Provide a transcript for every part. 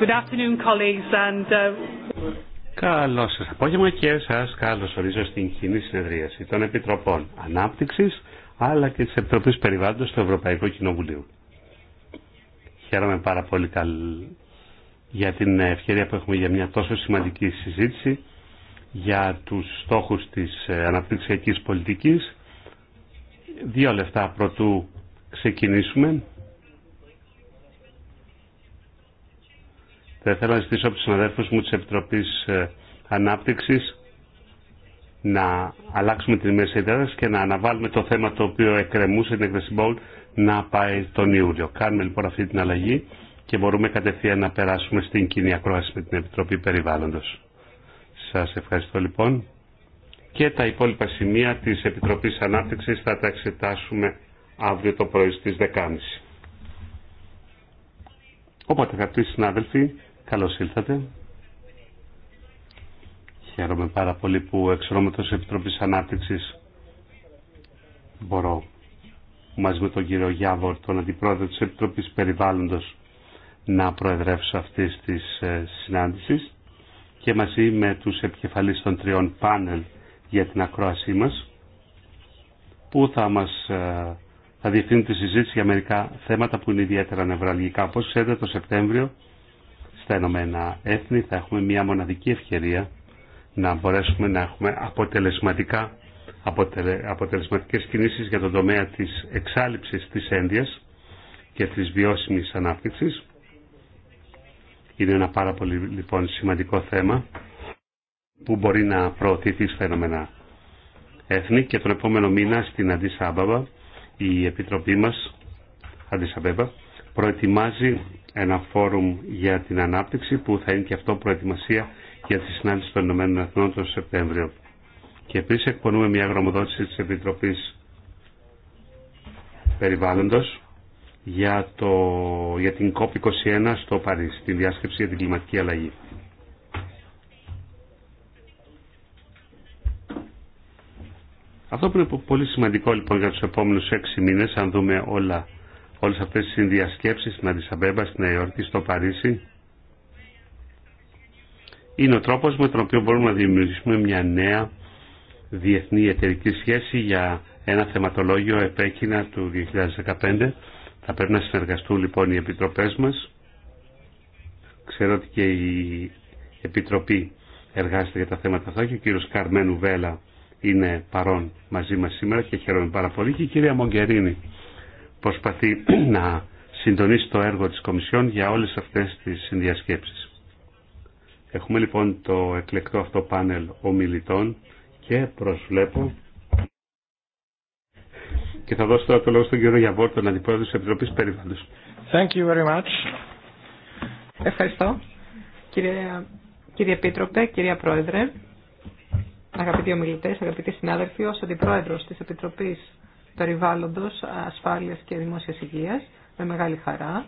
Good afternoon, colleagues, and... Uh, Καλό σα απόγευμα και σα καλώ ορίζω στην κοινή συνεδρίαση των Επιτροπών Ανάπτυξη αλλά και τη Επιτροπή Περιβάλλοντο του Ευρωπαϊκού Κοινοβουλίου. Χαίρομαι πάρα πολύ καλ... για την ευκαιρία που έχουμε για μια τόσο σημαντική συζήτηση για του στόχου τη αναπτυξιακή πολιτική. Δύο λεφτά πρωτού ξεκινήσουμε. Θα ήθελα να ζητήσω από του συναδέλφου μου τη Επιτροπή ε, Ανάπτυξη να αλλάξουμε την μέση ιδέα και να αναβάλουμε το θέμα το οποίο εκκρεμούσε την έκθεση Μπόλ να πάει τον Ιούλιο. Κάνουμε λοιπόν αυτή την αλλαγή και μπορούμε κατευθείαν να περάσουμε στην κοινή ακρόαση με την Επιτροπή Περιβάλλοντος. Σας ευχαριστώ λοιπόν. Και τα υπόλοιπα σημεία της Επιτροπής Ανάπτυξης θα τα εξετάσουμε αύριο το πρωί στις 10.30. Οπότε αγαπητοί συνάδελφοι, Καλώς ήλθατε. Χαίρομαι πάρα πολύ που εξ ονόματος Επιτροπής Ανάπτυξης μπορώ μαζί με τον κύριο Γιάβορ, τον Αντιπρόεδρο της Επιτροπής Περιβάλλοντος, να προεδρεύσω αυτή της ε, συνάντησης και μαζί με τους επικεφαλείς των τριών πάνελ για την ακρόασή μας που θα μας ε, θα διευθύνει τη συζήτηση για μερικά θέματα που είναι ιδιαίτερα νευραλγικά. Όπως ξέρετε το Σεπτέμβριο στα Ενωμένα Έθνη θα έχουμε μια μοναδική ευκαιρία να μπορέσουμε να έχουμε αποτελεσματικά, αποτελε, αποτελεσματικές κινήσεις για τον τομέα της εξάλληψης της ένδυας και της βιώσιμης ανάπτυξης. Είναι ένα πάρα πολύ λοιπόν, σημαντικό θέμα που μπορεί να προωθηθεί στα Ενωμένα Έθνη και τον επόμενο μήνα στην Αντισάμπαβα η Επιτροπή μας προετοιμάζει ένα φόρουμ για την ανάπτυξη που θα είναι και αυτό προετοιμασία για τη συνάντηση των Ηνωμένων Εθνών τον Σεπτέμβριο. Και επίση εκπονούμε μια γραμμοδότηση τη επιτροπή Περιβάλλοντος για, το, για την COP21 στο Παρίσι, τη διάσκεψη για την κλιματική αλλαγή. Αυτό που είναι πολύ σημαντικό λοιπόν για τους επόμενους έξι μήνες, αν δούμε όλα όλες αυτές τις συνδιασκέψεις στην Αντισαμπέμπα, στην Νέα Υόρκη, στο Παρίσι είναι ο τρόπος με τον οποίο μπορούμε να δημιουργήσουμε μια νέα διεθνή εταιρική σχέση για ένα θεματολόγιο επέκεινα του 2015. Θα πρέπει να συνεργαστούν λοιπόν οι επιτροπές μας. Ξέρω ότι και η Επιτροπή εργάζεται για τα θέματα αυτά και ο κύριος Καρμένου Βέλα είναι παρόν μαζί μας σήμερα και χαίρομαι πάρα πολύ και η κυρία Μογκερίνη προσπαθεί να συντονίσει το έργο της Κομισιόν για όλες αυτές τις συνδιασκέψεις. Έχουμε λοιπόν το εκλεκτό αυτό πάνελ ομιλητών και προσβλέπω και θα δώσω τώρα το λόγο στον κύριο Γιαβόρ, τον Αντιπρόεδρο της Επιτροπής Περιβάλλοντος. Thank you very much. Ευχαριστώ. Κύριε, Επίτροπε, κυρία Πρόεδρε, αγαπητοί ομιλητές, αγαπητοί συνάδελφοι, ως Αντιπρόεδρος της Επιτροπής περιβάλλοντος, ασφάλειας και δημόσιας υγείας με μεγάλη χαρά.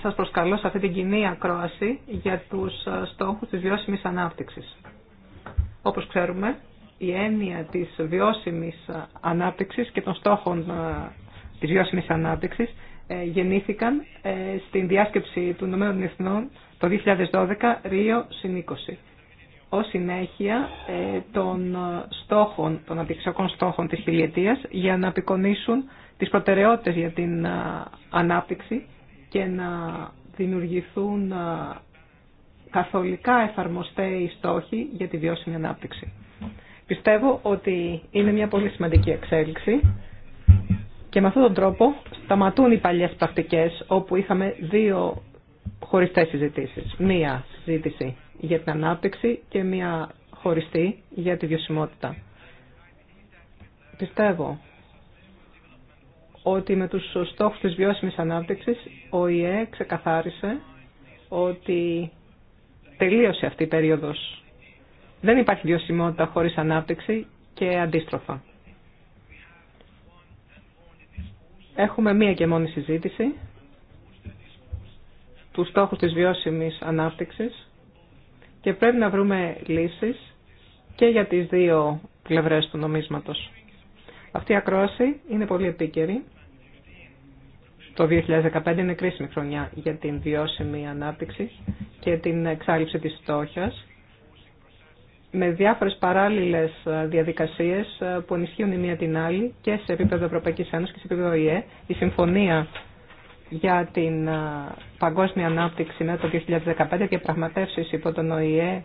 Σας προσκαλώ σε αυτή την κοινή ακρόαση για τους ε, στόχους της βιώσιμης ανάπτυξης. Όπως ξέρουμε, η έννοια της βιώσιμης ε, ανάπτυξης και των στόχων ε, της βιώσιμης ανάπτυξης γεννήθηκαν στην διάσκεψη του Ηνωμένων Εθνών το 2012 Ρίο Συνήκωση ως συνέχεια ε, των στόχων, των αντιξιακών στόχων της χιλιετίας για να απεικονίσουν τις προτεραιότητες για την ε, ανάπτυξη και να δημιουργηθούν ε, καθολικά εφαρμοστέοι στόχοι για τη βιώσιμη ανάπτυξη. Πιστεύω ότι είναι μια πολύ σημαντική εξέλιξη και με αυτόν τον τρόπο σταματούν οι παλιές πρακτικές όπου είχαμε δύο Χωριστέ συζητήσει. Μία συζήτηση για την ανάπτυξη και μία χωριστή για τη βιωσιμότητα. Πιστεύω ότι με τους στόχους της βιώσιμης ανάπτυξης ο ΙΕ ξεκαθάρισε ότι τελείωσε αυτή η περίοδος. Δεν υπάρχει βιωσιμότητα χωρίς ανάπτυξη και αντίστροφα. Έχουμε μία και μόνη συζήτηση τους στόχου της βιώσιμης ανάπτυξης και πρέπει να βρούμε λύσεις και για τις δύο πλευρές του νομίσματος. Αυτή η ακρόαση είναι πολύ επίκαιρη. Το 2015 είναι κρίσιμη χρονιά για την βιώσιμη ανάπτυξη και την εξάλληψη της στόχιας με διάφορες παράλληλες διαδικασίες που ενισχύουν η μία την άλλη και σε επίπεδο Ευρωπαϊκής Ένωσης και σε επίπεδο ΙΕ. Η συμφωνία για την ε, παγκόσμια ανάπτυξη μετά το 2015 και πραγματεύσεις υπό τον ΟΗΕ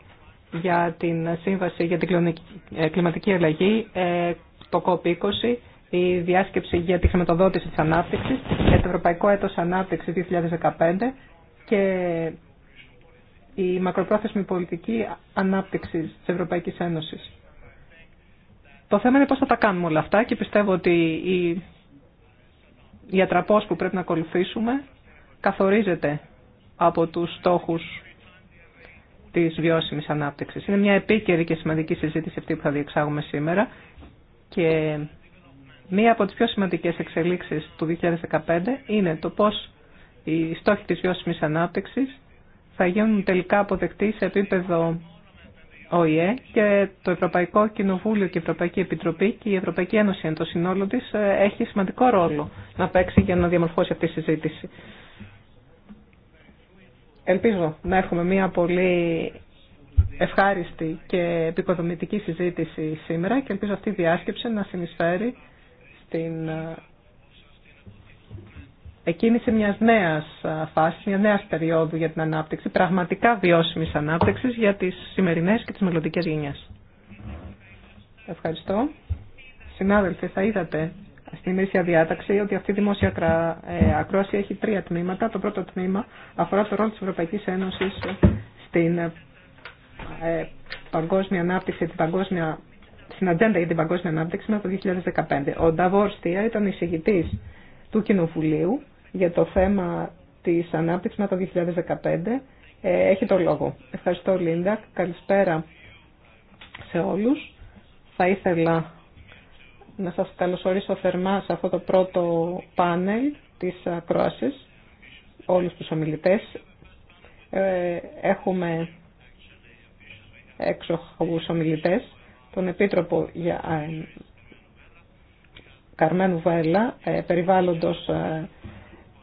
για την σύμβαση για την ε, κλιματική αλλαγή, ε, το COP20, η διάσκεψη για τη χρηματοδότηση της ανάπτυξης, για το Ευρωπαϊκό Έτος Ανάπτυξης 2015 και η μακροπρόθεσμη πολιτική ανάπτυξης της Ευρωπαϊκής Ένωσης. Το θέμα είναι πώς θα τα κάνουμε όλα αυτά και πιστεύω ότι η η ατραπός που πρέπει να ακολουθήσουμε καθορίζεται από τους στόχους της βιώσιμης ανάπτυξης. Είναι μια επίκαιρη και σημαντική συζήτηση αυτή που θα διεξάγουμε σήμερα και μία από τις πιο σημαντικές εξελίξεις του 2015 είναι το πώς οι στόχοι της βιώσιμης ανάπτυξης θα γίνουν τελικά αποδεκτοί σε επίπεδο ΟΗΕ και το Ευρωπαϊκό Κοινοβούλιο και η Ευρωπαϊκή Επιτροπή και η Ευρωπαϊκή Ένωση εν το συνόλο της ε, έχει σημαντικό ρόλο να παίξει για να διαμορφώσει αυτή τη συζήτηση. Ελπίζω να έχουμε μια πολύ ευχάριστη και επικοδομητική συζήτηση σήμερα και ελπίζω αυτή η διάσκεψη να συνεισφέρει στην ε, εκκίνηση μιας νέας φάσης, μιας νέας περίοδου για την ανάπτυξη, πραγματικά βιώσιμης ανάπτυξης για τις σημερινές και τις μελλοντικές γενιές. Ευχαριστώ. Συνάδελφοι, θα είδατε στην ημερήσια διάταξη ότι αυτή η δημόσια ε, ακρόαση έχει τρία τμήματα. Το πρώτο τμήμα αφορά το ρόλο της Ευρωπαϊκής Ένωσης στην ε, ε, παγκόσμια ανάπτυξη, την παγκόσμια στην ατζέντα για την παγκόσμια ανάπτυξη μέχρι το 2015. Ο Νταβόρ Στία ήταν εισηγητή του Κοινοβουλίου για το θέμα της ανάπτυξης με το 2015 ε, έχει το λόγο. Ευχαριστώ Λίντα. Καλησπέρα σε όλους. Θα ήθελα να σας καλωσορίσω θερμά σε αυτό το πρώτο πάνελ της ακρόασης, όλους τους ομιλητές. Ε, έχουμε έξοχους ομιλητές, τον Επίτροπο για ε, Καρμένου Βαέλα, περιβάλλοντος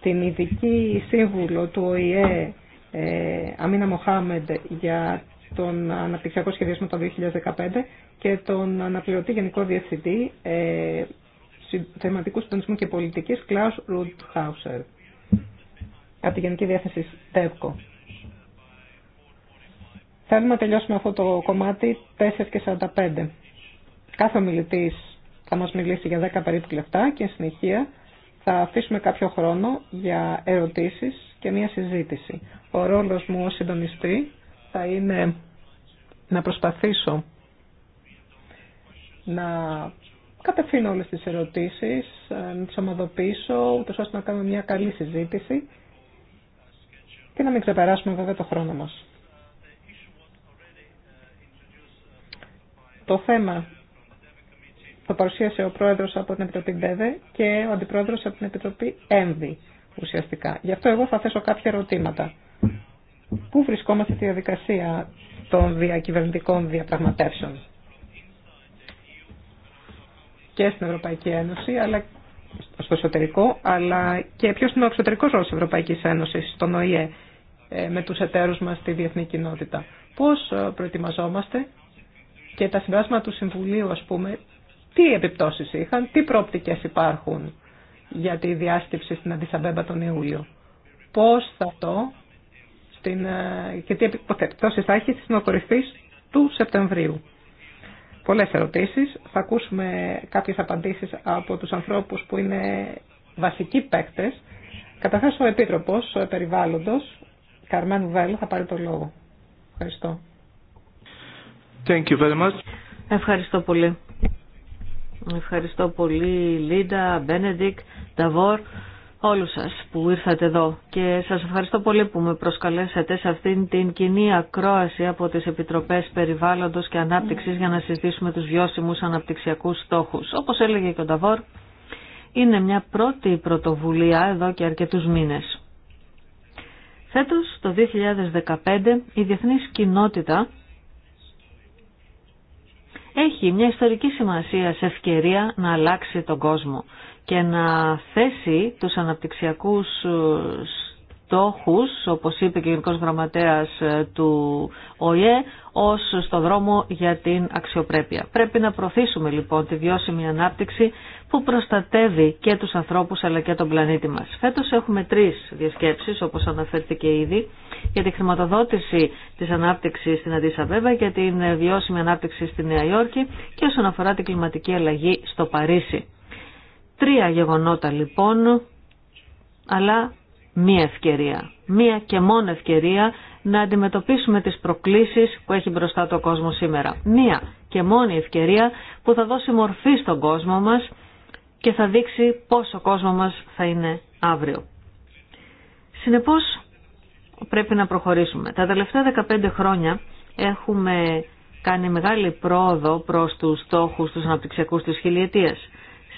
την ειδική σύμβουλο του ΟΗΕ ε, Αμίνα Μοχάμεντ για τον αναπτυξιακό σχεδιασμό το 2015 και τον αναπληρωτή Γενικό Διευθυντή ε, Θεματικού Συντονισμού και Πολιτικής Κλάους Ρουτχάουσερ από τη Γενική διάθεση ΤΕΒΚΟ. Θέλουμε να τελειώσουμε αυτό το κομμάτι 4 και 45. Κάθε ομιλητής θα μας μιλήσει για 10 περίπου λεπτά και συνεχεία θα αφήσουμε κάποιο χρόνο για ερωτήσεις και μια συζήτηση. Ο ρόλος μου ως συντονιστή θα είναι να προσπαθήσω να κατευθύνω όλες τις ερωτήσεις, ε, να τις ομαδοποιήσω, ούτως ώστε να κάνουμε μια καλή συζήτηση και να μην ξεπεράσουμε βέβαια το χρόνο μας. Το θέμα το παρουσίασε ο πρόεδρος από την Επιτροπή ΔΕΔΕ και ο αντιπρόεδρος από την Επιτροπή ΕΜΒΗ ουσιαστικά. Γι' αυτό εγώ θα θέσω κάποια ερωτήματα. Πού βρισκόμαστε στη διαδικασία των διακυβερνητικών διαπραγματεύσεων και στην Ευρωπαϊκή Ένωση, αλλά στο εσωτερικό, αλλά και ποιος είναι ο εξωτερικός ρόλος της Ευρωπαϊκής Ένωσης, στον ΟΗΕ, ε, με τους εταίρους μας στη διεθνή κοινότητα. Πώς ε, προετοιμαζόμαστε και τα συμπράσματα του Συμβουλίου, ας πούμε, τι επιπτώσεις είχαν, τι πρόπτικες υπάρχουν για τη διάσκεψη στην Αντισαμπέμπα τον Ιούλιο. Πώς θα το στην, ε, και τι επιπτώσεις θα έχει στις οκορυφής του Σεπτεμβρίου. Πολλές ερωτήσεις. Θα ακούσουμε κάποιες απαντήσεις από τους ανθρώπους που είναι βασικοί παίκτες. Καταρχάς ο Επίτροπος, ο Περιβάλλοντος, Καρμέν Βέλ, θα πάρει το λόγο. Ευχαριστώ. Thank you very Ευχαριστώ πολύ. Ευχαριστώ πολύ Λίντα, Μπένεντικ, Νταβόρ, όλους σας που ήρθατε εδώ και σας ευχαριστώ πολύ που με προσκαλέσατε σε αυτήν την κοινή ακρόαση από τις Επιτροπές Περιβάλλοντος και Ανάπτυξης για να συζητήσουμε τους βιώσιμους αναπτυξιακούς στόχους. Όπως έλεγε και ο Νταβόρ, είναι μια πρώτη πρωτοβουλία εδώ και αρκετούς μήνες. Φέτος, το 2015, η διεθνής κοινότητα έχει μια ιστορική σημασία σε ευκαιρία να αλλάξει τον κόσμο και να θέσει τους αναπτυξιακούς ε, στόχους, όπως είπε και ο Γενικό Γραμματέας ε, του ΟΗΕ, ως στο δρόμο για την αξιοπρέπεια. Πρέπει να προωθήσουμε λοιπόν τη βιώσιμη ανάπτυξη που προστατεύει και τους ανθρώπους αλλά και τον πλανήτη μας. Φέτος έχουμε τρεις διασκέψεις, όπως αναφέρθηκε ήδη, για τη χρηματοδότηση της ανάπτυξης στην Αντισαβέβα, για την βιώσιμη ανάπτυξη στη Νέα Υόρκη και όσον αφορά την κλιματική αλλαγή στο Παρίσι. Τρία γεγονότα λοιπόν, αλλά μία ευκαιρία, μία και μόνο ευκαιρία να αντιμετωπίσουμε τις προκλήσεις που έχει μπροστά το κόσμο σήμερα. Μία και μόνη ευκαιρία που θα δώσει μορφή στον κόσμο μας και θα δείξει πόσο ο κόσμο μας θα είναι αύριο. Συνεπώς πρέπει να προχωρήσουμε. Τα τελευταία 15 χρόνια έχουμε κάνει μεγάλη πρόοδο προς τους στόχους τους αναπτυξιακούς της χιλιετίας.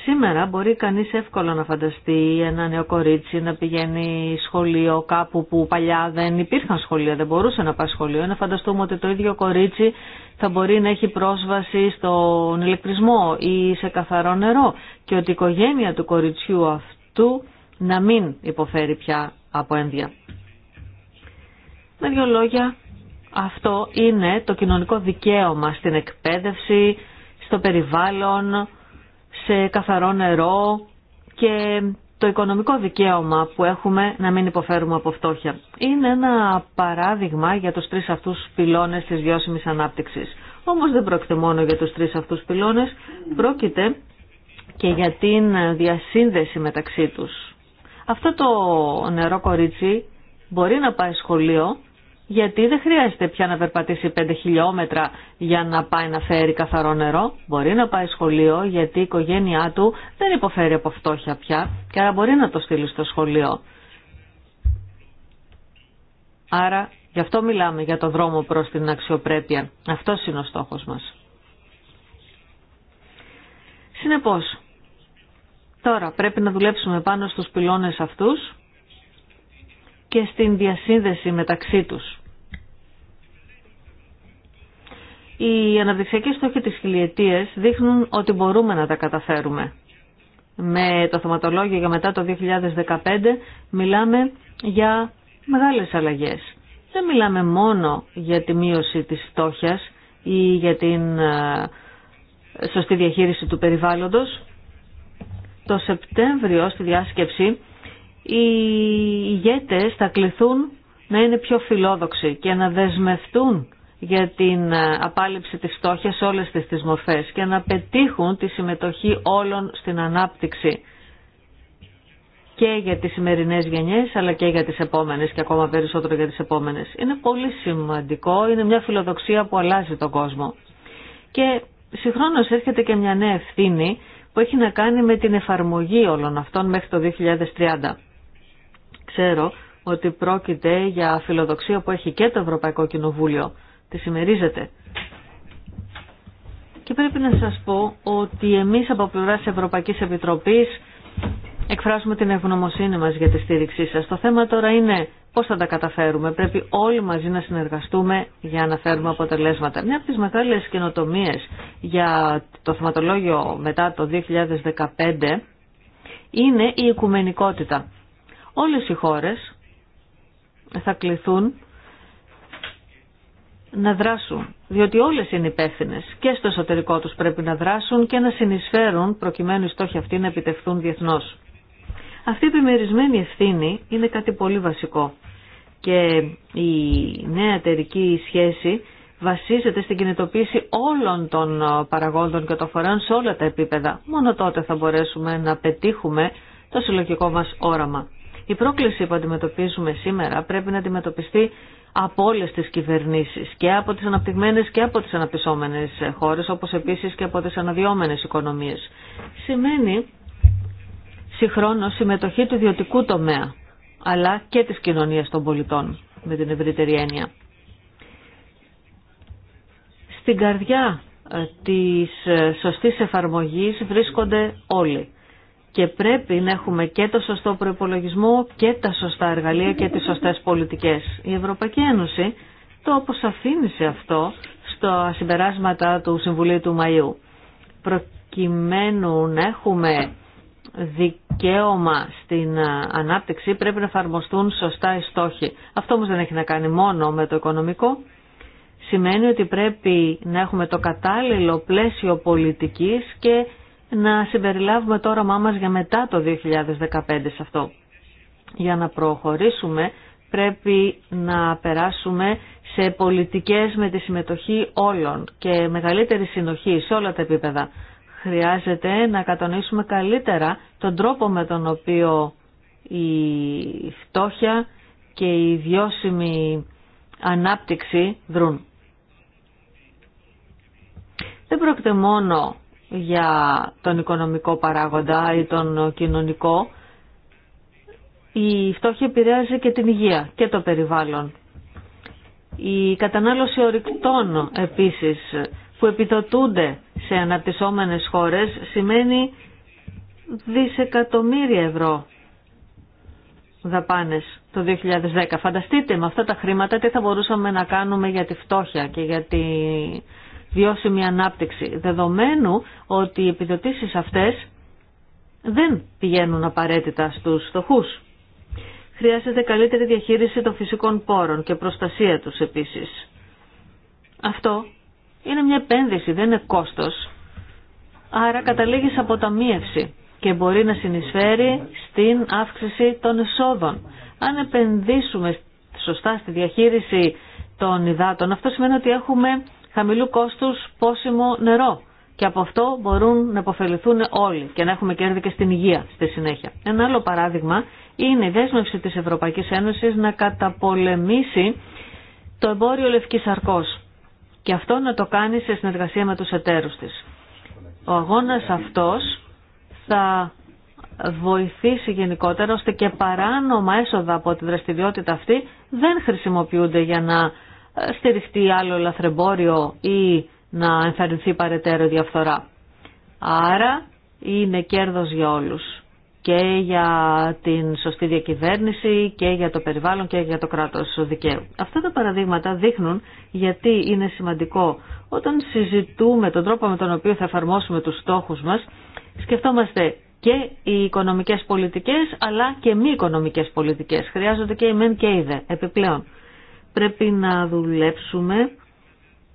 Σήμερα μπορεί κανείς εύκολα να φανταστεί ένα νέο κορίτσι να πηγαίνει σχολείο κάπου που παλιά δεν υπήρχαν σχολεία, δεν μπορούσε να πάει σχολείο. Να φανταστούμε ότι το ίδιο κορίτσι θα μπορεί να έχει πρόσβαση στον ηλεκτρισμό ή σε καθαρό νερό και ότι η οικογένεια του κοριτσιού αυτού να μην υποφέρει πια από ένδια. Με δύο λόγια, αυτό είναι το κοινωνικό δικαίωμα στην εκπαίδευση, στο περιβάλλον, σε καθαρό νερό και το οικονομικό δικαίωμα που έχουμε να μην υποφέρουμε από φτώχεια. Είναι ένα παράδειγμα για τους τρεις αυτούς πυλώνες της βιώσιμης ανάπτυξης. Όμως δεν πρόκειται μόνο για τους τρεις αυτούς πυλώνες, πρόκειται και για την διασύνδεση μεταξύ τους. Αυτό το νερό κορίτσι μπορεί να πάει σχολείο, γιατί δεν χρειάζεται πια να περπατήσει 5 χιλιόμετρα για να πάει να φέρει καθαρό νερό. Μπορεί να πάει σχολείο γιατί η οικογένειά του δεν υποφέρει από φτώχεια πια και άρα μπορεί να το στείλει στο σχολείο. Άρα γι' αυτό μιλάμε για το δρόμο προς την αξιοπρέπεια. Αυτός είναι ο στόχος μας. Συνεπώς, τώρα πρέπει να δουλέψουμε πάνω στους πυλώνες αυτούς και στην διασύνδεση μεταξύ τους. Οι αναπτυξιακοί στόχοι της χιλιετίας δείχνουν ότι μπορούμε να τα καταφέρουμε. Με το θεματολόγιο για μετά το 2015 μιλάμε για μεγάλες αλλαγές. Δεν μιλάμε μόνο για τη μείωση της στόχιας ή για την ε, σωστή διαχείριση του περιβάλλοντος. Το Σεπτέμβριο στη διάσκεψη οι ηγέτες θα κληθούν να είναι πιο φιλόδοξοι και να δεσμευτούν για την ε, απάλληψη της φτώχειας σε όλες τις, τις μορφές και να πετύχουν τη συμμετοχή όλων στην ανάπτυξη και για τις σημερινές γενιές αλλά και για τις επόμενες και ακόμα περισσότερο για τις επόμενες. Είναι πολύ σημαντικό, είναι μια φιλοδοξία που αλλάζει τον κόσμο. Και συγχρόνως έρχεται και μια νέα ευθύνη που έχει να κάνει με την εφαρμογή όλων αυτών μέχρι το 2030. Ξέρω ότι πρόκειται για φιλοδοξία που έχει και το Ευρωπαϊκό Κοινοβούλιο τη συμμερίζεται. Και πρέπει να σας πω ότι εμείς από πλευρά της Ευρωπαϊκής Επιτροπής εκφράζουμε την ευγνωμοσύνη μας για τη στήριξή σας. Το θέμα τώρα είναι πώς θα τα καταφέρουμε. Πρέπει όλοι μαζί να συνεργαστούμε για να φέρουμε αποτελέσματα. Μια από τις μεγάλες καινοτομίε για το θεματολόγιο μετά το 2015 είναι η οικουμενικότητα. Όλες οι χώρες θα κληθούν να δράσουν, διότι όλες είναι υπεύθυνε και στο εσωτερικό τους πρέπει να δράσουν και να συνεισφέρουν προκειμένου οι στόχοι αυτοί να επιτευχθούν διεθνώς. Αυτή η επιμερισμένη ευθύνη είναι κάτι πολύ βασικό και η νέα εταιρική σχέση βασίζεται στην κινητοποίηση όλων των παραγόντων και των φορέων σε όλα τα επίπεδα. Μόνο τότε θα μπορέσουμε να πετύχουμε το συλλογικό μας όραμα. Η πρόκληση που αντιμετωπίζουμε σήμερα πρέπει να αντιμετωπιστεί από όλε τι κυβερνήσει και από τι αναπτυγμένε και από τι αναπτυσσόμενε χώρε, όπω επίση και από τι αναδυόμενε οικονομίε. Σημαίνει συγχρόνω συμμετοχή του ιδιωτικού τομέα, αλλά και τη κοινωνία των πολιτών, με την ευρύτερη έννοια. Στην καρδιά ε, της ε, σωστής εφαρμογής βρίσκονται όλοι και πρέπει να έχουμε και το σωστό προπολογισμό και τα σωστά εργαλεία και τις σωστές πολιτικές. Η Ευρωπαϊκή Ένωση το αποσαφήνισε αυτό στο συμπεράσματα του Συμβουλίου του Μαΐου. Προκειμένου να έχουμε δικαίωμα στην ανάπτυξη πρέπει να εφαρμοστούν σωστά οι στόχοι. Αυτό όμως δεν έχει να κάνει μόνο με το οικονομικό. Σημαίνει ότι πρέπει να έχουμε το κατάλληλο πλαίσιο πολιτικής και να συμπεριλάβουμε το όραμά μας για μετά το 2015 σε αυτό. Για να προχωρήσουμε πρέπει να περάσουμε σε πολιτικές με τη συμμετοχή όλων και μεγαλύτερη συνοχή σε όλα τα επίπεδα. Χρειάζεται να κατονίσουμε καλύτερα τον τρόπο με τον οποίο η φτώχεια και η βιώσιμη ανάπτυξη δρούν. Δεν πρόκειται μόνο για τον οικονομικό παράγοντα ή τον κοινωνικό, η φτώχεια φτωχεια επηρεαζει και την υγεία και το περιβάλλον. Η κατανάλωση ορυκτών επίσης που επιδοτούνται σε αναπτυσσόμενες χώρες σημαίνει δισεκατομμύρια ευρώ δαπάνες το 2010. Φανταστείτε με αυτά τα χρήματα τι θα μπορούσαμε να κάνουμε για τη φτώχεια και για τη βιώσιμη ανάπτυξη, δεδομένου ότι οι επιδοτήσεις αυτές δεν πηγαίνουν απαραίτητα στους φτωχούς. Χρειάζεται καλύτερη διαχείριση των φυσικών πόρων και προστασία τους επίσης. Αυτό είναι μια επένδυση, δεν είναι κόστος. Άρα καταλήγει σε αποταμίευση και μπορεί να συνεισφέρει στην αύξηση των εσόδων. Αν επενδύσουμε σωστά στη διαχείριση των υδάτων, αυτό σημαίνει ότι έχουμε χαμηλού κόστους πόσιμο νερό. Και από αυτό μπορούν να υποφεληθούν όλοι και να έχουμε κέρδη και στην υγεία στη συνέχεια. Ένα άλλο παράδειγμα είναι η δέσμευση της Ευρωπαϊκής Ένωσης να καταπολεμήσει το εμπόριο λευκής αρκός. Και αυτό να το κάνει σε συνεργασία με τους εταίρους της. Ο αγώνας αυτός θα βοηθήσει γενικότερα ώστε και παράνομα έσοδα από τη δραστηριότητα αυτή δεν χρησιμοποιούνται για να στηριχτεί άλλο λαθρεμπόριο ή να εμφανιστεί παρετέρω διαφθορά. Άρα είναι κέρδος για όλους και για την σωστή διακυβέρνηση και για το περιβάλλον και για το κράτος δικαίου. Αυτά τα παραδείγματα δείχνουν γιατί είναι σημαντικό. Όταν συζητούμε τον τρόπο με τον οποίο θα εφαρμόσουμε τους στόχους μας, σκεφτόμαστε και οι οικονομικές πολιτικές αλλά και μη οικονομικές πολιτικές. Χρειάζονται και οι μεν και οι δε επιπλέον πρέπει να δουλέψουμε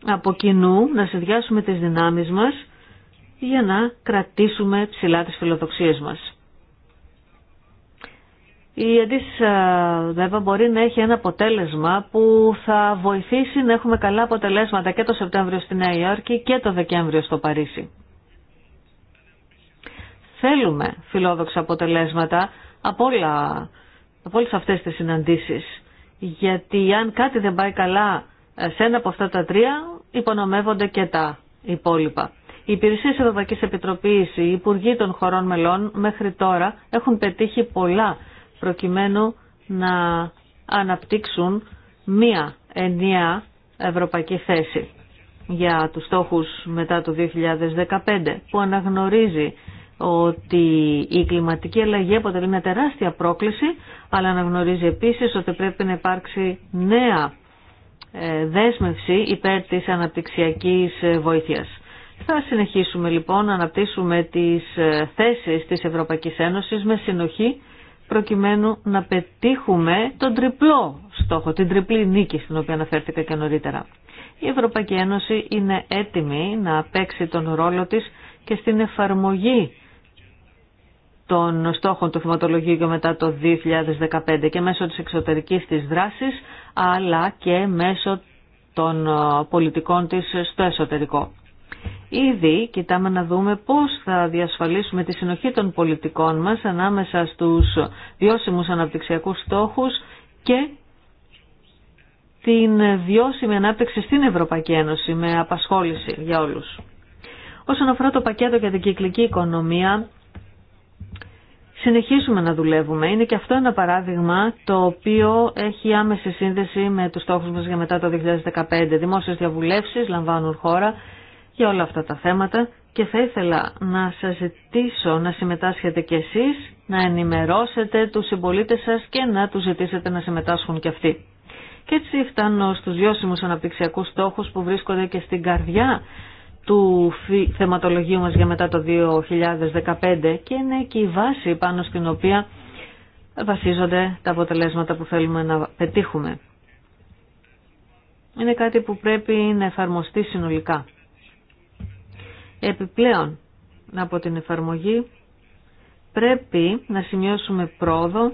από κοινού, να συνδυάσουμε τις δυνάμεις μας για να κρατήσουμε ψηλά τις φιλοδοξίες μας. Η αντίστοιχη βέβαια μπορεί να έχει ένα αποτέλεσμα που θα βοηθήσει να έχουμε καλά αποτελέσματα και το Σεπτέμβριο στη Νέα Υόρκη και το Δεκέμβριο στο Παρίσι. Θέλουμε φιλόδοξα αποτελέσματα από, όλα, από όλες αυτές τις συναντήσεις γιατί αν κάτι δεν πάει καλά ε, σε ένα από αυτά τα τρία υπονομεύονται και τα υπόλοιπα. Οι υπηρεσίε Ευρωπαϊκή Επιτροπή, οι υπουργοί των χωρών μελών μέχρι τώρα έχουν πετύχει πολλά προκειμένου να αναπτύξουν μία ενιαία ευρωπαϊκή θέση για τους στόχους μετά το 2015 που αναγνωρίζει ότι η κλιματική αλλαγή αποτελεί μια τεράστια πρόκληση, αλλά αναγνωρίζει επίσης ότι πρέπει να υπάρξει νέα ε, δέσμευση υπέρ της αναπτυξιακής ε, βοήθειας. Θα συνεχίσουμε λοιπόν να αναπτύσσουμε τις ε, θέσεις της Ευρωπαϊκής Ένωσης με συνοχή προκειμένου να πετύχουμε τον τριπλό στόχο, την τριπλή νίκη στην οποία αναφέρθηκα και νωρίτερα. Η Ευρωπαϊκή Ένωση είναι έτοιμη να παίξει τον ρόλο της και στην εφαρμογή των στόχων του χρηματολογίου για μετά το 2015 και μέσω της εξωτερικής της δράσης αλλά και μέσω των ε, πολιτικών της στο εσωτερικό. Ήδη κοιτάμε να δούμε πώς θα διασφαλίσουμε τη συνοχή των πολιτικών μας ανάμεσα στους βιώσιμους αναπτυξιακούς στόχους και την βιώσιμη ανάπτυξη στην Ευρωπαϊκή Ένωση με απασχόληση για όλους. Όσον αφορά το πακέτο για την κυκλική οικονομία, συνεχίσουμε να δουλεύουμε. Είναι και αυτό ένα παράδειγμα το οποίο έχει άμεση σύνδεση με τους στόχους μας για μετά το 2015. Δημόσιες διαβουλεύσεις λαμβάνουν χώρα για όλα αυτά τα θέματα και θα ήθελα να σας ζητήσω να συμμετάσχετε κι εσείς, να ενημερώσετε τους συμπολίτες σας και να τους ζητήσετε να συμμετάσχουν κι αυτοί. Και έτσι φτάνω στους βιώσιμους αναπτυξιακούς στόχους που βρίσκονται και στην καρδιά του θεματολογίου μας για μετά το 2015 και είναι και η βάση πάνω στην οποία βασίζονται τα αποτελέσματα που θέλουμε να πετύχουμε. Είναι κάτι που πρέπει να εφαρμοστεί συνολικά. Επιπλέον, από την εφαρμογή πρέπει να σημειώσουμε πρόοδο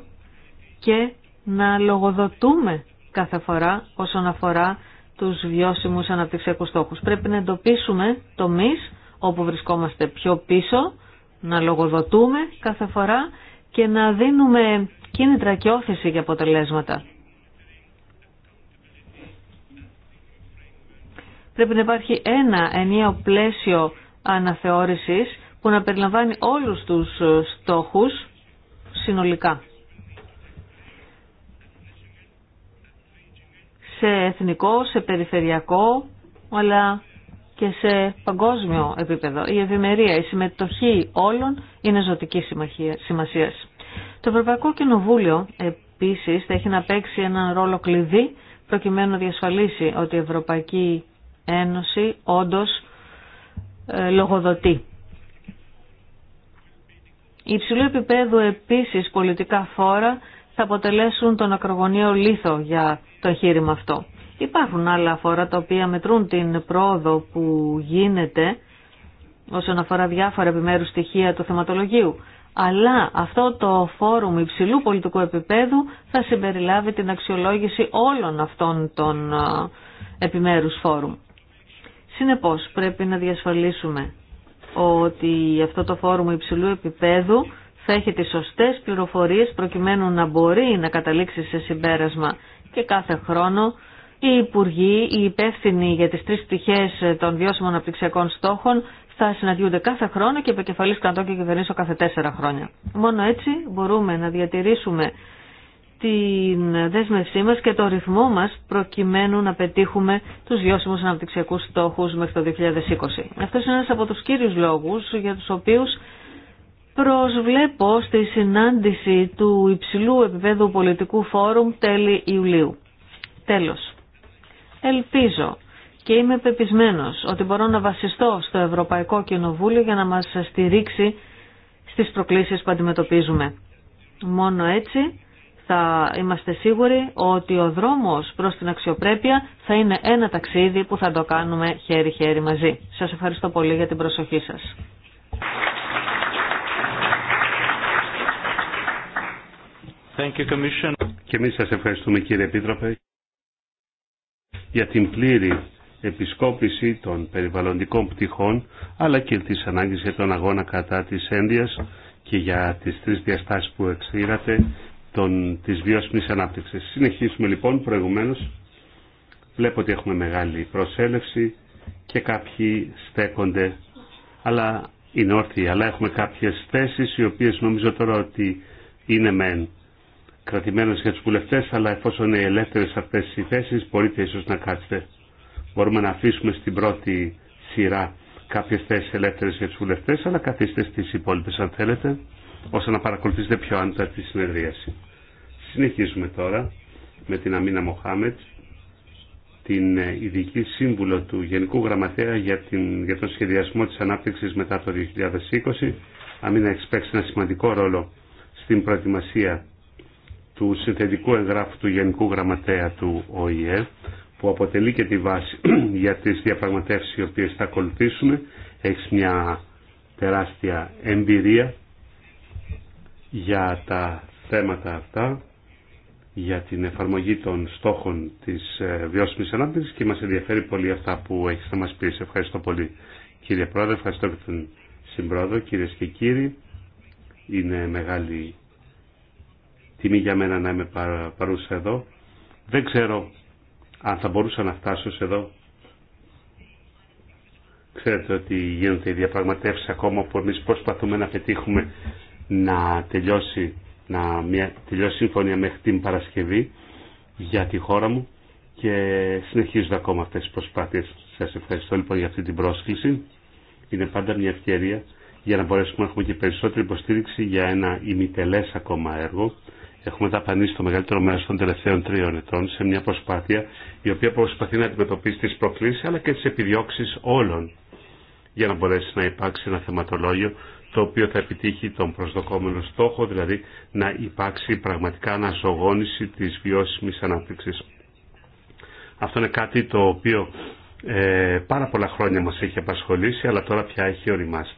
και να λογοδοτούμε κάθε φορά όσον αφορά τους βιώσιμους αναπτυξιακούς στόχους. Πρέπει να εντοπίσουμε μής όπου βρισκόμαστε πιο πίσω, να λογοδοτούμε κάθε φορά και να δίνουμε κίνητρα και όθηση για αποτελέσματα. Πρέπει να υπάρχει ένα ενιαίο πλαίσιο αναθεώρησης που να περιλαμβάνει όλους τους στόχους συνολικά. σε εθνικό, σε περιφερειακό, αλλά και σε παγκόσμιο επίπεδο. Η ευημερία, η συμμετοχή όλων είναι ζωτική σημασία. Το Ευρωπαϊκό Κοινοβούλιο επίσης θα έχει να παίξει έναν ρόλο κλειδί προκειμένου να διασφαλίσει ότι η Ευρωπαϊκή Ένωση όντως ε, λογοδοτεί. Υψηλού επίπεδου επίσης πολιτικά φόρα θα αποτελέσουν τον ακρογωνίο λίθο για το εγχείρημα αυτό. Υπάρχουν άλλα φορά τα οποία μετρούν την πρόοδο που γίνεται όσον αφορά διάφορα επιμέρους στοιχεία του θεματολογίου. Αλλά αυτό το φόρουμ υψηλού πολιτικού επίπεδου θα συμπεριλάβει την αξιολόγηση όλων αυτών των επιμέρους φόρουμ. Συνεπώς πρέπει να διασφαλίσουμε ότι αυτό το φόρουμ υψηλού επίπεδου θα έχει τις σωστές πληροφορίες προκειμένου να μπορεί να καταλήξει σε συμπέρασμα και κάθε χρόνο οι υπουργοί, οι υπεύθυνοι για τις τρεις πτυχές των βιώσιμων αναπτυξιακών στόχων θα συναντιούνται κάθε χρόνο και επικεφαλής κρατών και κυβερνήσεων κάθε τέσσερα χρόνια. Μόνο έτσι μπορούμε να διατηρήσουμε την δέσμευσή μας και το ρυθμό μας προκειμένου να πετύχουμε τους βιώσιμού αναπτυξιακούς στόχους μέχρι το 2020. Αυτός είναι ένας από τους κύριους λόγους για τους οποίους προσβλέπω στη συνάντηση του υψηλού επίπεδου πολιτικού φόρουμ τέλη Ιουλίου. Τέλος. Ελπίζω και είμαι πεπισμένος ότι μπορώ να βασιστώ στο Ευρωπαϊκό Κοινοβούλιο για να μας στηρίξει στις προκλήσεις που αντιμετωπίζουμε. Μόνο έτσι θα είμαστε σίγουροι ότι ο δρόμος προς την αξιοπρέπεια θα είναι ένα ταξίδι που θα το κάνουμε χέρι-χέρι μαζί. Σας ευχαριστώ πολύ για την προσοχή σας. Thank you, Commission. Και εμείς σας ευχαριστούμε κύριε Επίτροπε για την πλήρη επισκόπηση των περιβαλλοντικών πτυχών αλλά και της ανάγκης για τον αγώνα κατά της ένδυας και για τις τρεις διαστάσεις που εξήρατε των, της βιώσιμης ανάπτυξης. Συνεχίσουμε λοιπόν προηγουμένως. Βλέπω ότι έχουμε μεγάλη προσέλευση και κάποιοι στέκονται αλλά είναι όρθιοι, αλλά έχουμε κάποιες θέσεις οι οποίες νομίζω τώρα ότι είναι μεν κρατημένος για τους βουλευτές, αλλά εφόσον είναι ελεύθερες αυτές οι θέσεις, μπορείτε ίσως να κάτσετε. Μπορούμε να αφήσουμε στην πρώτη σειρά κάποιες θέσεις ελεύθερες για τους βουλευτές, αλλά καθίστε στις υπόλοιπες αν θέλετε, ώστε να παρακολουθήσετε πιο άνετα τη συνεδρίαση. Συνεχίζουμε τώρα με την Αμίνα Μοχάμετ, την ε, ειδική σύμβουλο του Γενικού Γραμματέα για, την, για τον σχεδιασμό της ανάπτυξης μετά το 2020. Αμίνα εξπέξει ένα σημαντικό ρόλο στην προετοιμασία του συνθετικού εγγράφου του Γενικού Γραμματέα του ΟΗΕ που αποτελεί και τη βάση για τις διαπραγματεύσεις οι οποίες θα ακολουθήσουμε. Έχει μια τεράστια εμπειρία για τα θέματα αυτά, για την εφαρμογή των στόχων της ε, βιώσιμης ανάπτυξης και μας ενδιαφέρει πολύ αυτά που έχει να μας πεις. Ευχαριστώ πολύ κύριε Πρόεδρε, ευχαριστώ και τον Συμπρόεδρο, κυρίε και κύριοι. Είναι μεγάλη τιμή για μένα να είμαι παρούσα εδώ. Δεν ξέρω αν θα μπορούσα να φτάσω σε εδώ. Ξέρετε ότι γίνονται οι διαπραγματεύσεις ακόμα που εμείς προσπαθούμε να πετύχουμε να τελειώσει, να μια, τελειώσει σύμφωνια μέχρι την Παρασκευή για τη χώρα μου και συνεχίζονται ακόμα αυτές τις προσπάθειες. Σας ευχαριστώ λοιπόν για αυτή την πρόσκληση. Είναι πάντα μια ευκαιρία για να μπορέσουμε να έχουμε και περισσότερη υποστήριξη για ένα ημιτελές ακόμα έργο έχουμε δαπανίσει το μεγαλύτερο μέρο των τελευταίων τριών ετών σε μια προσπάθεια η οποία προσπαθεί να αντιμετωπίσει τι προκλήσει αλλά και τι επιδιώξει όλων για να μπορέσει να υπάρξει ένα θεματολόγιο το οποίο θα επιτύχει τον προσδοκόμενο στόχο, δηλαδή να υπάρξει πραγματικά αναζωγόνηση τη βιώσιμη ανάπτυξη. Αυτό είναι κάτι το οποίο ε, πάρα πολλά χρόνια μας έχει απασχολήσει, αλλά τώρα πια έχει οριμάσει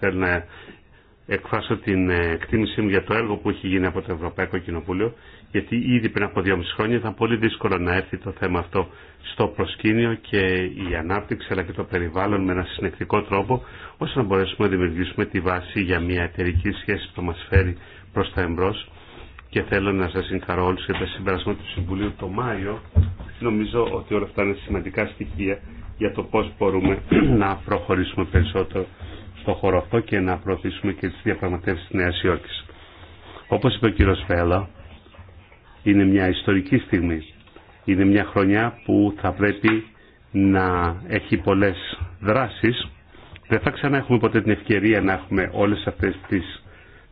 εκφράσω την ε, εκτίμησή μου για το έργο που έχει γίνει από το Ευρωπαϊκό Κοινοβούλιο, γιατί ήδη πριν από δύο χρόνια ήταν πολύ δύσκολο να έρθει το θέμα αυτό στο προσκήνιο και η ανάπτυξη αλλά και το περιβάλλον με ένα συνεκτικό τρόπο, ώστε να μπορέσουμε να δημιουργήσουμε τη βάση για μια εταιρική σχέση που μας φέρει προς τα εμπρός. Και θέλω να σας συγχαρώ όλους για τα συμπεράσματα του Συμβουλίου το Μάιο. Νομίζω ότι όλα αυτά είναι σημαντικά στοιχεία για το πώς μπορούμε να προχωρήσουμε περισσότερο στο χώρο αυτό και να προωθήσουμε και τις διαπραγματεύσεις της Νέας Υόρκης. Όπως είπε ο κύριος Φέλλα, είναι μια ιστορική στιγμή. Είναι μια χρονιά που θα πρέπει να έχει πολλές δράσεις. Δεν θα ξανά έχουμε ποτέ την ευκαιρία να έχουμε όλες αυτές τις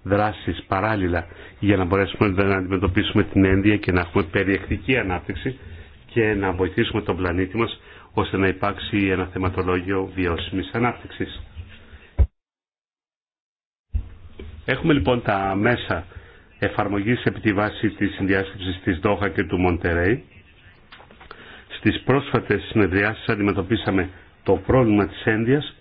δράσεις παράλληλα για να μπορέσουμε να αντιμετωπίσουμε την ένδια και να έχουμε περιεκτική ανάπτυξη και να βοηθήσουμε τον πλανήτη μας ώστε να υπάρξει ένα θεματολόγιο βιώσιμης ανάπτυξης. Έχουμε λοιπόν τα μέσα εφαρμογής επί τη βάση της συνδιάσκεψης της Δόχα και του Μοντερέι. Στις πρόσφατες συνεδριάσεις αντιμετωπίσαμε το πρόβλημα της ένδυας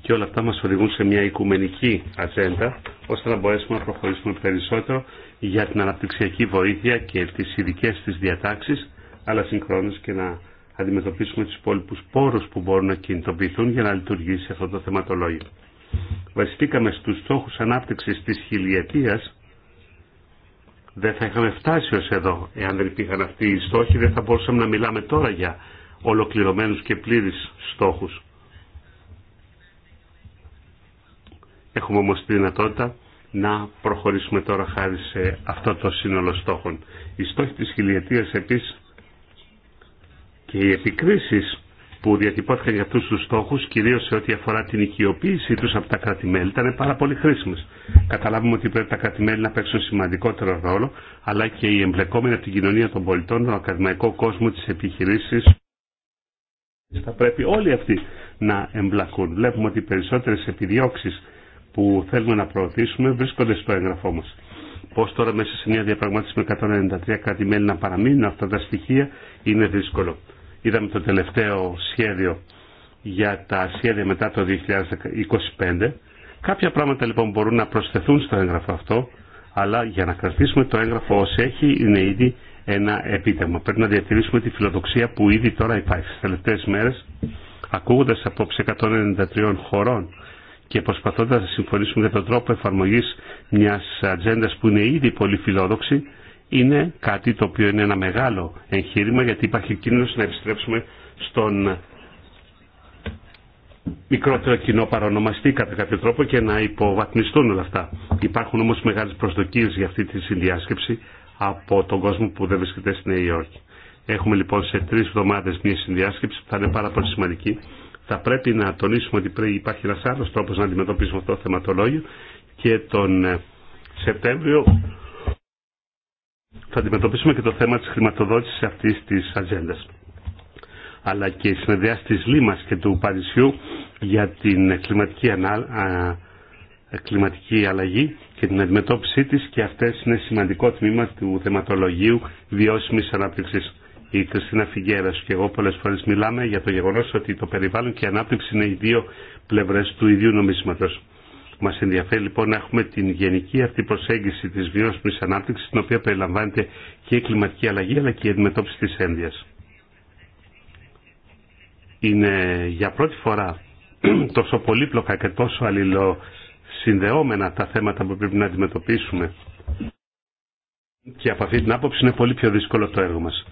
και όλα αυτά μας οδηγούν σε μια οικουμενική ατζέντα ώστε να μπορέσουμε να προχωρήσουμε περισσότερο για την αναπτυξιακή βοήθεια και τις ειδικέ της διατάξεις αλλά συγχρόνως και να αντιμετωπίσουμε τους υπόλοιπου πόρους που μπορούν να κινητοποιηθούν για να λειτουργήσει αυτό το θεματολόγιο βασιστήκαμε στους στόχους ανάπτυξης της χιλιετίας, δεν θα είχαμε φτάσει ως εδώ. Εάν δεν υπήρχαν αυτοί οι στόχοι, δεν θα μπορούσαμε να μιλάμε τώρα για ολοκληρωμένους και πλήρεις στόχους. Έχουμε όμως τη δυνατότητα να προχωρήσουμε τώρα χάρη σε αυτό το σύνολο στόχων. Οι στόχοι της χιλιετίας επίσης και οι επικρίσεις που διατυπώθηκαν για αυτού του στόχου κυρίω σε ό,τι αφορά την οικειοποίησή του από τα κρατημέλη, ήταν πάρα πολύ χρήσιμε. Καταλάβουμε ότι πρέπει τα κρατημέλη να παίξουν σημαντικότερο ρόλο, αλλά και οι εμπλεκόμενοι από την κοινωνία των πολιτών, τον ακαδημαϊκό κόσμο, τις επιχειρήσεις. Θα πρέπει όλοι αυτοί να εμπλακούν. Βλέπουμε ότι οι περισσότερε επιδιώξει που θέλουμε να προωθήσουμε βρίσκονται στο έγγραφό μα. Πώ τώρα μέσα σε μια διαπραγμάτευση με 193 κρατη να παραμείνουν αυτά τα στοιχεία είναι δύσκολο. Είδαμε το τελευταίο σχέδιο για τα σχέδια μετά το 2025. Κάποια πράγματα λοιπόν μπορούν να προσθεθούν στο έγγραφο αυτό, αλλά για να κρατήσουμε το έγγραφο ως έχει είναι ήδη ένα επίτευγμα. Πρέπει να διατηρήσουμε τη φιλοδοξία που ήδη τώρα υπάρχει. Στις τελευταίες μέρες, ακούγοντας απόψε 193 χωρών και προσπαθώντας να συμφωνήσουμε για τον τρόπο εφαρμογής μιας ατζέντα που είναι ήδη πολύ φιλόδοξη, είναι κάτι το οποίο είναι ένα μεγάλο εγχείρημα γιατί υπάρχει κίνδυνος να επιστρέψουμε στον μικρότερο κοινό παρονομαστή κατά κάποιο τρόπο και να υποβαθμιστούν όλα αυτά. Υπάρχουν όμως μεγάλες προσδοκίες για αυτή τη συνδιάσκεψη από τον κόσμο που δεν βρίσκεται στη Νέα Υόρκη. Έχουμε λοιπόν σε τρει εβδομάδε μια συνδιάσκεψη που θα είναι πάρα πολύ σημαντική. Θα πρέπει να τονίσουμε ότι πρέπει, υπάρχει ένα άλλο τρόπο να αντιμετωπίσουμε αυτό το θεματολόγιο και τον ε, Σεπτέμβριο θα αντιμετωπίσουμε και το θέμα της χρηματοδότησης αυτής της ατζέντα. Αλλά και η συνεδριά της Λίμας και του Παρισιού για την κλιματική, ανα... κλιματική αλλαγή και την αντιμετώπιση της και αυτές είναι σημαντικό τμήμα του θεματολογίου βιώσιμης ανάπτυξης. Η Κριστίνα Φιγκέρα και εγώ πολλές φορές μιλάμε για το γεγονός ότι το περιβάλλον και η ανάπτυξη είναι οι δύο πλευρές του ίδιου νομίσματος. Μας ενδιαφέρει λοιπόν να έχουμε την γενική αυτή προσέγγιση της βιώσιμης ανάπτυξης, στην οποία περιλαμβάνεται και η κλιματική αλλαγή, αλλά και η αντιμετώπιση της ένδυας. Είναι για πρώτη φορά τόσο πολύπλοκα και τόσο αλληλοσυνδεόμενα τα θέματα που πρέπει να αντιμετωπίσουμε. Και από αυτή την άποψη είναι πολύ πιο δύσκολο το έργο μας.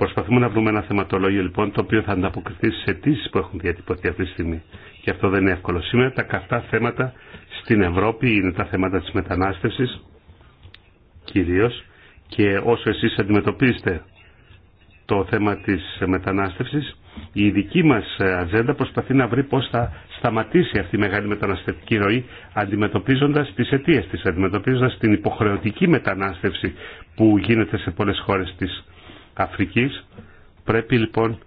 Προσπαθούμε να βρούμε ένα θεματολόγιο λοιπόν το οποίο θα ανταποκριθεί στι αιτήσει που έχουν διατυπωθεί αυτή τη στιγμή. Και αυτό δεν είναι εύκολο. Σήμερα τα καυτά θέματα στην Ευρώπη είναι τα θέματα τη μετανάστευση κυρίω και όσο εσεί αντιμετωπίζετε το θέμα τη μετανάστευση, η δική μα ατζέντα προσπαθεί να βρει πώ θα σταματήσει αυτή η μεγάλη μεταναστευτική ροή αντιμετωπίζοντα τι αιτίε τη, αντιμετωπίζοντα την υποχρεωτική μετανάστευση που γίνεται σε πολλέ χώρε τη. Αφρικής. Πρέπει λοιπόν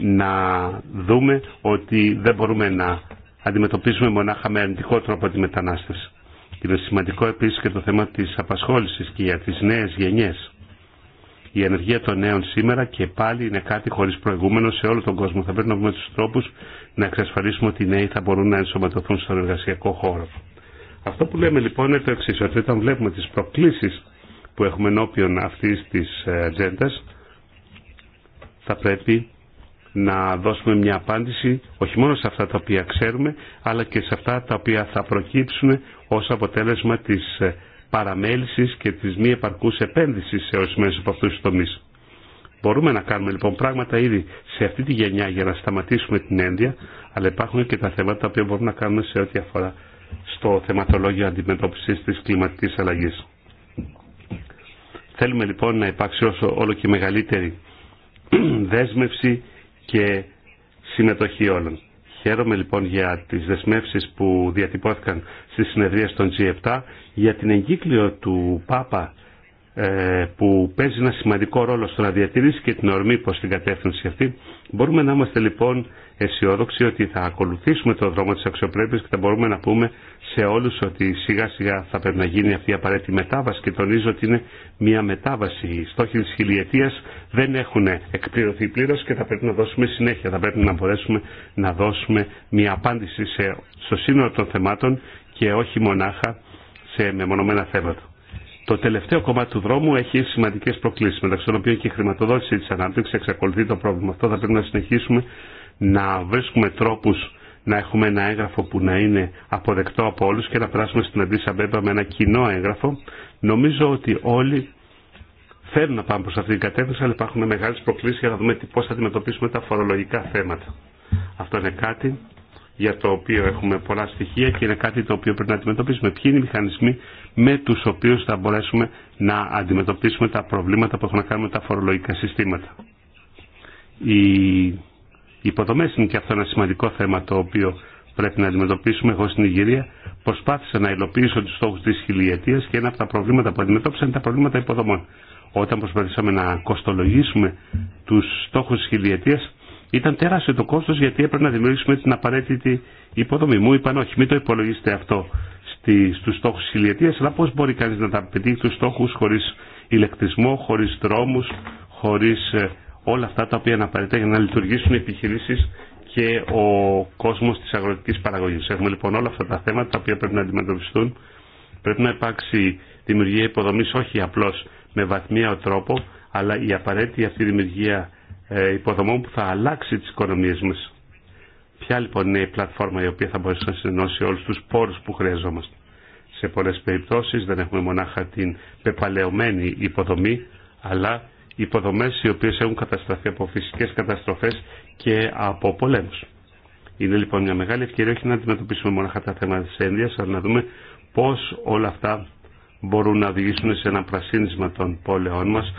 να δούμε ότι δεν μπορούμε να αντιμετωπίσουμε μονάχα με αρνητικό τρόπο τη μετανάστευση. Είναι σημαντικό επίσης και το θέμα της απασχόλησης και για τις νέες γενιές. Η ενεργεία των νέων σήμερα και πάλι είναι κάτι χωρίς προηγούμενο σε όλο τον κόσμο. Θα πρέπει να βρούμε τους τρόπους να εξασφαλίσουμε ότι οι νέοι θα μπορούν να ενσωματωθούν στον εργασιακό χώρο. Αυτό που λέμε λοιπόν είναι το εξή ότι όταν βλέπουμε τις προκλήσεις που έχουμε ενώπιον αυτής της ατζέντα, θα πρέπει να δώσουμε μια απάντηση όχι μόνο σε αυτά τα οποία ξέρουμε αλλά και σε αυτά τα οποία θα προκύψουν ως αποτέλεσμα της παραμέλησης και της μη επαρκούς επένδυσης σε ορισμένες από αυτούς τους τομείς. Μπορούμε να κάνουμε λοιπόν πράγματα ήδη σε αυτή τη γενιά για να σταματήσουμε την ένδια, αλλά υπάρχουν και τα θέματα τα οποία μπορούμε να κάνουμε σε ό,τι αφορά στο θεματολόγιο αντιμετώπισης της κλιματικής αλλαγής. Θέλουμε λοιπόν να υπάρξει όσο όλο και μεγαλύτερη δέσμευση και συμμετοχή όλων. Χαίρομαι λοιπόν για τις δεσμεύσεις που διατυπώθηκαν στις συνεδρίες των G7 για την εγκύκλιο του Πάπα ε, που παίζει ένα σημαντικό ρόλο στο να διατηρήσει και την ορμή προς την κατεύθυνση αυτή. Μπορούμε να είμαστε λοιπόν αισιόδοξοι ότι θα ακολουθήσουμε το δρόμο της αξιοπρέπειας και θα μπορούμε να πούμε σε όλους ότι σιγά σιγά θα πρέπει να γίνει αυτή η απαραίτητη μετάβαση και τονίζω ότι είναι μια μετάβαση. Οι στόχοι της χιλιετίας δεν έχουν εκπληρωθεί πλήρως και θα πρέπει να δώσουμε συνέχεια. Θα πρέπει να μπορέσουμε να δώσουμε μια απάντηση σε, στο σύνολο των θεμάτων και όχι μονάχα σε μεμονωμένα θέματα. Το τελευταίο κομμάτι του δρόμου έχει σημαντικέ προκλήσει, μεταξύ των οποίων και η χρηματοδότηση τη ανάπτυξη εξακολουθεί το πρόβλημα. Αυτό θα πρέπει να συνεχίσουμε να βρίσκουμε τρόπους να έχουμε ένα έγγραφο που να είναι αποδεκτό από όλους και να περάσουμε στην Αντίσα Μπέμπα με ένα κοινό έγγραφο. Νομίζω ότι όλοι θέλουν να πάμε προς αυτή την κατεύθυνση, αλλά υπάρχουν μεγάλες προκλήσεις για να δούμε πώς θα αντιμετωπίσουμε τα φορολογικά θέματα. Αυτό είναι κάτι για το οποίο έχουμε πολλά στοιχεία και είναι κάτι το οποίο πρέπει να αντιμετωπίσουμε. Ποιοι είναι οι μηχανισμοί με τους οποίους θα μπορέσουμε να αντιμετωπίσουμε τα προβλήματα που έχουν να κάνουν τα φορολογικά συστήματα. Η οι υποδομές είναι και αυτό ένα σημαντικό θέμα το οποίο πρέπει να αντιμετωπίσουμε. Εγώ στην Ιγυρία προσπάθησα να υλοποιήσω του στόχου τη χιλιετίας και ένα από τα προβλήματα που αντιμετώπισα είναι τα προβλήματα υποδομών. Όταν προσπαθήσαμε να κοστολογήσουμε του στόχου τη χιλιετίας ήταν τεράστιο το κόστος γιατί έπρεπε να δημιουργήσουμε την απαραίτητη υποδομή. Μου είπαν όχι μην το υπολογίσετε αυτό στους στόχου τη χιλιετία, αλλά πώ μπορεί κανεί να τα πετύχει του στόχου χωρί ηλεκτρισμό, χωρί δρόμους, χωρί. Ε, όλα αυτά τα οποία είναι απαραίτητα για να λειτουργήσουν οι επιχείρησει και ο κόσμο τη αγροτική παραγωγή. Έχουμε λοιπόν όλα αυτά τα θέματα τα οποία πρέπει να αντιμετωπιστούν. Πρέπει να υπάρξει δημιουργία υποδομή όχι απλώ, με βαθμιαίο τρόπο, αλλά η απαραίτητη αυτή δημιουργία ε, υποδομών που θα αλλάξει τι οικονομίε μα. Ποια λοιπόν είναι η πλατφόρμα η οποία θα μπορέσει να συνενώσει όλου του πόρου που χρειαζόμαστε. Σε πολλέ περιπτώσει, δεν έχουμε μονάχα την πεπαλαιωμένη υποδομή, αλλά υποδομές οι οποίες έχουν καταστραφεί από φυσικές καταστροφές και από πολέμους. Είναι λοιπόν μια μεγάλη ευκαιρία όχι να αντιμετωπίσουμε μόνο τα θέματα της ένδυας, αλλά να δούμε πώς όλα αυτά μπορούν να οδηγήσουν σε ένα πρασίνισμα των πόλεων μας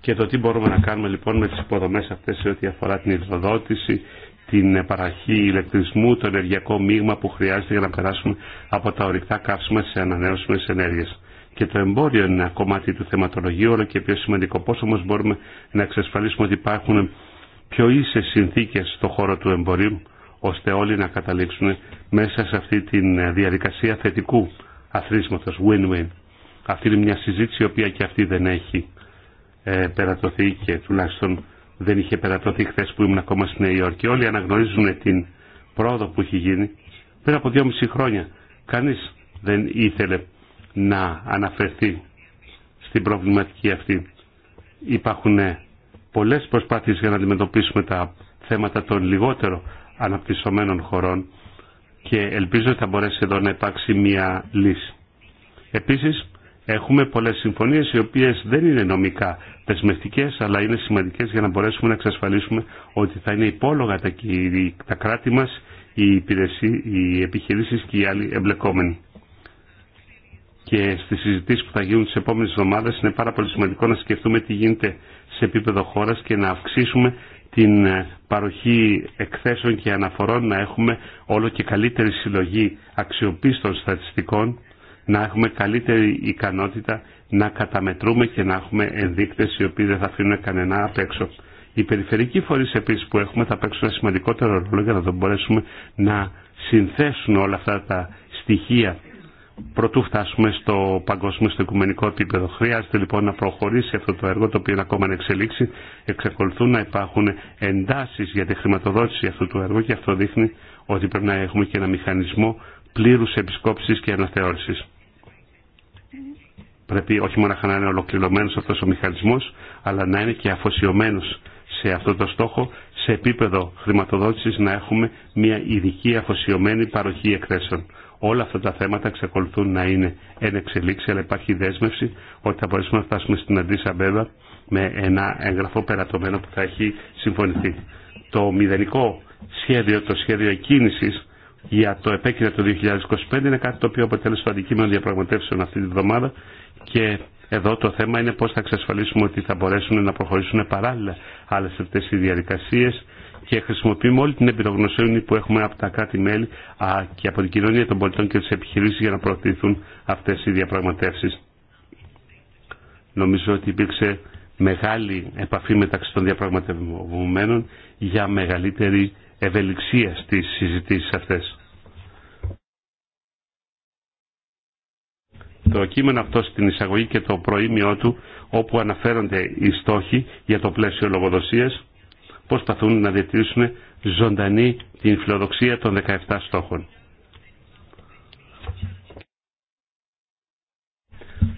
και το τι μπορούμε να κάνουμε λοιπόν με τις υποδομές αυτές σε ό,τι αφορά την υδροδότηση, την παραχή ηλεκτρισμού, το ενεργειακό μείγμα που χρειάζεται για να περάσουμε από τα ορυκτά καύσιμα σε ανανεώσιμες ενέργειες και το εμπόριο είναι ένα κομμάτι του θεματολογίου, όλο και πιο σημαντικό. Πώς όμως μπορούμε να εξασφαλίσουμε ότι υπάρχουν πιο ίσες συνθήκες στον χώρο του εμπορίου, ώστε όλοι να καταλήξουν μέσα σε αυτή τη διαδικασία θετικού αθροίσματος, win-win. Αυτή είναι μια συζήτηση η οποία και αυτή δεν έχει ε, περατωθεί και τουλάχιστον δεν είχε περατωθεί χθε που ήμουν ακόμα στη Νέα Υόρκη. Όλοι αναγνωρίζουν την πρόοδο που έχει γίνει. Πριν από δυόμιση χρόνια Κανεί δεν ήθελε να αναφερθεί στην προβληματική αυτή. Υπάρχουν ε, πολλές προσπάθειες για να αντιμετωπίσουμε τα θέματα των λιγότερο αναπτυσσομένων χωρών και ελπίζω ότι θα μπορέσει εδώ να υπάρξει μια λύση. Επίσης, έχουμε πολλές συμφωνίες οι οποίες δεν είναι νομικά δεσμευτικές, αλλά είναι σημαντικές για να μπορέσουμε να εξασφαλίσουμε ότι θα είναι υπόλογα τα, κράτη μας, οι, οι επιχειρήσεις και οι άλλοι εμπλεκόμενοι και στις συζητήσεις που θα γίνουν τις επόμενες εβδομάδες είναι πάρα πολύ σημαντικό να σκεφτούμε τι γίνεται σε επίπεδο χώρας και να αυξήσουμε την ε, παροχή εκθέσεων και αναφορών, να έχουμε όλο και καλύτερη συλλογή αξιοπίστων στατιστικών, να έχουμε καλύτερη ικανότητα να καταμετρούμε και να έχουμε ενδείκτες οι οποίοι δεν θα αφήνουν κανένα απ' έξω. Οι περιφερικοί φορείς επίσης που έχουμε θα παίξουν ένα σημαντικότερο ρόλο για να μπορέσουμε να συνθέσουν όλα αυτά τα στοιχεία Πρωτού φτάσουμε στο παγκόσμιο, στο οικουμενικό επίπεδο. Χρειάζεται λοιπόν να προχωρήσει αυτό το έργο, το οποίο είναι ακόμα να εξελίξει. Εξακολουθούν να υπάρχουν εντάσεις για τη χρηματοδότηση αυτού του έργου και αυτό δείχνει ότι πρέπει να έχουμε και ένα μηχανισμό πλήρους επισκόπηση και αναθεώρησης. Πρέπει όχι μόνο να είναι ολοκληρωμένος αυτός ο μηχανισμός, αλλά να είναι και αφοσιωμένος σε αυτό το στόχο, σε επίπεδο χρηματοδότησης να έχουμε μια ειδική αφοσιωμένη παροχή εκθέσεων. Όλα αυτά τα θέματα εξακολουθούν να είναι εν εξελίξη, αλλά υπάρχει δέσμευση ότι θα μπορέσουμε να φτάσουμε στην Αντίσα με ένα εγγραφό περατωμένο που θα έχει συμφωνηθεί. Το μηδενικό σχέδιο, το σχέδιο εκκίνηση για το επέκεινα το 2025 είναι κάτι το οποίο αποτέλεσε το αντικείμενο διαπραγματεύσεων αυτή τη βδομάδα και εδώ το θέμα είναι πώς θα εξασφαλίσουμε ότι θα μπορέσουν να προχωρήσουν παράλληλα άλλες αυτές οι διαδικασίες και χρησιμοποιούμε όλη την εμπειρογνωσία που έχουμε από τα κράτη-μέλη και από την κοινωνία των πολιτών και τι επιχειρήσει για να προωθηθούν αυτές οι διαπραγματεύσει. Νομίζω ότι υπήρξε μεγάλη επαφή μεταξύ των διαπραγματευμένων για μεγαλύτερη ευελιξία στις συζητήσεις αυτές. Το κείμενο αυτό στην εισαγωγή και το προήμιό του όπου αναφέρονται οι στόχοι για το πλαίσιο λογοδοσίας προσπαθούν να διατηρήσουν ζωντανή την φιλοδοξία των 17 στόχων.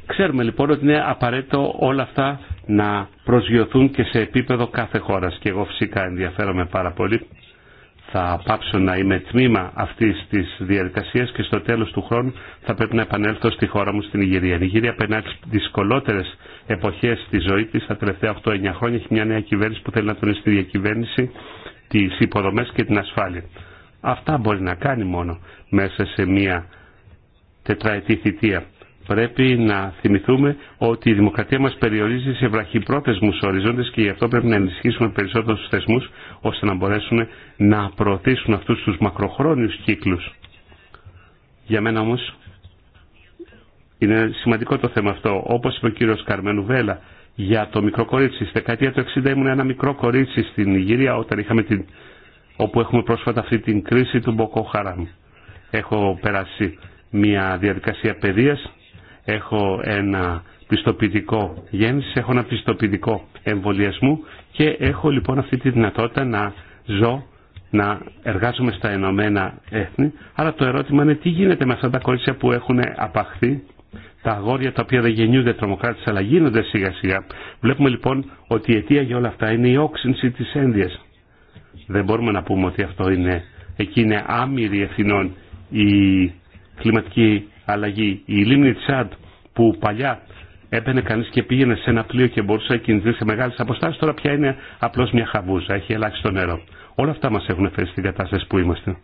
Ξέρουμε λοιπόν ότι είναι απαραίτητο όλα αυτά να προσγειωθούν και σε επίπεδο κάθε χώρας και εγώ φυσικά ενδιαφέρομαι πάρα πολύ. Θα πάψω να είμαι τμήμα αυτής της διαδικασίας και στο τέλος του χρόνου θα πρέπει να επανέλθω στη χώρα μου στην Ιγυρία. Η Ιγυρία περνάει τις δυσκολότερες εποχέ στη ζωή τη τα τελευταία 8-9 χρόνια, έχει μια νέα κυβέρνηση που θέλει να τονίσει τη διακυβέρνηση, τι υποδομέ και την ασφάλεια. Αυτά μπορεί να κάνει μόνο μέσα σε μια τετραετή θητεία. Πρέπει να θυμηθούμε ότι η δημοκρατία μα περιορίζει σε βραχυπρόθεσμους οριζόντε και γι' αυτό πρέπει να ενισχύσουμε περισσότερο του θεσμού ώστε να μπορέσουν να προωθήσουν αυτού του μακροχρόνιου κύκλου. Για μένα όμως είναι σημαντικό το θέμα αυτό. Όπως είπε ο κύριος Καρμένου Βέλα για το μικρό κορίτσι. Στη δεκαετία του 1960 ήμουν ένα μικρό κορίτσι στην Ιγυρία όταν είχαμε την... όπου έχουμε πρόσφατα αυτή την κρίση του Μποκο Χαράμ. Έχω περάσει μια διαδικασία παιδείας, έχω ένα πιστοποιητικό γέννηση, έχω ένα πιστοποιητικό εμβολιασμού και έχω λοιπόν αυτή τη δυνατότητα να ζω, να εργάζομαι στα Ενωμένα Έθνη. Άρα το ερώτημα είναι τι γίνεται με αυτά τα κορίτσια που έχουν απαχθεί τα αγόρια τα οποία δεν γεννιούνται τρομοκράτε αλλά γίνονται σιγά σιγά. Βλέπουμε λοιπόν ότι η αιτία για όλα αυτά είναι η όξυνση τη ένδυα. Δεν μπορούμε να πούμε ότι αυτό είναι, εκεί είναι άμυρη ευθυνών η κλιματική αλλαγή. Η λίμνη Τσάντ που παλιά έπαινε κανεί και πήγαινε σε ένα πλοίο και μπορούσε να κινηθεί σε μεγάλε αποστάσει, τώρα πια είναι απλώ μια χαβούζα, έχει αλλάξει το νερό. Όλα αυτά μα έχουν φέρει στην κατάσταση που είμαστε.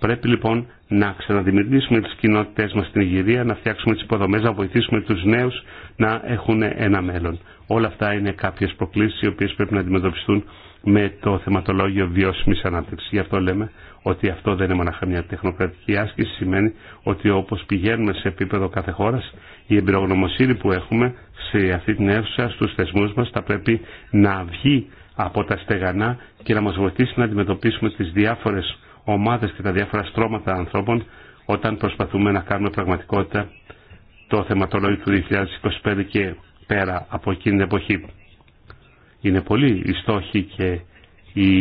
Πρέπει λοιπόν να ξαναδημιουργήσουμε τι κοινότητε μα στην Ιγυρία, να φτιάξουμε τι υποδομέ, να βοηθήσουμε του νέου να έχουν ένα μέλλον. Όλα αυτά είναι κάποιε προκλήσει οι οποίε πρέπει να αντιμετωπιστούν με το θεματολόγιο βιώσιμη ανάπτυξη. Γι' αυτό λέμε ότι αυτό δεν είναι μονάχα μια τεχνοκρατική άσκηση. Σημαίνει ότι όπω πηγαίνουμε σε επίπεδο κάθε χώρα, η εμπειρογνωμοσύνη που έχουμε σε αυτή την αίθουσα, στου θεσμού μα, θα πρέπει να βγει από τα στεγανά και να μα βοηθήσει να αντιμετωπίσουμε τι διάφορε ομάδε και τα διάφορα στρώματα ανθρώπων όταν προσπαθούμε να κάνουμε πραγματικότητα το θεματολόγιο του 2025 και πέρα από εκείνη την εποχή. Είναι πολλοί οι στόχοι και οι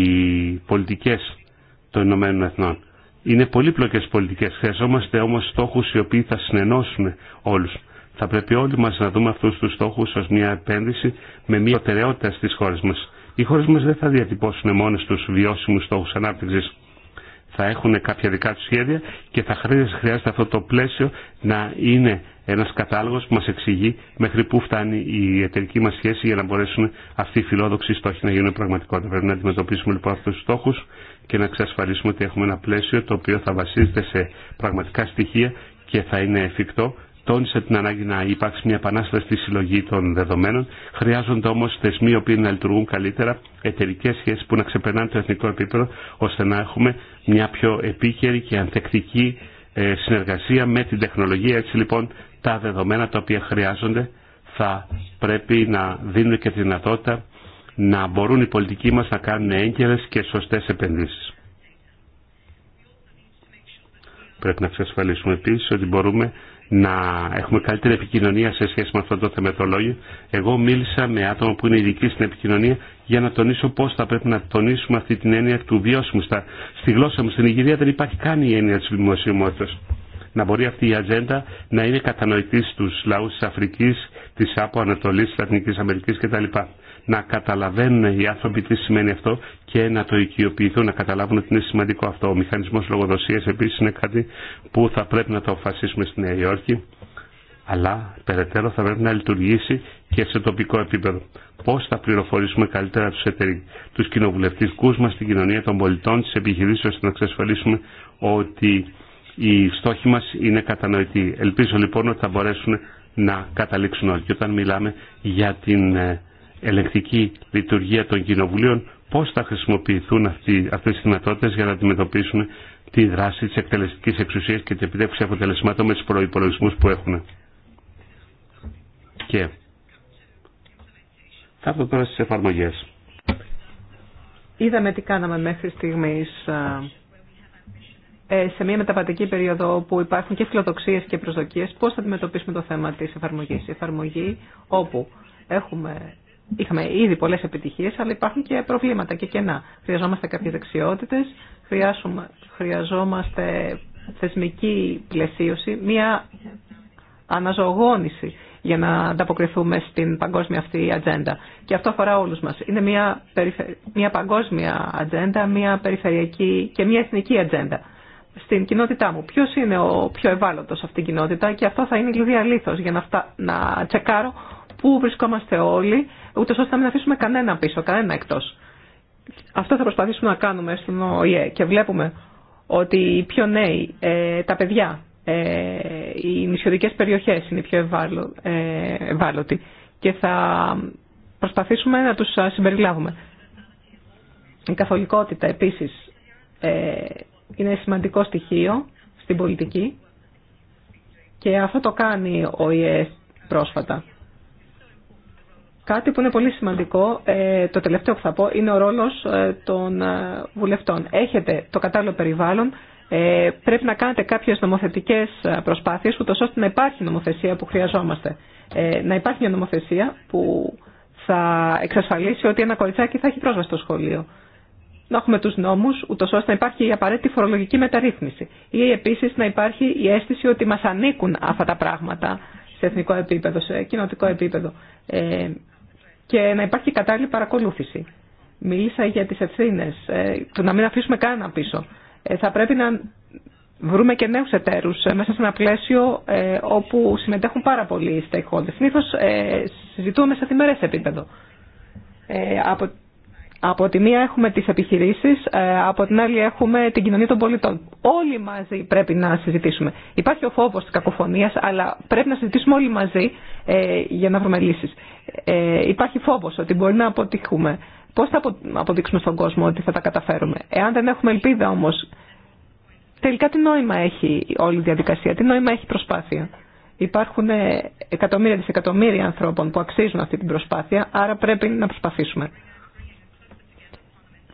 πολιτικές των Ηνωμένων Εθνών. Είναι πολύπλοκες πολιτικές. Χρειαζόμαστε όμως στόχους οι οποίοι θα συνενώσουν όλους. Θα πρέπει όλοι μας να δούμε αυτούς τους στόχους ως μια επένδυση με μια προτεραιότητα στις χώρες μας. Οι χώρες μας δεν θα διατυπώσουν μόνες τους βιώσιμους στόχους ανάπτυξης θα έχουν κάποια δικά του σχέδια και θα χρειάζεται αυτό το πλαίσιο να είναι ένας κατάλογος που μας εξηγεί μέχρι πού φτάνει η εταιρική μας σχέση για να μπορέσουν αυτοί οι φιλόδοξοι στόχοι να γίνουν πραγματικότητα. Πρέπει να αντιμετωπίσουμε λοιπόν αυτούς τους στόχους και να εξασφαλίσουμε ότι έχουμε ένα πλαίσιο το οποίο θα βασίζεται σε πραγματικά στοιχεία και θα είναι εφικτό τόνισε την ανάγκη να υπάρξει μια επανάσταση στη συλλογή των δεδομένων. Χρειάζονται όμω θεσμοί οι οποίοι να λειτουργούν καλύτερα, εταιρικέ σχέσει που να ξεπερνάνε το εθνικό επίπεδο, ώστε να έχουμε μια πιο επίκαιρη και ανθεκτική ε, συνεργασία με την τεχνολογία. Έτσι λοιπόν τα δεδομένα τα οποία χρειάζονται θα πρέπει να δίνουν και τη δυνατότητα να μπορούν οι πολιτικοί μας να κάνουν έγκαιρες και σωστέ επενδύσεις. Πρέπει να εξασφαλίσουμε επίση ότι μπορούμε να έχουμε καλύτερη επικοινωνία σε σχέση με αυτό το θεμετολόγιο. Εγώ μίλησα με άτομα που είναι ειδικοί στην επικοινωνία για να τονίσω πώ θα πρέπει να τονίσουμε αυτή την έννοια του βιώσιμου. Στα, στη γλώσσα μου στην Ιγυρία δεν υπάρχει καν η έννοια τη δημοσιομότητα, Να μπορεί αυτή η ατζέντα να είναι κατανοητή στου λαού τη Αφρική, τη Άπο Ανατολή, τη Λατινική Αμερική κτλ να καταλαβαίνουν οι άνθρωποι τι σημαίνει αυτό και να το οικειοποιηθούν, να καταλάβουν ότι είναι σημαντικό αυτό. Ο μηχανισμός λογοδοσίας επίσης είναι κάτι που θα πρέπει να το αποφασίσουμε στη Νέα Υόρκη αλλά περαιτέρω θα πρέπει να λειτουργήσει και σε τοπικό επίπεδο. Πώ θα πληροφορήσουμε καλύτερα του τους κοινοβουλευτικού μα, την κοινωνία των πολιτών, τι επιχειρήσει, ώστε να εξασφαλίσουμε ότι οι στόχοι μα είναι κατανοητοί. Ελπίζω λοιπόν ότι θα μπορέσουν να καταλήξουν όλοι. όταν μιλάμε για την ε, ελεκτική λειτουργία των κοινοβουλίων πώς θα χρησιμοποιηθούν αυτοί, αυτές οι δυνατότητες για να αντιμετωπίσουν τη δράση της εκτελεστικής εξουσίας και την επιτεύξη αποτελεσμάτων με τους προϋπολογισμούς που έχουν. Και θα έρθω τώρα στις εφαρμογές. Είδαμε τι κάναμε μέχρι στιγμής ε, σε μια μεταβατική περίοδο όπου υπάρχουν και φιλοδοξίες και προσδοκίες, πώς θα αντιμετωπίσουμε το θέμα της εφαρμογής. Η εφαρμογή όπου έχουμε Είχαμε ήδη πολλέ επιτυχίε, αλλά υπάρχουν και προβλήματα και κενά. Χρειαζόμαστε κάποιε δεξιότητε, χρειαζόμαστε θεσμική πλαισίωση, μία αναζωογόνηση για να ανταποκριθούμε στην παγκόσμια αυτή ατζέντα. Και αυτό αφορά όλου μα. Είναι μια, περιφε... παγκόσμια ατζέντα, μια περιφερειακή και μια εθνική ατζέντα. Στην κοινότητά μου, ποιο είναι ο πιο ευάλωτο αυτήν την κοινότητα και αυτό θα είναι η κλειδία λίθο για να, φτα... να τσεκάρω πού βρισκόμαστε όλοι ούτε ώστε να μην αφήσουμε κανένα πίσω, κανένα εκτό. Αυτό θα προσπαθήσουμε να κάνουμε στον ΟΗΕ και βλέπουμε ότι οι πιο νέοι, ε, τα παιδιά, ε, οι νησιωτικές περιοχές είναι οι πιο ε, ευάλωτοι και θα προσπαθήσουμε να τους συμπεριλάβουμε. Η καθολικότητα επίσης είναι σημαντικό στοιχείο στην πολιτική και αυτό το κάνει ο ΙΕ πρόσφατα. Κάτι που είναι πολύ σημαντικό, ε, το τελευταίο που θα πω, είναι ο ρόλος ε, των ε, βουλευτών. Έχετε το κατάλληλο περιβάλλον, πρέπει να κάνετε κάποιες νομοθετικές προσπάθειες, ούτως ώστε να υπάρχει νομοθεσία που χρειαζόμαστε. να υπάρχει μια νομοθεσία που θα εξασφαλίσει ότι ένα κοριτσάκι θα έχει πρόσβαση στο σχολείο. Να έχουμε τους νόμους, ούτως ώστε να υπάρχει η απαραίτητη φορολογική μεταρρύθμιση. Ή επίσης να υπάρχει η αίσθηση ότι μας ανήκουν αυτά τα πράγματα σε εθνικό επίπεδο, σε κοινοτικό επίπεδο. Ε, και να υπάρχει κατάλληλη παρακολούθηση. Μίλησα για τις ευθύνε, ε, το να μην αφήσουμε κανένα πίσω. Ε, θα πρέπει να βρούμε και νέους εταίρους ε, μέσα σε ένα πλαίσιο όπου συμμετέχουν πάρα πολλοί οι stakeholders. Συνήθως συζητούμε σε θημερές επίπεδο. Από από τη μία έχουμε τις επιχειρήσεις, ε, από την άλλη έχουμε την κοινωνία των πολιτών. Όλοι μαζί πρέπει να συζητήσουμε. Υπάρχει ο φόβος της κακοφωνίας, αλλά πρέπει να συζητήσουμε όλοι μαζί ε, για να βρούμε λύσεις. Ε, υπάρχει φόβος ότι μπορεί να αποτύχουμε. Πώς θα αποδείξουμε στον κόσμο ότι θα τα καταφέρουμε. Εάν δεν έχουμε ελπίδα όμως, τελικά τι νόημα έχει όλη η διαδικασία, τι νόημα έχει η προσπάθεια. Υπάρχουν εκατομμύρια δισεκατομμύρια ανθρώπων που αξίζουν αυτή την προσπάθεια, άρα πρέπει να προσπαθήσουμε.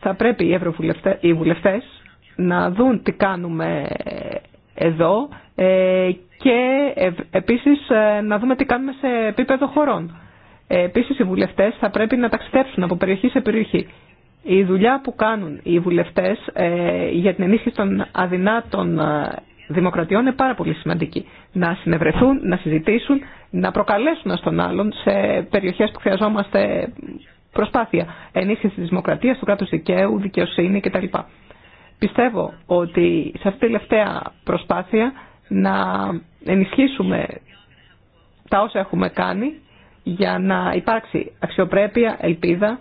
Θα πρέπει οι οι βουλευτές, να δουν τι κάνουμε εδώ ε, και επίσης ε, να δούμε τι κάνουμε σε επίπεδο χωρών. Ε, επίσης οι βουλευτές θα πρέπει να ταξιδέψουν από περιοχή σε περιοχή. Η δουλειά που κάνουν οι βουλευτές για την ενίσχυση των αδυνάτων δημοκρατιών είναι πάρα πολύ σημαντική. Να συνευρεθούν, να συζητήσουν, να προκαλέσουν στον άλλον σε περιοχές που χρειαζόμαστε προσπάθεια ενίσχυση τη δημοκρατία, του κράτου δικαίου, δικαιοσύνη κτλ. Πιστεύω ότι σε αυτή τη τελευταία προσπάθεια να ενισχύσουμε τα όσα έχουμε κάνει για να υπάρξει αξιοπρέπεια, ελπίδα,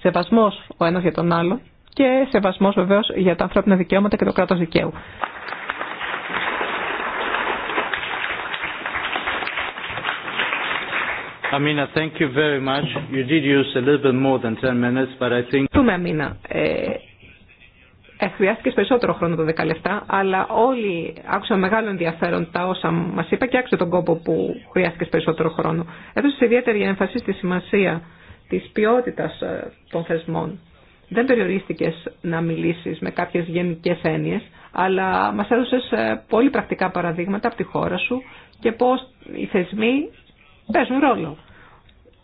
σεβασμός ο ένας για τον άλλο και σεβασμός βεβαίως για τα ανθρώπινα δικαιώματα και το κράτος δικαίου. Αμίνα, thank you very much. You did use a little bit more than 10 minutes, but I think... Ευχαριστούμε, Αμίνα. Ε, ε περισσότερο χρόνο το 10 λεπτά, αλλά όλοι άκουσαν μεγάλο ενδιαφέρον τα όσα μας είπα και άκουσα τον κόπο που χρειάστηκες περισσότερο χρόνο. Έδωσε ιδιαίτερη έμφαση στη σημασία της ποιότητας ε, των θεσμών. Δεν περιορίστηκε να μιλήσεις με κάποιες γενικές έννοιες, αλλά μας έδωσες ε, πολύ πρακτικά παραδείγματα από τη χώρα σου και πώς οι θεσμοί παίζουν ρόλο.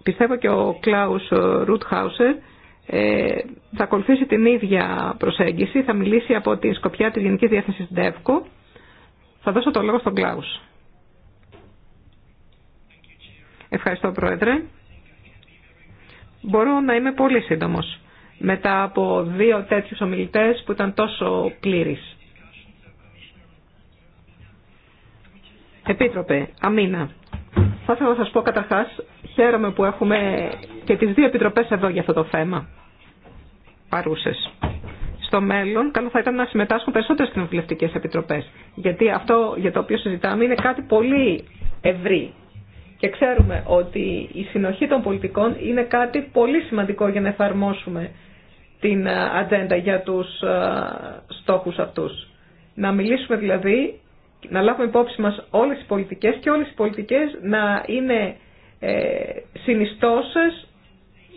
Πιστεύω και ο Κλάους Ρουτχάουσερ ε, θα ακολουθήσει την ίδια προσέγγιση, θα μιλήσει από τη σκοπιά της Γενικής Διεύθυνσης ΔΕΒΚΟ. Θα δώσω το λόγο στον Κλάους. Ευχαριστώ Πρόεδρε. Μπορώ να είμαι πολύ σύντομος μετά από δύο τέτοιους ομιλητές που ήταν τόσο πλήρης. Επίτροπε, αμίνα. Θα ήθελα να σας πω καταρχάς, χαίρομαι που έχουμε και τις δύο επιτροπές εδώ για αυτό το θέμα παρούσες. Στο μέλλον, καλό θα ήταν να συμμετάσχουν περισσότερες κοινοβουλευτικές επιτροπές. Γιατί αυτό για το οποίο συζητάμε είναι κάτι πολύ ευρύ. Και ξέρουμε ότι η συνοχή των πολιτικών είναι κάτι πολύ σημαντικό για να εφαρμόσουμε την ατζέντα για τους ε, στόχους αυτούς. Να μιλήσουμε δηλαδή να λάβουμε υπόψη μας όλες τις πολιτικές και όλες οι πολιτικές να είναι ε,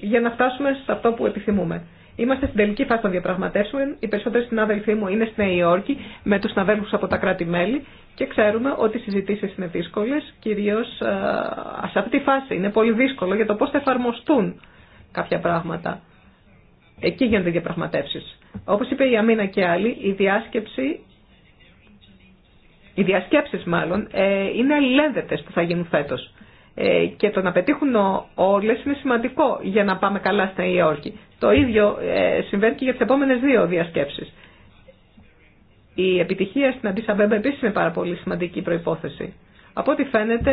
για να φτάσουμε σε αυτό που επιθυμούμε. Είμαστε στην τελική φάση των διαπραγματεύσεων. Οι περισσότεροι συνάδελφοί μου είναι στη Νέα Υόρκη με του συναδέλφου από τα κράτη-μέλη και ξέρουμε ότι οι συζητήσει είναι δύσκολε, κυρίω ε, σε αυτή τη φάση. Είναι πολύ δύσκολο για το πώ θα εφαρμοστούν κάποια πράγματα. Εκεί γίνονται οι διαπραγματεύσει. Όπω είπε η Αμήνα και άλλοι, η διάσκεψη οι διασκέψεις μάλλον, ε, είναι αλληλένδετες που θα γίνουν φέτος. Ε, και το να πετύχουν όλες είναι σημαντικό για να πάμε καλά στην Νέα Υόρκη. Το ίδιο ε, συμβαίνει και για τις επόμενες δύο διασκέψεις. Η επιτυχία στην μπέμπα επίσης είναι πάρα πολύ σημαντική προϋπόθεση. Από ό,τι φαίνεται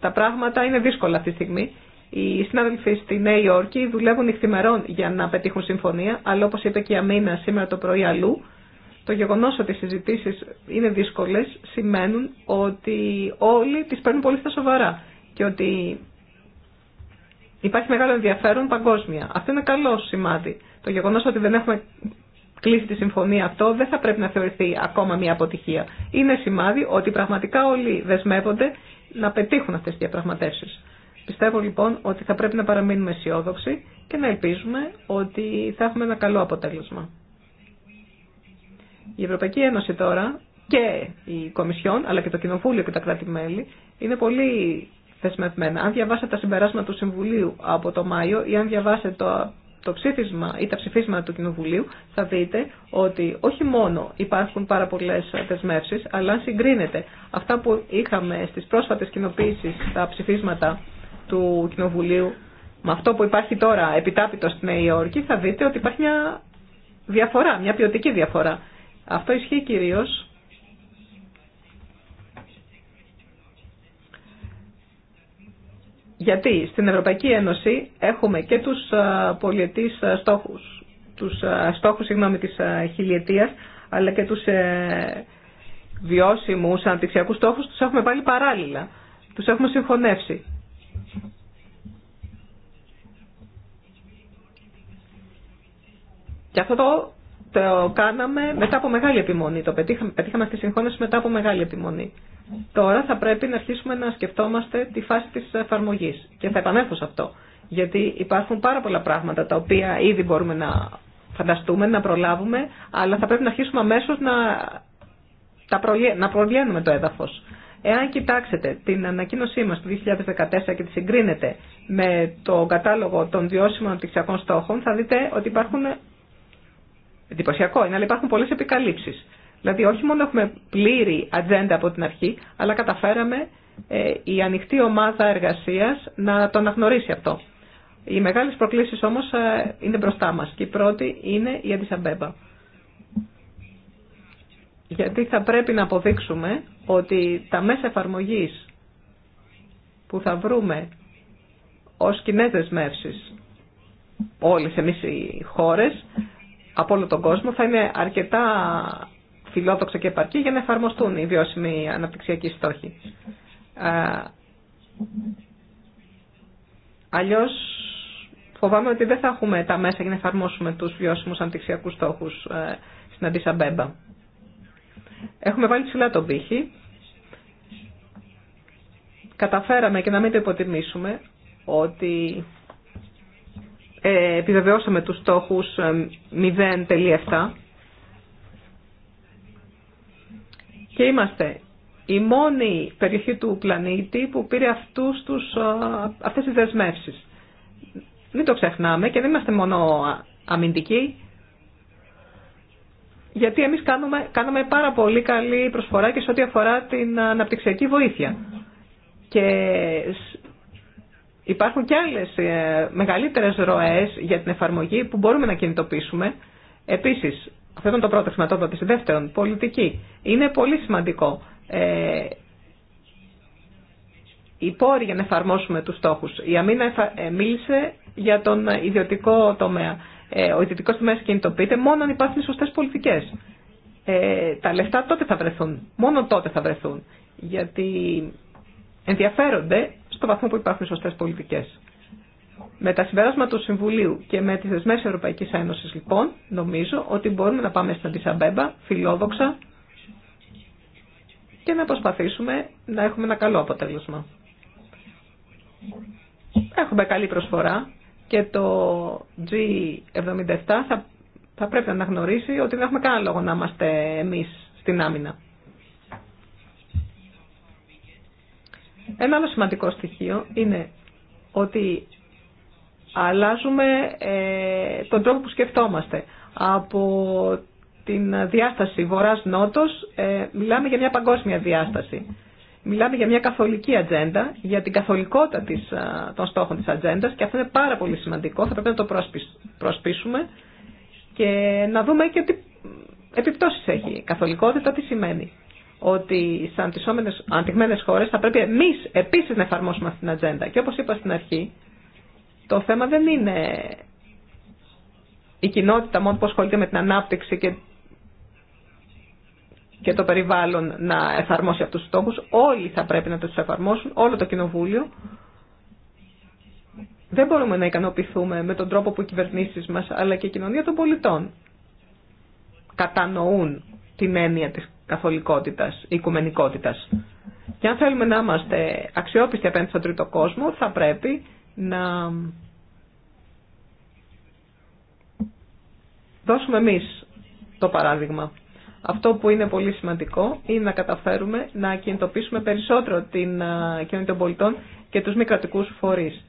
τα πράγματα είναι δύσκολα αυτή τη στιγμή. Οι συνάδελφοι στη Νέα Υόρκη δουλεύουν νυχθημερών για να πετύχουν συμφωνία, αλλά όπως είπε και η Αμήνα σήμερα το πρωί αλλού, το γεγονός ότι οι συζητήσεις είναι δύσκολες σημαίνουν ότι όλοι τις παίρνουν πολύ στα σοβαρά και ότι υπάρχει μεγάλο ενδιαφέρον παγκόσμια. Αυτό είναι καλό σημάδι. Το γεγονός ότι δεν έχουμε κλείσει τη συμφωνία αυτό δεν θα πρέπει να θεωρηθεί ακόμα μια αποτυχία. Είναι σημάδι ότι πραγματικά όλοι δεσμεύονται να πετύχουν αυτές τις διαπραγματεύσεις. Πιστεύω λοιπόν ότι θα πρέπει να παραμείνουμε αισιόδοξοι και να ελπίζουμε ότι θα έχουμε ένα καλό αποτέλεσμα. Η Ευρωπαϊκή Ένωση τώρα και η Κομισιόν, αλλά και το Κοινοβούλιο και τα κράτη-μέλη είναι πολύ θεσμευμένα. Αν διαβάσετε τα συμπεράσματα του Συμβουλίου από το Μάιο ή αν διαβάσετε το, το ψήφισμα ή τα ψηφίσματα του Κοινοβουλίου, θα δείτε ότι όχι μόνο υπάρχουν πάρα πολλέ θεσμεύσει, αλλά αν συγκρίνετε αυτά που είχαμε στι πρόσφατε κοινοποίησει τα ψηφίσματα του Κοινοβουλίου με αυτό που υπάρχει τώρα επιτάπητο στη Νέα Υόρκη, θα δείτε ότι υπάρχει μια διαφορά, μια ποιοτική διαφορά. Αυτό ισχύει κυρίως γιατί στην Ευρωπαϊκή Ένωση έχουμε και τους ε, πολιετής ε, στόχους, τους ε, στόχους συγγνώμη, της χιλιετίας, αλλά και τους βιώσιμους αναπτυξιακούς στόχους, τους έχουμε πάλι παράλληλα, τους έχουμε συγχωνεύσει. Και αυτό το το κάναμε μετά από μεγάλη επιμονή. Το πετύχαμε, πετύχαμε αυτή τη συγχώνευση μετά από μεγάλη επιμονή. Τώρα θα πρέπει να αρχίσουμε να σκεφτόμαστε τη φάση τη εφαρμογή. Και θα επανέλθω σε αυτό. Γιατί υπάρχουν πάρα πολλά πράγματα τα οποία ήδη μπορούμε να φανταστούμε, να προλάβουμε, αλλά θα πρέπει να αρχίσουμε αμέσω να, τα να προλυαίνουμε το έδαφο. Εάν κοιτάξετε την ανακοίνωσή μα του 2014 και τη συγκρίνετε με το κατάλογο των βιώσιμων αναπτυξιακών στόχων, θα δείτε ότι υπάρχουν εντυπωσιακό είναι, αλλά υπάρχουν πολλές επικαλύψεις. Δηλαδή όχι μόνο έχουμε πλήρη ατζέντα από την αρχή, αλλά καταφέραμε ε, η ανοιχτή ομάδα εργασίας να τον αναγνωρίσει αυτό. Οι μεγάλες προκλήσεις όμως ε, είναι μπροστά μας και η πρώτη είναι η Αντισαμπέμπα. Γιατί θα πρέπει να αποδείξουμε ότι τα μέσα εφαρμογή που θα βρούμε ως κοινέ δεσμεύσει όλες εμείς οι χώρες από όλο τον κόσμο θα είναι αρκετά φιλόδοξα και επαρκή για να εφαρμοστούν οι βιώσιμοι αναπτυξιακοί στόχοι. Ε, Αλλιώ φοβάμαι ότι δεν θα έχουμε τα μέσα για να εφαρμόσουμε του βιώσιμου αναπτυξιακού στόχου ε, στην Αντισαμπέμπα. Έχουμε βάλει ψηλά τον πύχη. Καταφέραμε και να μην το υποτιμήσουμε ότι ε, επιβεβαιώσαμε τους στόχους 0.7 ε, και είμαστε η μόνη περιοχή του πλανήτη που πήρε αυτούς τους, ε, αυτές τις δεσμεύσεις. Μην το ξεχνάμε και δεν είμαστε μόνο αμυντικοί, γιατί εμείς κάνουμε, κάνουμε πάρα πολύ καλή προσφορά και σε ό,τι αφορά την αναπτυξιακή βοήθεια. Και Υπάρχουν και άλλες ε, μεγαλύτερες ροές για την εφαρμογή που μπορούμε να κινητοποιήσουμε. Επίσης, αυτό ήταν το πρώτο χρηματοδότηση. Δεύτερον, πολιτική. Είναι πολύ σημαντικό. Ε, η πόροι για να εφαρμόσουμε τους στόχους. Η Αμίνα ε, μίλησε για τον ιδιωτικό τομέα. Ε, ο ιδιωτικός τομέας κινητοποιείται μόνο αν υπάρχουν σωστές πολιτικές. Ε, τα λεφτά τότε θα βρεθούν. Μόνο τότε θα βρεθούν. Γιατί ενδιαφέρονται στο βαθμό που υπάρχουν σωστέ πολιτικέ. Με τα συμπεράσματα του Συμβουλίου και με τι δεσμεύσει Ευρωπαϊκή Ένωση, λοιπόν, νομίζω ότι μπορούμε να πάμε στην Αντισαμπέμπα φιλόδοξα και να προσπαθήσουμε να έχουμε ένα καλό αποτέλεσμα. Έχουμε καλή προσφορά και το G77 θα, θα πρέπει να αναγνωρίσει ότι δεν έχουμε κανένα λόγο να είμαστε εμείς στην άμυνα. Ένα άλλο σημαντικό στοιχείο είναι ότι αλλάζουμε ε, τον τρόπο που σκεφτόμαστε. Από την διάσταση βορράς-νότος ε, μιλάμε για μια παγκόσμια διάσταση. Μιλάμε για μια καθολική ατζέντα, για την καθολικότητα της, των στόχων της ατζέντα και αυτό είναι πάρα πολύ σημαντικό, θα πρέπει να το προσπίσουμε και να δούμε και τι επιπτώσεις έχει. Η καθολικότητα τι σημαίνει ότι στι αναπτυγμένε χώρε θα πρέπει εμεί επίση να εφαρμόσουμε αυτή την ατζέντα. Και όπω είπα στην αρχή, το θέμα δεν είναι η κοινότητα μόνο που ασχολείται με την ανάπτυξη και, και το περιβάλλον να εφαρμόσει αυτού του στόχου. Όλοι θα πρέπει να του εφαρμόσουν, όλο το κοινοβούλιο. Δεν μπορούμε να ικανοποιηθούμε με τον τρόπο που οι κυβερνήσεις μας αλλά και η κοινωνία των πολιτών κατανοούν την έννοια της καθολικότητας, οικουμενικότητας. Και αν θέλουμε να είμαστε αξιόπιστοι απέναντι στον τρίτο κόσμο, θα πρέπει να δώσουμε εμείς το παράδειγμα. Αυτό που είναι πολύ σημαντικό είναι να καταφέρουμε να κινητοποιήσουμε περισσότερο την κοινωνία των πολιτών και τους μη κρατικούς φορείς.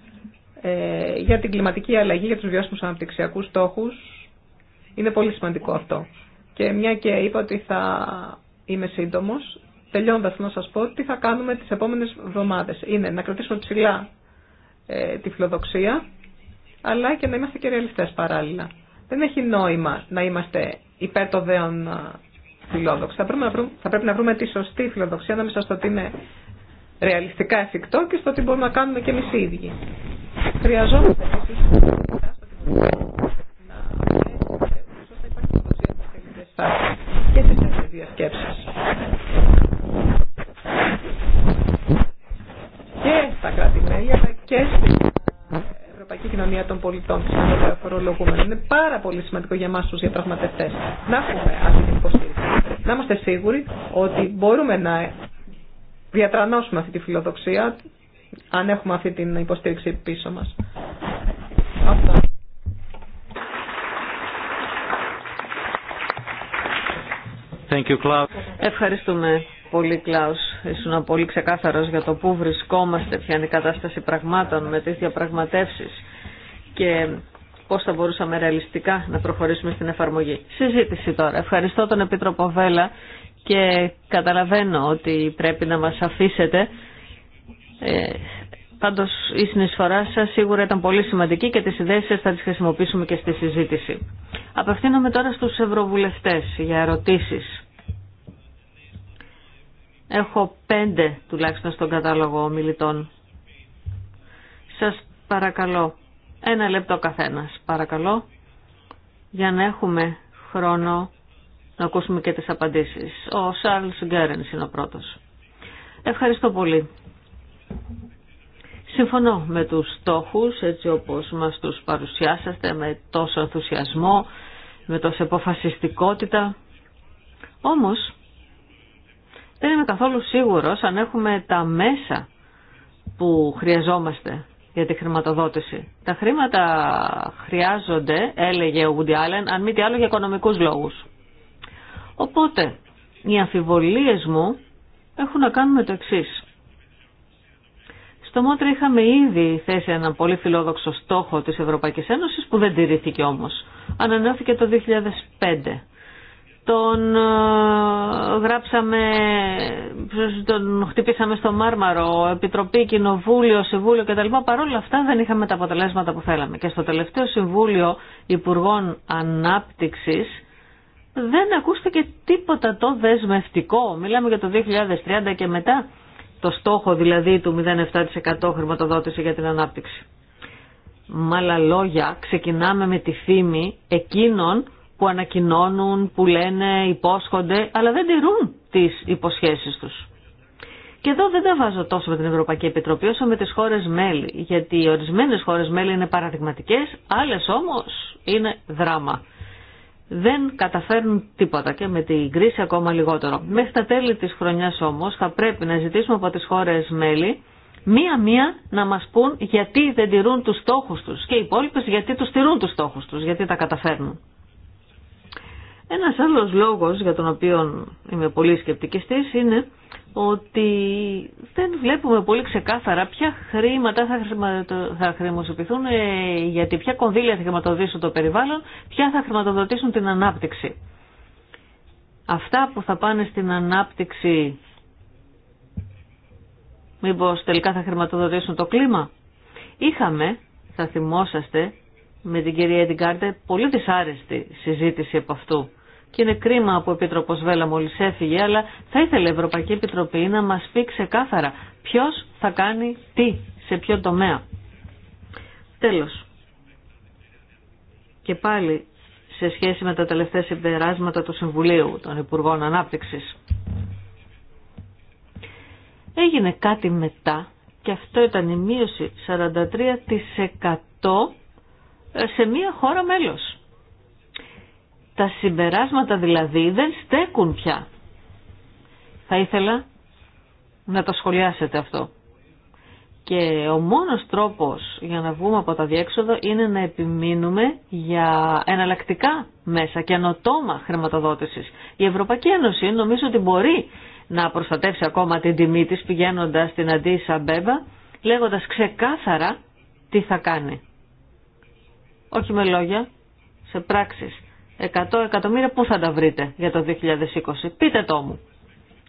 Ε, για την κλιματική αλλαγή, για τους βιώσιμους αναπτυξιακούς στόχους, είναι πολύ σημαντικό αυτό. Και μια και είπα ότι θα Είμαι σύντομο. Τελειώντα, να σα πω τι θα κάνουμε τι επόμενε εβδομάδε. Είναι να κρατήσουμε ψηλά ε, τη φιλοδοξία, αλλά και να είμαστε και ρεαλιστέ παράλληλα. Δεν έχει νόημα να είμαστε υπέρ των δέων ε, φιλόδοξοι. Θα πρέπει, να βρούμε, θα τη σωστή φιλοδοξία ανάμεσα στο ότι είναι ρεαλιστικά εφικτό και στο ότι μπορούμε να κάνουμε και εμεί οι ίδιοι. Χρειαζόμαστε επίση να υπάρχει ε, φιλοδοξία και τέτοιε διασκέψει. κράτη-μέλη, αλλά και στην ε, Ευρωπαϊκή Κοινωνία των Πολιτών, του Είναι πάρα πολύ σημαντικό για εμά του διαπραγματευτέ να έχουμε αυτή την υποστήριξη. Να είμαστε σίγουροι ότι μπορούμε να διατρανώσουμε αυτή τη φιλοδοξία, αν έχουμε αυτή την υποστήριξη πίσω μα. Thank you, Ευχαριστούμε, πολύ, Κλάους. Ήσουν πολύ ξεκάθαρος για το πού βρισκόμαστε, ποια είναι η κατάσταση πραγμάτων με τις διαπραγματεύσεις και πώς θα μπορούσαμε ρεαλιστικά να προχωρήσουμε στην εφαρμογή. Συζήτηση τώρα. Ευχαριστώ τον Επίτροπο Βέλα και καταλαβαίνω ότι πρέπει να μας αφήσετε. Ε, πάντως η συνεισφορά σας σίγουρα ήταν πολύ σημαντική και τις ιδέες σας θα τις χρησιμοποιήσουμε και στη συζήτηση. Απευθύνομαι τώρα στους ευρωβουλευτές για ερωτήσεις. Έχω πέντε τουλάχιστον στον κατάλογο ομιλητών. Σας παρακαλώ, ένα λεπτό καθένας, παρακαλώ, για να έχουμε χρόνο να ακούσουμε και τις απαντήσεις. Ο Σάρλς Γκέρενς είναι ο πρώτος. Ευχαριστώ πολύ. Συμφωνώ με τους στόχους, έτσι όπως μας τους παρουσιάσατε, με τόσο ενθουσιασμό, με τόση αποφασιστικότητα. Όμως, δεν είμαι καθόλου σίγουρος αν έχουμε τα μέσα που χρειαζόμαστε για τη χρηματοδότηση. Τα χρήματα χρειάζονται, έλεγε ο Woody Allen, αν μη τι άλλο για οικονομικούς λόγους. Οπότε, οι αμφιβολίες μου έχουν να κάνουν με το εξή. Στο Μότρα είχαμε ήδη θέσει έναν πολύ φιλόδοξο στόχο της Ευρωπαϊκής Ένωσης που δεν τηρήθηκε όμως. Ανανεώθηκε το 2005 τον ε, γράψαμε, τον χτυπήσαμε στο μάρμαρο, Επιτροπή, Κοινοβούλιο, Συμβούλιο κτλ. Παρ' όλα αυτά δεν είχαμε τα αποτελέσματα που θέλαμε. Και στο τελευταίο Συμβούλιο Υπουργών Ανάπτυξης δεν ακούστηκε τίποτα το δεσμευτικό. Μιλάμε για το 2030 και μετά το στόχο δηλαδή του 0,7% χρηματοδότηση για την ανάπτυξη. Με άλλα λόγια, ξεκινάμε με τη φήμη εκείνων που ανακοινώνουν, που λένε, υπόσχονται, αλλά δεν τηρούν τις υποσχέσεις τους. Και εδώ δεν τα βάζω τόσο με την Ευρωπαϊκή Επιτροπή όσο με τις χώρες μέλη, γιατί ορισμένες χώρες μέλη είναι παραδειγματικές, άλλες όμως είναι δράμα. Δεν καταφέρνουν τίποτα και με την κρίση ακόμα λιγότερο. Μέχρι τα τέλη της χρονιάς όμως θα πρέπει να ζητήσουμε από τις χώρες μέλη μία-μία να μας πούν γιατί δεν τηρούν τους στόχους τους και οι υπόλοιπε γιατί τους τηρούν τους στόχους τους, γιατί τα καταφέρνουν. Ένας άλλος λόγος για τον οποίο είμαι πολύ σκεπτικιστής είναι ότι δεν βλέπουμε πολύ ξεκάθαρα ποια χρήματα θα, χρηματο... Ε, γιατί ποια κονδύλια θα χρηματοδοτήσουν το περιβάλλον, ποια θα χρηματοδοτήσουν την ανάπτυξη. Αυτά που θα πάνε στην ανάπτυξη, μήπως τελικά θα χρηματοδοτήσουν το κλίμα. Είχαμε, θα θυμόσαστε, με την κυρία Εντιγκάρτε, πολύ δυσάρεστη συζήτηση από αυτού και είναι κρίμα που ο Επίτροπος Βέλα μόλις έφυγε, αλλά θα ήθελε η Ευρωπαϊκή Επιτροπή να μας πει ξεκάθαρα ποιος θα κάνει τι, σε ποιο τομέα. Τέλος. Και πάλι σε σχέση με τα τελευταία συμπεράσματα του Συμβουλίου των Υπουργών Ανάπτυξης. Έγινε κάτι μετά και αυτό ήταν η μείωση 43% ε, σε μία χώρα μέλος. Τα συμπεράσματα δηλαδή δεν στέκουν πια. Θα ήθελα να το σχολιάσετε αυτό. Και ο μόνος τρόπος για να βγούμε από τα διέξοδο είναι να επιμείνουμε για εναλλακτικά μέσα και ανοτόμα χρηματοδότησης. Η Ευρωπαϊκή Ένωση νομίζω ότι μπορεί να προστατεύσει ακόμα την τιμή της πηγαίνοντας στην Αντίσα Μπέμπα λέγοντας ξεκάθαρα τι θα κάνει. Όχι με λόγια, σε πράξεις. 100 εκατομμύρια πού θα τα βρείτε για το 2020. Πείτε το μου.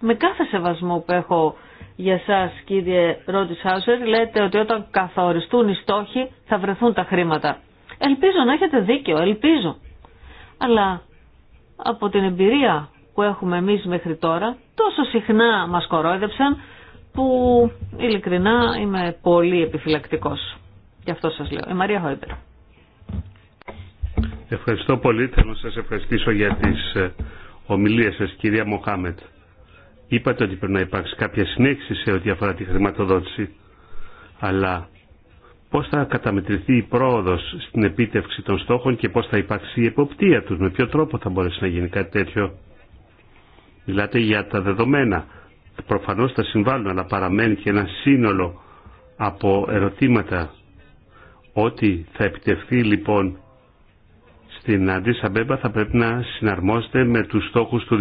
Με κάθε σεβασμό που έχω για σας κύριε Ρόντι Σάουσερ λέτε ότι όταν καθοριστούν οι στόχοι θα βρεθούν τα χρήματα. Ελπίζω να έχετε δίκιο, ελπίζω. Αλλά από την εμπειρία που έχουμε εμείς μέχρι τώρα τόσο συχνά μας κορόιδεψαν που ειλικρινά είμαι πολύ επιφυλακτικός. Γι' αυτό σας λέω. Η Μαρία Χόιμπερ. Ευχαριστώ πολύ. Θέλω να σας ευχαριστήσω για τις ε, ομιλίες σας, κυρία Μοχάμετ. Είπατε ότι πρέπει να υπάρξει κάποια συνέχιση σε ό,τι αφορά τη χρηματοδότηση. Αλλά πώς θα καταμετρηθεί η πρόοδος στην επίτευξη των στόχων και πώς θα υπάρξει η εποπτεία τους, με ποιο τρόπο θα μπορέσει να γίνει κάτι τέτοιο. Μιλάτε για τα δεδομένα. Προφανώς θα συμβάλλουν, αλλά παραμένει και ένα σύνολο από ερωτήματα. Ό,τι θα επιτευχθεί λοιπόν στην Αντίσα Μπέμπα θα πρέπει να συναρμόσετε με του στόχου του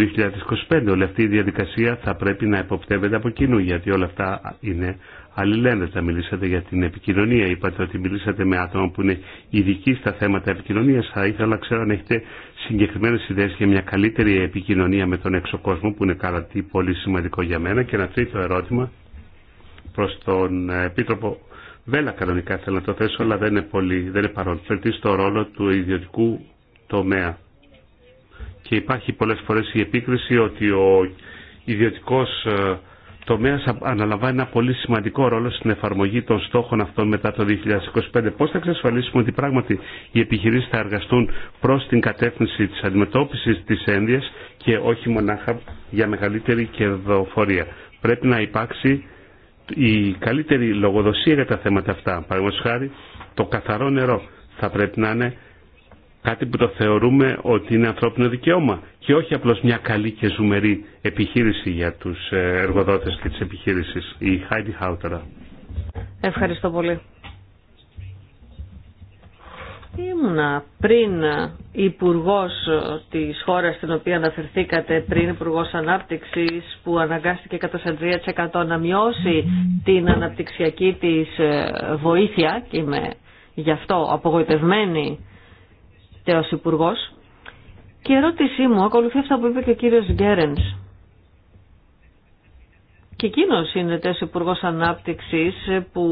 2025. Όλη αυτή η διαδικασία θα πρέπει να υποπτεύεται από κοινού γιατί όλα αυτά είναι αλληλένδετα. Μιλήσατε για την επικοινωνία, είπατε ότι μιλήσατε με άτομα που είναι ειδικοί στα θέματα επικοινωνία. Θα ήθελα να ξέρω αν έχετε συγκεκριμένε ιδέε για μια καλύτερη επικοινωνία με τον έξω κόσμο που είναι κάτι πολύ σημαντικό για μένα. Και ένα τρίτο ερώτημα προ τον ε, Επίτροπο Βέλα κανονικά θέλω να το θέσω, αλλά δεν είναι, πολύ, δεν είναι παρόν. στο ρόλο του ιδιωτικού τομέα. Και υπάρχει πολλές φορές η επίκριση ότι ο ιδιωτικός ε, τομέας αναλαμβάνει ένα πολύ σημαντικό ρόλο στην εφαρμογή των στόχων αυτών μετά το 2025. Πώς θα εξασφαλίσουμε ότι πράγματι οι επιχειρήσεις θα εργαστούν προς την κατεύθυνση της αντιμετώπισης της ένδυας και όχι μονάχα για μεγαλύτερη κερδοφορία. Πρέπει να υπάρξει η καλύτερη λογοδοσία για τα θέματα αυτά. Παραδείγματος χάρη, το καθαρό νερό θα πρέπει να είναι κάτι που το θεωρούμε ότι είναι ανθρώπινο δικαίωμα και όχι απλώς μια καλή και ζουμερή επιχείρηση για τους ε, εργοδότες και τις επιχείρησεις. Η Heidi Ευχαριστώ πολύ. Ήμουνα πριν υπουργό της χώρας στην οποία αναφερθήκατε, πριν υπουργό ανάπτυξη που αναγκάστηκε κατά 43% να μειώσει την αναπτυξιακή της ε, βοήθεια και είμαι γι' αυτό απογοητευμένη τελευταίος υπουργός. Και η ερώτησή μου ακολουθεί αυτά που είπε και ο κύριος Γκέρενς. Και εκείνο είναι τέσσερις υπουργός ανάπτυξης που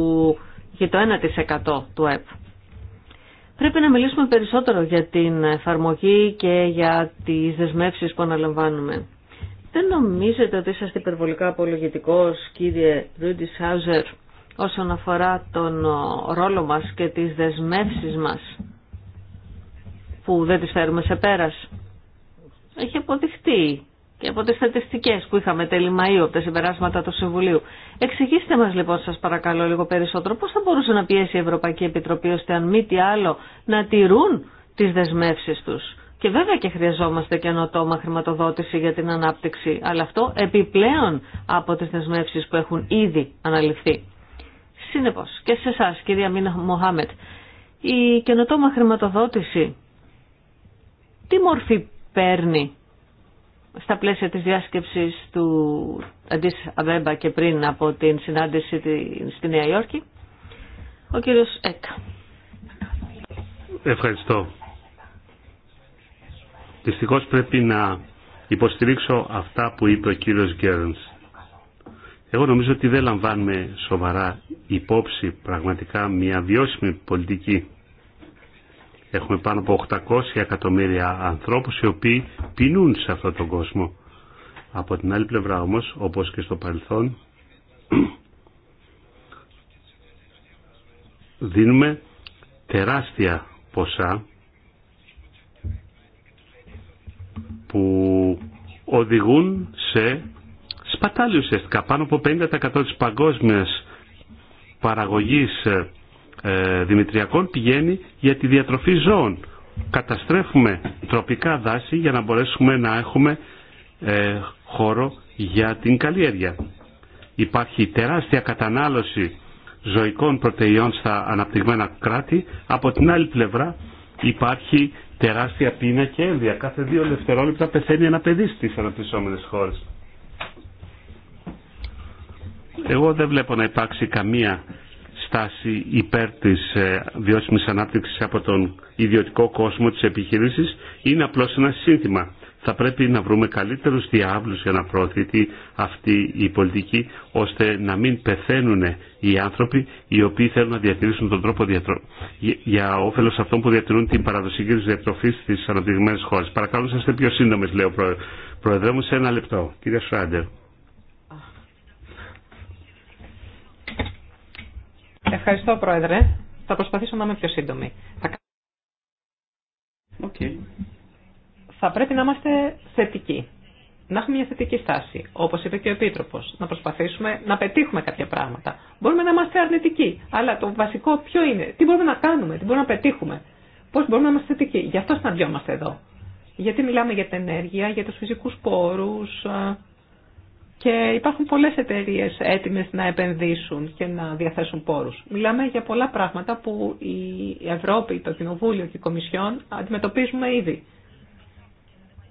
για το 1% του ΕΠ. Πρέπει να μιλήσουμε περισσότερο για την εφαρμογή και για τις δεσμεύσεις που αναλαμβάνουμε. Δεν νομίζετε ότι είσαστε υπερβολικά απολογητικός, κύριε Ρούντι Σάουζερ, όσον αφορά τον ρόλο μας και τις δεσμεύσεις μας που δεν τις φέρουμε σε πέρας. Έχει αποδειχτεί και από τις στατιστικές που είχαμε τέλη Μαΐου από τα συμπεράσματα του Συμβουλίου. Εξηγήστε μας λοιπόν σας παρακαλώ λίγο περισσότερο πώς θα μπορούσε να πιέσει η Ευρωπαϊκή Επιτροπή ώστε αν μη τι άλλο να τηρούν τις δεσμεύσεις τους. Και βέβαια και χρειαζόμαστε καινοτόμα χρηματοδότηση για την ανάπτυξη, αλλά αυτό επιπλέον από τις δεσμεύσεις που έχουν ήδη αναλυφθεί. Συνεπώς και σε εσά κυρία Μίνα Μοχάμετ, η καινοτόμα χρηματοδότηση τι μορφή παίρνει στα πλαίσια της διάσκεψης του Αντίς Αβέμπα και πριν από την συνάντηση στη Νέα Υόρκη, ο κύριος Έκα. Ευχαριστώ. Δυστυχώ πρέπει να υποστηρίξω αυτά που είπε ο κύριος Γκέρνς. Εγώ νομίζω ότι δεν λαμβάνουμε σοβαρά υπόψη πραγματικά μια βιώσιμη πολιτική Έχουμε πάνω από 800 εκατομμύρια ανθρώπους οι οποίοι πεινούν σε αυτόν τον κόσμο. Από την άλλη πλευρά όμως, όπως και στο παρελθόν, δίνουμε τεράστια ποσά που οδηγούν σε σπατάλη ουσιαστικά. Πάνω από 50% της παγκόσμιας παραγωγής ε, ε, δημητριακών πηγαίνει για τη διατροφή ζώων. Καταστρέφουμε τροπικά δάση για να μπορέσουμε να έχουμε ε, χώρο για την καλλιέργεια. Υπάρχει τεράστια κατανάλωση ζωικών πρωτεϊών στα αναπτυγμένα κράτη. Από την άλλη πλευρά υπάρχει τεράστια πείνα και ένδια. Κάθε δύο δευτερόλεπτα πεθαίνει ένα παιδί στις αναπτυσσόμενες χώρες. Εγώ δεν βλέπω να υπάρξει καμία στάση υπέρ της ε, βιώσιμης ανάπτυξης από τον ιδιωτικό κόσμο της επιχειρήσης είναι απλώς ένα σύνθημα. Θα πρέπει να βρούμε καλύτερους διάβλους για να προωθηθεί αυτή η πολιτική ώστε να μην πεθαίνουν οι άνθρωποι οι οποίοι θέλουν να διατηρήσουν τον τρόπο διατρο... για όφελος αυτών που διατηρούν την παραδοσιακή της διατροφή στις αναπτυγμένες χώρες. Παρακαλώ να είστε πιο σύντομες, λέω πρόεδρε μου, σε ένα λεπτό. Κύριε Σράντερ. Ευχαριστώ, Πρόεδρε. Θα προσπαθήσω να είμαι πιο σύντομη. Okay. Θα πρέπει να είμαστε θετικοί. Να έχουμε μια θετική στάση, όπω είπε και ο Επίτροπο. Να προσπαθήσουμε να πετύχουμε κάποια πράγματα. Μπορούμε να είμαστε αρνητικοί, αλλά το βασικό ποιο είναι, τι μπορούμε να κάνουμε, τι μπορούμε να πετύχουμε, πώ μπορούμε να είμαστε θετικοί. Γι' αυτό συναντιόμαστε εδώ. Γιατί μιλάμε για την ενέργεια, για του φυσικού πόρου, και υπάρχουν πολλές εταιρείες έτοιμες να επενδύσουν και να διαθέσουν πόρους. Μιλάμε για πολλά πράγματα που η Ευρώπη, το Κοινοβούλιο και η Κομισιόν αντιμετωπίζουμε ήδη.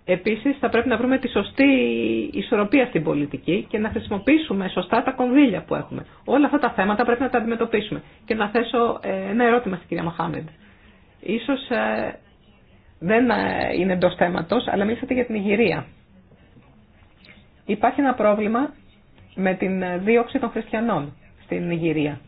Επίσης θα πρέπει να βρούμε τη σωστή ισορροπία στην πολιτική και να χρησιμοποιήσουμε σωστά τα κονδύλια που έχουμε. Όλα αυτά τα θέματα πρέπει να τα αντιμετωπίσουμε. Και να θέσω ε, ένα ερώτημα στην κυρία Μαχάμεντ. Ίσως ε, δεν ε, είναι εντό θέματος, αλλά μίλησατε για την Ιγυρία. Υπάρχει ένα πρόβλημα με την δίωξη των χριστιανών στην Ιγυρία.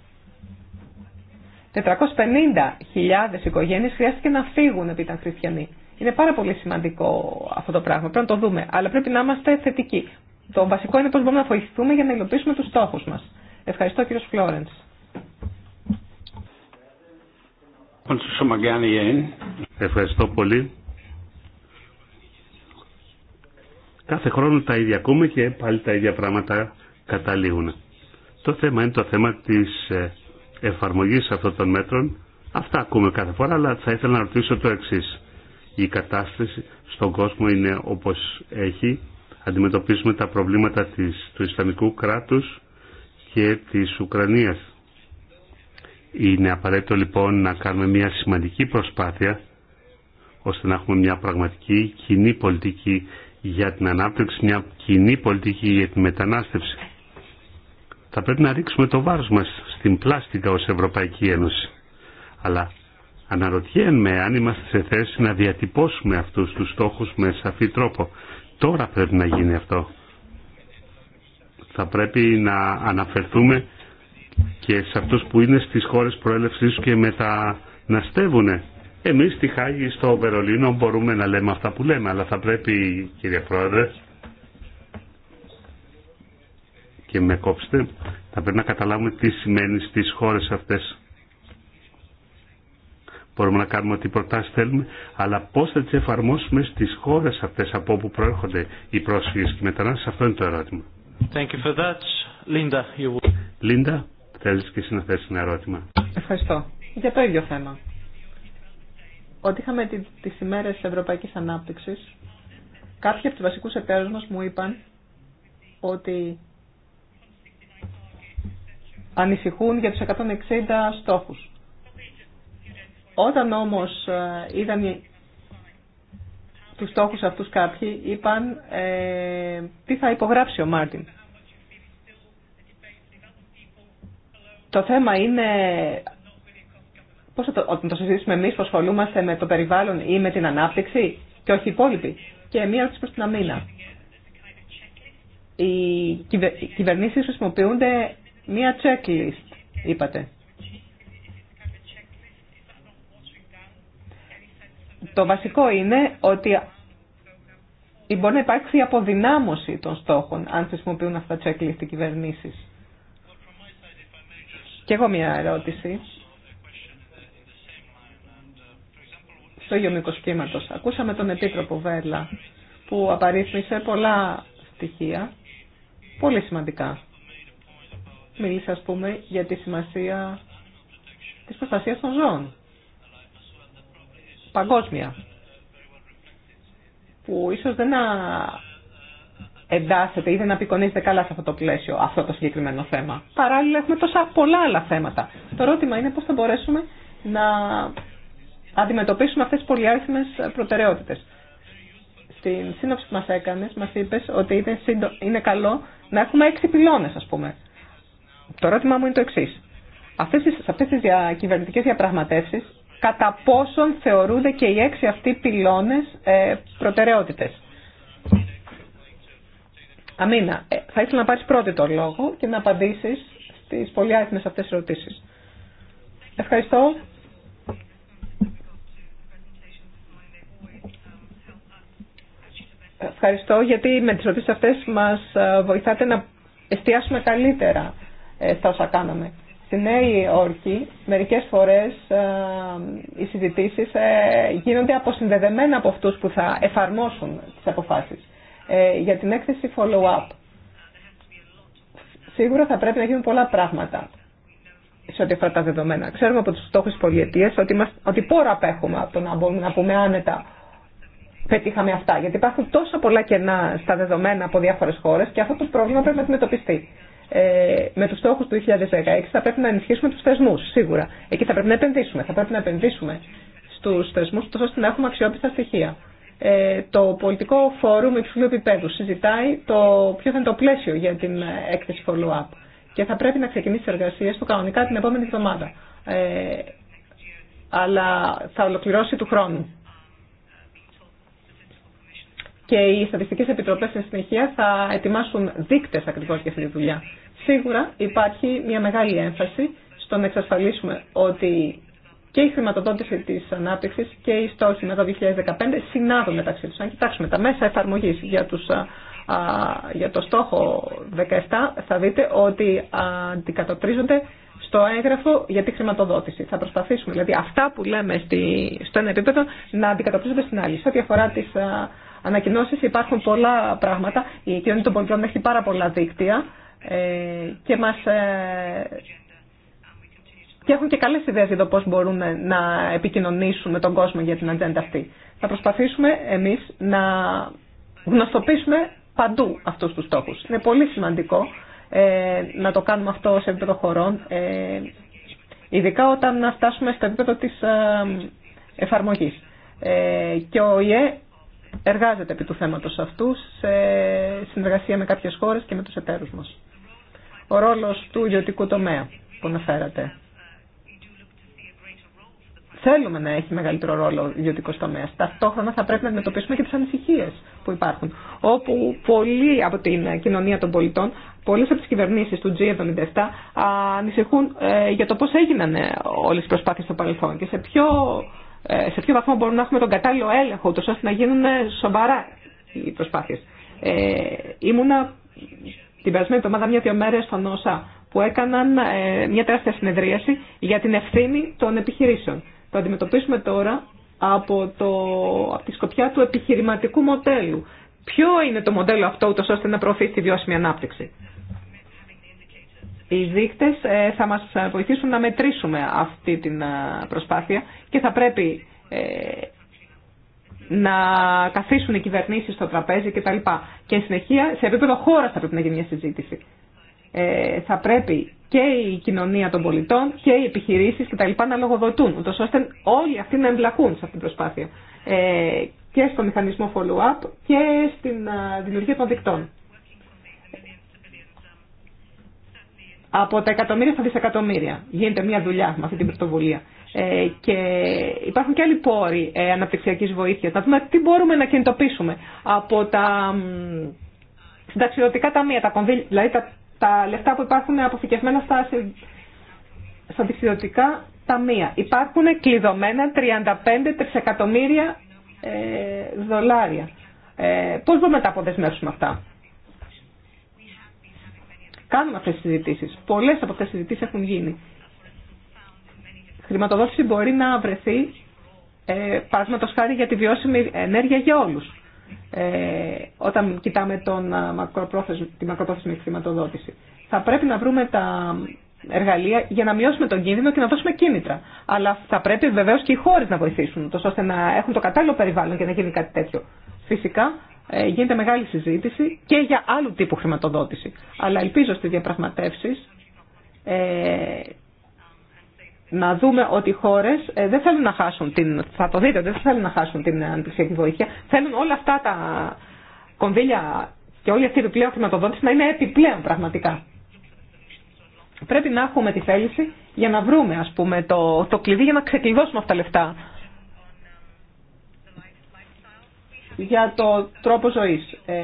450.000 οικογένειες χρειάστηκε να φύγουν επειδή ήταν χριστιανοί. Είναι πάρα πολύ σημαντικό αυτό το πράγμα. Πρέπει να το δούμε. Αλλά πρέπει να είμαστε θετικοί. Το βασικό είναι πώς μπορούμε να βοηθούμε για να υλοποιήσουμε τους στόχους μας. Ευχαριστώ, κύριο Φλόρεντ. Ευχαριστώ πολύ. Κάθε χρόνο τα ίδια ακούμε και πάλι τα ίδια πράγματα καταλήγουν. Το θέμα είναι το θέμα της ε, εφαρμογής αυτών των μέτρων. Αυτά ακούμε κάθε φορά, αλλά θα ήθελα να ρωτήσω το εξής. Η κατάσταση στον κόσμο είναι όπως έχει. Αντιμετωπίζουμε τα προβλήματα της, του Ισλαμικού κράτους και της Ουκρανίας. Είναι απαραίτητο λοιπόν να κάνουμε μια σημαντική προσπάθεια ώστε να έχουμε μια πραγματική κοινή πολιτική για την ανάπτυξη, μια κοινή πολιτική για τη μετανάστευση. Θα πρέπει να ρίξουμε το βάρος μας στην πλάστικα ως Ευρωπαϊκή Ένωση. Αλλά αναρωτιέμαι αν είμαστε σε θέση να διατυπώσουμε αυτούς τους στόχους με σαφή τρόπο. Τώρα πρέπει να γίνει αυτό. Θα πρέπει να αναφερθούμε και σε αυτούς που είναι στις χώρες προέλευσής και μεταναστεύουνε. Εμείς στη Χάγη στο Βερολίνο μπορούμε να λέμε αυτά που λέμε, αλλά θα πρέπει κύριε Πρόεδρε και με κόψτε, θα πρέπει να καταλάβουμε τι σημαίνει στις χώρες αυτές. Μπορούμε να κάνουμε ό,τι προτάσεις θέλουμε, αλλά πώς θα τις εφαρμόσουμε στις χώρες αυτές από όπου προέρχονται οι πρόσφυγες και οι μετανάστες, αυτό είναι το ερώτημα. Λίντα, you θέλεις και εσύ να θέσεις ένα ερώτημα. Ευχαριστώ. Για το ίδιο θέμα. Ότι είχαμε τι ημέρε τη Ευρωπαϊκή Ανάπτυξης, κάποιοι από τους βασικούς εταίρους μα μου είπαν ότι ανησυχούν για τους 160 στόχους. Όταν όμω ε, είδαν τους στόχους αυτούς κάποιοι, είπαν ε, τι θα υπογράψει ο Μάρτιν. Το θέμα είναι Πώς θα το, συζητήσουμε εμείς που ασχολούμαστε με το περιβάλλον ή με την ανάπτυξη και όχι οι υπόλοιποι. Και μία ερώτηση προς την αμήνα. Οι κυβε, κυβερνήσεις χρησιμοποιούνται μία checklist, είπατε. Το βασικό είναι ότι μπορεί να υπάρξει αποδυνάμωση των στόχων αν χρησιμοποιούν αυτά τα checklist οι κυβερνήσεις. Και εγώ μια ερώτηση το ίδιο μήκο κύματο. Ακούσαμε τον Επίτροπο Βέλλα που απαρίθμησε πολλά στοιχεία, πολύ σημαντικά. Μίλησε, α πούμε, για τη σημασία της προστασία των ζώων. Παγκόσμια. Που ίσως δεν εντάσσεται ή δεν απεικονίζεται καλά σε αυτό το πλαίσιο, αυτό το συγκεκριμένο θέμα. Παράλληλα έχουμε τόσα πολλά άλλα θέματα. Το ερώτημα είναι πώ θα μπορέσουμε να αντιμετωπίσουμε αυτές τις πολυάριθμες προτεραιότητες. Στην σύνοψη που μας έκανες, μας είπες ότι είναι, καλό να έχουμε έξι πυλώνες, ας πούμε. Το ερώτημά μου είναι το εξή. σε αυτές τις δια, κυβερνητικές διαπραγματεύσεις, κατά πόσον θεωρούνται και οι έξι αυτοί πυλώνες ε, προτεραιότητες. Αμίνα, ε, θα ήθελα να πάρεις πρώτο τον λόγο και να απαντήσεις στις πολυάριθμες αυτές ερωτήσεις. Ευχαριστώ. Ευχαριστώ γιατί με τις ρωτήσεις αυτές μας ε, βοηθάτε να εστιάσουμε καλύτερα ε, στα όσα κάναμε. Στη Νέα Όρκη μερικές φορές ε, οι συζητήσεις γίνονται αποσυνδεδεμένα από αυτούς που θα εφαρμόσουν τις αποφάσεις. Για την έκθεση follow-up σίγουρα θα πρέπει να γίνουν πολλά πράγματα σε ό,τι αφορά τα δεδομένα. Ξέρουμε από τους στόχους της ότι, ότι πόρα απέχουμε από το να μπορούμε να πούμε άνετα πετύχαμε αυτά. Γιατί υπάρχουν τόσο πολλά κενά στα δεδομένα από διάφορε χώρε και αυτό το πρόβλημα πρέπει να αντιμετωπιστεί. Ε, με του στόχου του 2016 θα πρέπει να ενισχύσουμε του θεσμού, σίγουρα. Εκεί θα πρέπει να επενδύσουμε. Θα πρέπει να επενδύσουμε στου θεσμού, ώστε να έχουμε αξιόπιστα στοιχεία. Ε, το πολιτικό φόρουμ υψηλού επίπεδου συζητάει το ποιο θα είναι το πλαίσιο για την έκθεση follow-up. Και θα πρέπει να ξεκινήσει τι εργασίε του κανονικά την επόμενη εβδομάδα. Ε, αλλά θα ολοκληρώσει του χρόνου και οι στατιστικές επιτροπές στην συνεχεία θα ετοιμάσουν δείκτες ακριβώς για αυτή τη δουλειά. Σίγουρα υπάρχει μια μεγάλη έμφαση στο να εξασφαλίσουμε ότι και η χρηματοδότηση τη ανάπτυξη και η στόχοι μετά το 2015 συνάδουν μεταξύ του. Αν κοιτάξουμε τα μέσα εφαρμογή για, για το στόχο 17, θα δείτε ότι αντικατοπτρίζονται στο έγγραφο για τη χρηματοδότηση. Θα προσπαθήσουμε δηλαδή αυτά που λέμε στη, στο ένα επίπεδο να αντικατοπτρίζονται στην άλλη. Σε ό,τι αφορά ανακοινώσει υπάρχουν πολλά πράγματα. Η κοινωνία των πολιτών έχει πάρα πολλά δίκτυα ε, και μας ε, και έχουν και καλές ιδέες για το πώς μπορούν να επικοινωνήσουν με τον κόσμο για την ατζέντα αυτή. Θα προσπαθήσουμε εμείς να γνωστοποιήσουμε παντού αυτούς τους στόχου. Είναι πολύ σημαντικό ε, να το κάνουμε αυτό σε επίπεδο χωρών, ειδικά όταν να φτάσουμε στο επίπεδο της Ε, και ο ΙΕ εργάζεται επί του θέματος αυτού σε συνεργασία με κάποιες χώρες και με τους εταίρους μας. Ο ρόλος του ιδιωτικού τομέα που αναφέρατε. Θέλουμε να έχει μεγαλύτερο ρόλο ο ιδιωτικό τομέα. Ταυτόχρονα θα πρέπει να αντιμετωπίσουμε και τι ανησυχίε που υπάρχουν. Όπου πολλοί από την κοινωνία των πολιτών, πολλέ από τι κυβερνήσει του G77 ανησυχούν ε, για το πώ έγιναν ε, όλε οι προσπάθειε στο παρελθόν και σε ποιο ε, σε ποιο βαθμό μπορούμε να έχουμε τον κατάλληλο έλεγχο, ούτως ώστε να γίνουν σοβαρά οι προσπάθειες. Ε, ήμουνα την περασμένη εβδομάδα μια-δυο μέρες στον ΩΣΑ που έκαναν ε, μια τεράστια συνεδρίαση για την ευθύνη των επιχειρήσεων. Το αντιμετωπίσουμε τώρα από, το, τη σκοπιά του επιχειρηματικού μοντέλου. Ποιο είναι το μοντέλο αυτό, ούτως ώστε να προωθεί τη βιώσιμη ανάπτυξη. Οι δείκτες ε, θα μας βοηθήσουν να μετρήσουμε αυτή την ε, προσπάθεια και θα πρέπει ε, να καθίσουν οι κυβερνήσεις στο τραπέζι κτλ. Και συνεχεία σε επίπεδο χώρα θα πρέπει να γίνει μια συζήτηση. Ε, θα πρέπει και η κοινωνία των πολιτών και οι επιχειρήσεις κτλ. να λογοδοτούν, ούτως ώστε όλοι αυτοί να εμπλακούν σε αυτή την προσπάθεια. Ε, και στο μηχανισμό follow-up και στην δημιουργία των δικτών. από τα εκατομμύρια στα δισεκατομμύρια. Γίνεται μια δουλειά με αυτή την πρωτοβουλία. Ε, και υπάρχουν και άλλοι πόροι ε, αναπτυξιακή βοήθεια. Να δούμε τι μπορούμε να κινητοποιήσουμε από τα συνταξιδοτικά ταμεία, τα κονδύλια, δηλαδή τα, λεφτά που υπάρχουν αποθηκευμένα στα, στα συνταξιδοτικά ταμεία. Υπάρχουν κλειδωμένα 35 τρισεκατομμύρια ε, δολάρια. Ε, πώς μπορούμε να τα αποδεσμεύσουμε αυτά κάνουμε αυτέ τι συζητήσει. Πολλέ από αυτέ τι συζητήσει έχουν γίνει. Χρηματοδότηση μπορεί να βρεθεί, ε, παραδείγματος χάρη για τη βιώσιμη ενέργεια για όλου. Ε, όταν κοιτάμε τον, τη μακροπρόθεσμη χρηματοδότηση. Θα πρέπει να βρούμε τα εργαλεία για να μειώσουμε τον κίνδυνο και να δώσουμε κίνητρα. Αλλά θα πρέπει βεβαίω και οι χώρε να βοηθήσουν, τόσο ώστε να έχουν το κατάλληλο περιβάλλον και να γίνει κάτι τέτοιο. Φυσικά ε, γίνεται μεγάλη συζήτηση και για άλλου τύπου χρηματοδότηση. Αλλά ελπίζω στις διαπραγματεύσεις ε, να δούμε ότι οι χώρε ε, δεν θέλουν να χάσουν την. Θα το δείτε, δεν θέλουν να χάσουν την βοήθεια. Θέλουν όλα αυτά τα κονδύλια και όλη αυτή η επιπλέον χρηματοδότηση να είναι επιπλέον πραγματικά. Πρέπει να έχουμε τη θέληση για να βρούμε, ας πούμε, το, το κλειδί για να ξεκλειδώσουμε αυτά τα λεφτά για το τρόπο ζωή. Ε,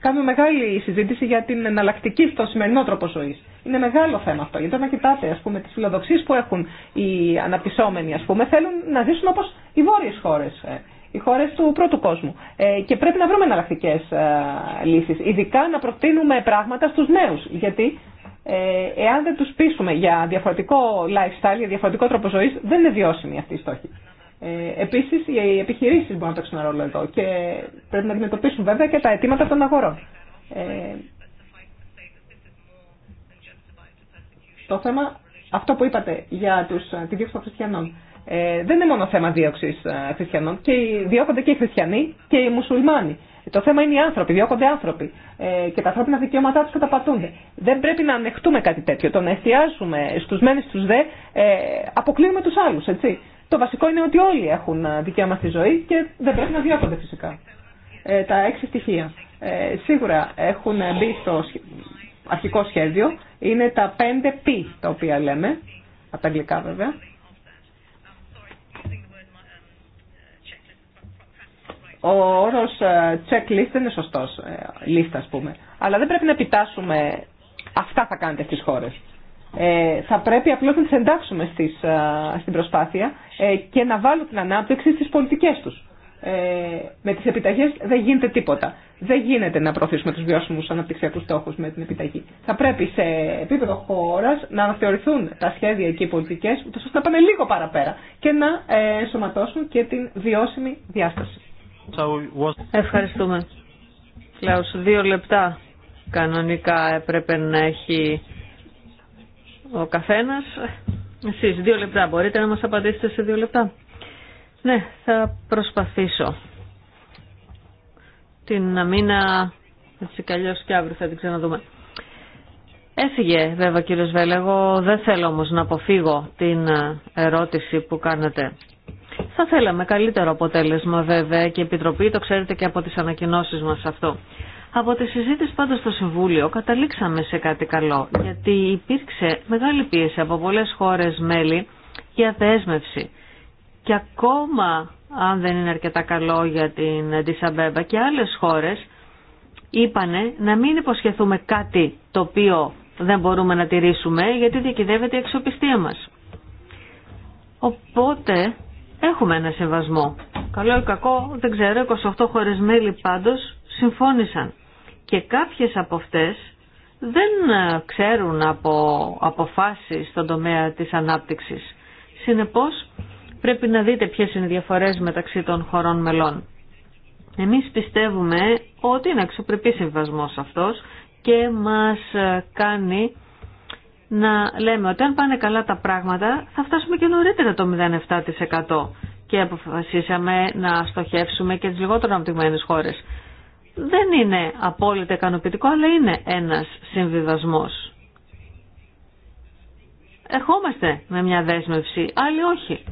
κάνουμε μεγάλη συζήτηση για την εναλλακτική στο σημερινό τρόπο ζωή. Είναι μεγάλο θέμα αυτό, γιατί όταν κοιτάτε ας πούμε, τις φιλοδοξίες που έχουν οι αναπτυσσόμενοι, ας πούμε, θέλουν να ζήσουν όπως οι βόρειες χώρες, ε, οι χώρες του πρώτου κόσμου. Ε, και πρέπει να βρούμε εναλλακτικέ ε, λύσεις, ειδικά να προτείνουμε πράγματα στους νέους, γιατί ε, εάν δεν τους πείσουμε για διαφορετικό lifestyle, για διαφορετικό τρόπο ζωής, δεν είναι βιώσιμη αυτή η στόχη. Ε, Επίση, οι επιχειρήσει μπορούν να παίξουν ρόλο εδώ και πρέπει να αντιμετωπίσουν βέβαια και τα αιτήματα των αγορών. Ε, το θέμα, αυτό που είπατε για τους, ε, τη δίωξη των χριστιανών, ε, δεν είναι μόνο θέμα δίωξη ε, χριστιανών. Και διώκονται και οι χριστιανοί και οι μουσουλμάνοι. Το θέμα είναι οι άνθρωποι, διώκονται άνθρωποι. Ε, και τα ανθρώπινα δικαιώματά τους καταπατούνται. Δεν πρέπει να ανεχτούμε κάτι τέτοιο. Το να εστιάζουμε στου μένες στου δε, ε, αποκλείουμε τους άλλους. έτσι. Το βασικό είναι ότι όλοι έχουν ε, δικαίωμα στη ζωή και δεν πρέπει να διώκονται φυσικά. Ε, τα έξι στοιχεία. Ε, σίγουρα έχουν μπει στο αρχικό σχέδιο. Είναι τα 5 P τα οποία λέμε, από τα αγγλικά βέβαια. Ο όρος ε, checklist δεν είναι σωστός, λίστα ας πούμε. Αλλά δεν πρέπει να επιτάσσουμε αυτά θα κάνετε στις χώρες. Ε, θα πρέπει απλώς να τι εντάξουμε στις, στην προσπάθεια ε, και να βάλουν την ανάπτυξη στις πολιτικές τους. Ε, με τις επιταγές δεν γίνεται τίποτα. Δεν γίνεται να προωθήσουμε τους βιώσιμους αναπτυξιακούς στόχου με την επιταγή. Θα πρέπει σε επίπεδο χώρα να αναθεωρηθούν τα σχέδια και οι πολιτικές, ώστε να πάνε λίγο παραπέρα και να ενσωματώσουν και την βιώσιμη διάσταση. Ευχαριστούμε. Κλάου δύο λεπτά κανονικά έπρεπε να έχει ο καθένας. Εσείς δύο λεπτά μπορείτε να μας απαντήσετε σε δύο λεπτά. Ναι, θα προσπαθήσω. Την αμήνα έτσι κι και αύριο θα την ξαναδούμε. Έφυγε βέβαια κύριος Βέλε, εγώ δεν θέλω όμως να αποφύγω την ερώτηση που κάνετε. Θα θέλαμε καλύτερο αποτέλεσμα βέβαια και η Επιτροπή το ξέρετε και από τις ανακοινώσεις μας αυτό. Από τη συζήτηση πάντως στο Συμβούλιο καταλήξαμε σε κάτι καλό, γιατί υπήρξε μεγάλη πίεση από πολλές χώρες μέλη για δέσμευση. Και ακόμα αν δεν είναι αρκετά καλό για την Αντισαμπέμπα και άλλες χώρες είπανε να μην υποσχεθούμε κάτι το οποίο δεν μπορούμε να τηρήσουμε γιατί διακυδεύεται η αξιοπιστία μας. Οπότε έχουμε ένα συμβασμό. Καλό ή κακό δεν ξέρω, 28 χώρες μέλη πάντως συμφώνησαν και κάποιες από αυτές δεν ε, ξέρουν από αποφάσεις στον τομέα της ανάπτυξης. Συνεπώς πρέπει να δείτε ποιες είναι οι διαφορές μεταξύ των χωρών μελών. Εμείς πιστεύουμε ότι είναι αξιοπρεπή συμβασμό αυτός και μας ε, κάνει να λέμε ότι αν πάνε καλά τα πράγματα θα φτάσουμε και νωρίτερα το 0,7% και αποφασίσαμε να στοχεύσουμε και τις λιγότερο αναπτυγμένες χώρες δεν είναι απόλυτα ικανοποιητικό, αλλά είναι ένας συμβιβασμός. Ερχόμαστε με μια δέσμευση, άλλοι όχι.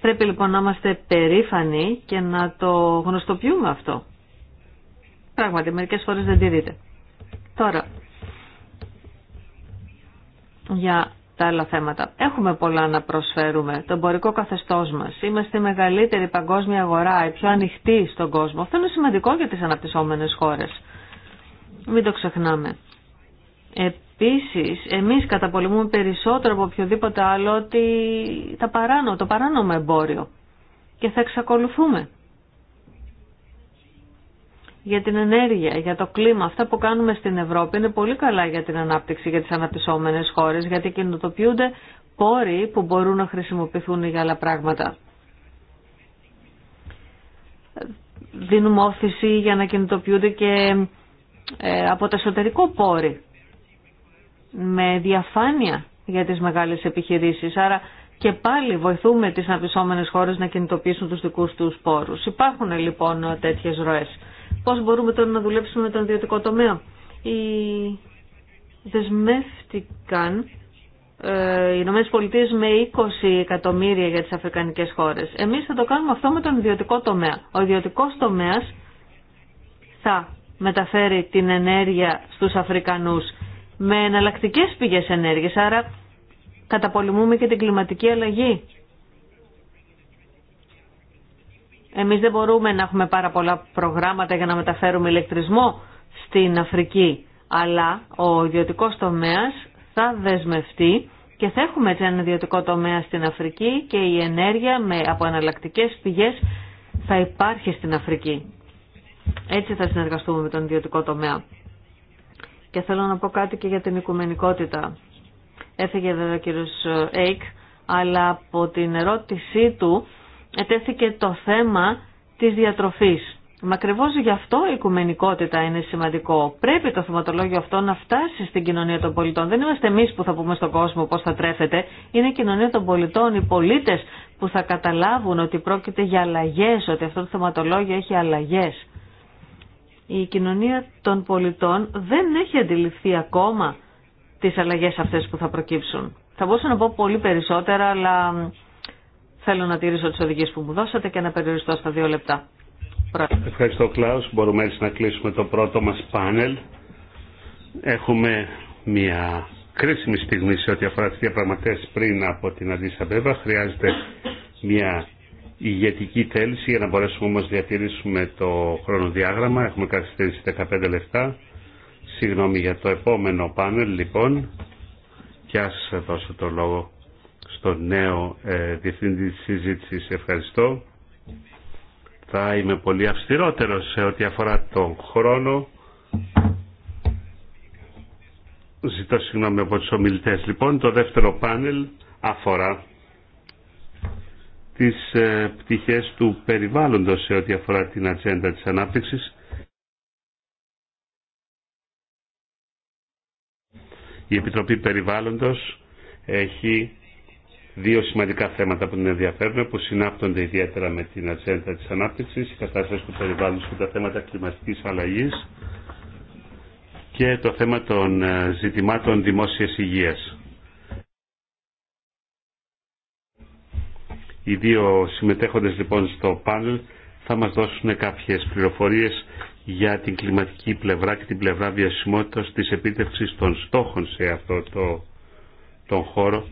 Πρέπει λοιπόν να είμαστε περήφανοι και να το γνωστοποιούμε αυτό. Πράγματι, μερικές φορές δεν τη δείτε. Τώρα, για τα άλλα θέματα. Έχουμε πολλά να προσφέρουμε. Το εμπορικό καθεστώ μα. Είμαστε η μεγαλύτερη παγκόσμια αγορά, η πιο ανοιχτή στον κόσμο. Αυτό είναι σημαντικό για τι αναπτυσσόμενε χώρε. Μην το ξεχνάμε. Επίση, εμεί καταπολεμούμε περισσότερο από οποιοδήποτε άλλο ότι τα παράνο, το παράνομο εμπόριο. Και θα εξακολουθούμε για την ενέργεια, για το κλίμα. Αυτά που κάνουμε στην Ευρώπη είναι πολύ καλά για την ανάπτυξη για τις αναπτυσσόμενες χώρες, γιατί κινητοποιούνται πόροι που μπορούν να χρησιμοποιηθούν για άλλα πράγματα. Δίνουμε όθηση για να κινητοποιούνται και ε, από το εσωτερικό πόροι, με διαφάνεια για τις μεγάλες επιχειρήσεις. Άρα και πάλι βοηθούμε τις αναπτυσσόμενες χώρες να κινητοποιήσουν τους δικούς τους πόρους. Υπάρχουν λοιπόν τέτοιες ροές. Πώς μπορούμε τώρα να δουλέψουμε με τον ιδιωτικό τομέα. Οι δεσμεύτηκαν ε, οι Ηνωμένε με 20 εκατομμύρια για τις αφρικανικές χώρες. Εμείς θα το κάνουμε αυτό με τον ιδιωτικό τομέα. Ο ιδιωτικός τομέας θα μεταφέρει την ενέργεια στους Αφρικανούς με εναλλακτικέ πηγές ενέργειας, άρα καταπολεμούμε και την κλιματική αλλαγή. Εμείς δεν μπορούμε να έχουμε πάρα πολλά προγράμματα για να μεταφέρουμε ηλεκτρισμό στην Αφρική, αλλά ο ιδιωτικό τομέας θα δεσμευτεί και θα έχουμε έτσι ένα ιδιωτικό τομέα στην Αφρική και η ενέργεια με, από εναλλακτικέ πηγές θα υπάρχει στην Αφρική. Έτσι θα συνεργαστούμε με τον ιδιωτικό τομέα. Και θέλω να πω κάτι και για την οικουμενικότητα. Έφυγε βέβαια ο κύριος Έικ, αλλά από την ερώτησή του ετέθηκε το θέμα της διατροφής. Μα ακριβώ γι' αυτό η οικουμενικότητα είναι σημαντικό. Πρέπει το θεματολόγιο αυτό να φτάσει στην κοινωνία των πολιτών. Δεν είμαστε εμεί που θα πούμε στον κόσμο πώ θα τρέφεται. Είναι η κοινωνία των πολιτών, οι πολίτε που θα καταλάβουν ότι πρόκειται για αλλαγέ, ότι αυτό το θεματολόγιο έχει αλλαγέ. Η κοινωνία των πολιτών δεν έχει αντιληφθεί ακόμα τι αλλαγέ αυτέ που θα προκύψουν. Θα μπορούσα να πω πολύ περισσότερα, αλλά Θέλω να τηρήσω τι οδηγίε που μου δώσατε και να περιοριστώ στα δύο λεπτά. Ευχαριστώ κλάου. Μπορούμε έτσι να κλείσουμε το πρώτο μα πάνελ. Έχουμε μια κρίσιμη στιγμή σε ό,τι αφορά τι διαπραγματεύσει πριν από την Αντίσα Χρειάζεται μια ηγετική θέληση για να μπορέσουμε να διατηρήσουμε το χρονοδιάγραμμα. Έχουμε καθυστερήσει 15 λεπτά. Συγγνώμη για το επόμενο πάνελ λοιπόν και α δώσω το λόγο το νέο ε, διευθύντη τη συζήτηση. Ευχαριστώ. Θα είμαι πολύ αυστηρότερο σε ό,τι αφορά τον χρόνο. Ζητώ συγγνώμη από τους ομιλητές. Λοιπόν, το δεύτερο πάνελ αφορά τις ε, πτυχές του περιβάλλοντος σε ό,τι αφορά την ατζέντα της ανάπτυξης. Η Επιτροπή Περιβάλλοντος έχει δύο σημαντικά θέματα που την ενδιαφέρουν, που συνάπτονται ιδιαίτερα με την ατζέντα της ανάπτυξης, η κατάσταση του περιβάλλοντος και τα θέματα κλιματικής αλλαγής και το θέμα των ε, ζητημάτων δημόσιας υγείας. Οι δύο συμμετέχοντες λοιπόν στο πάνελ θα μας δώσουν κάποιες πληροφορίες για την κλιματική πλευρά και την πλευρά βιωσιμότητας της επίτευξης των στόχων σε αυτό το, χώρο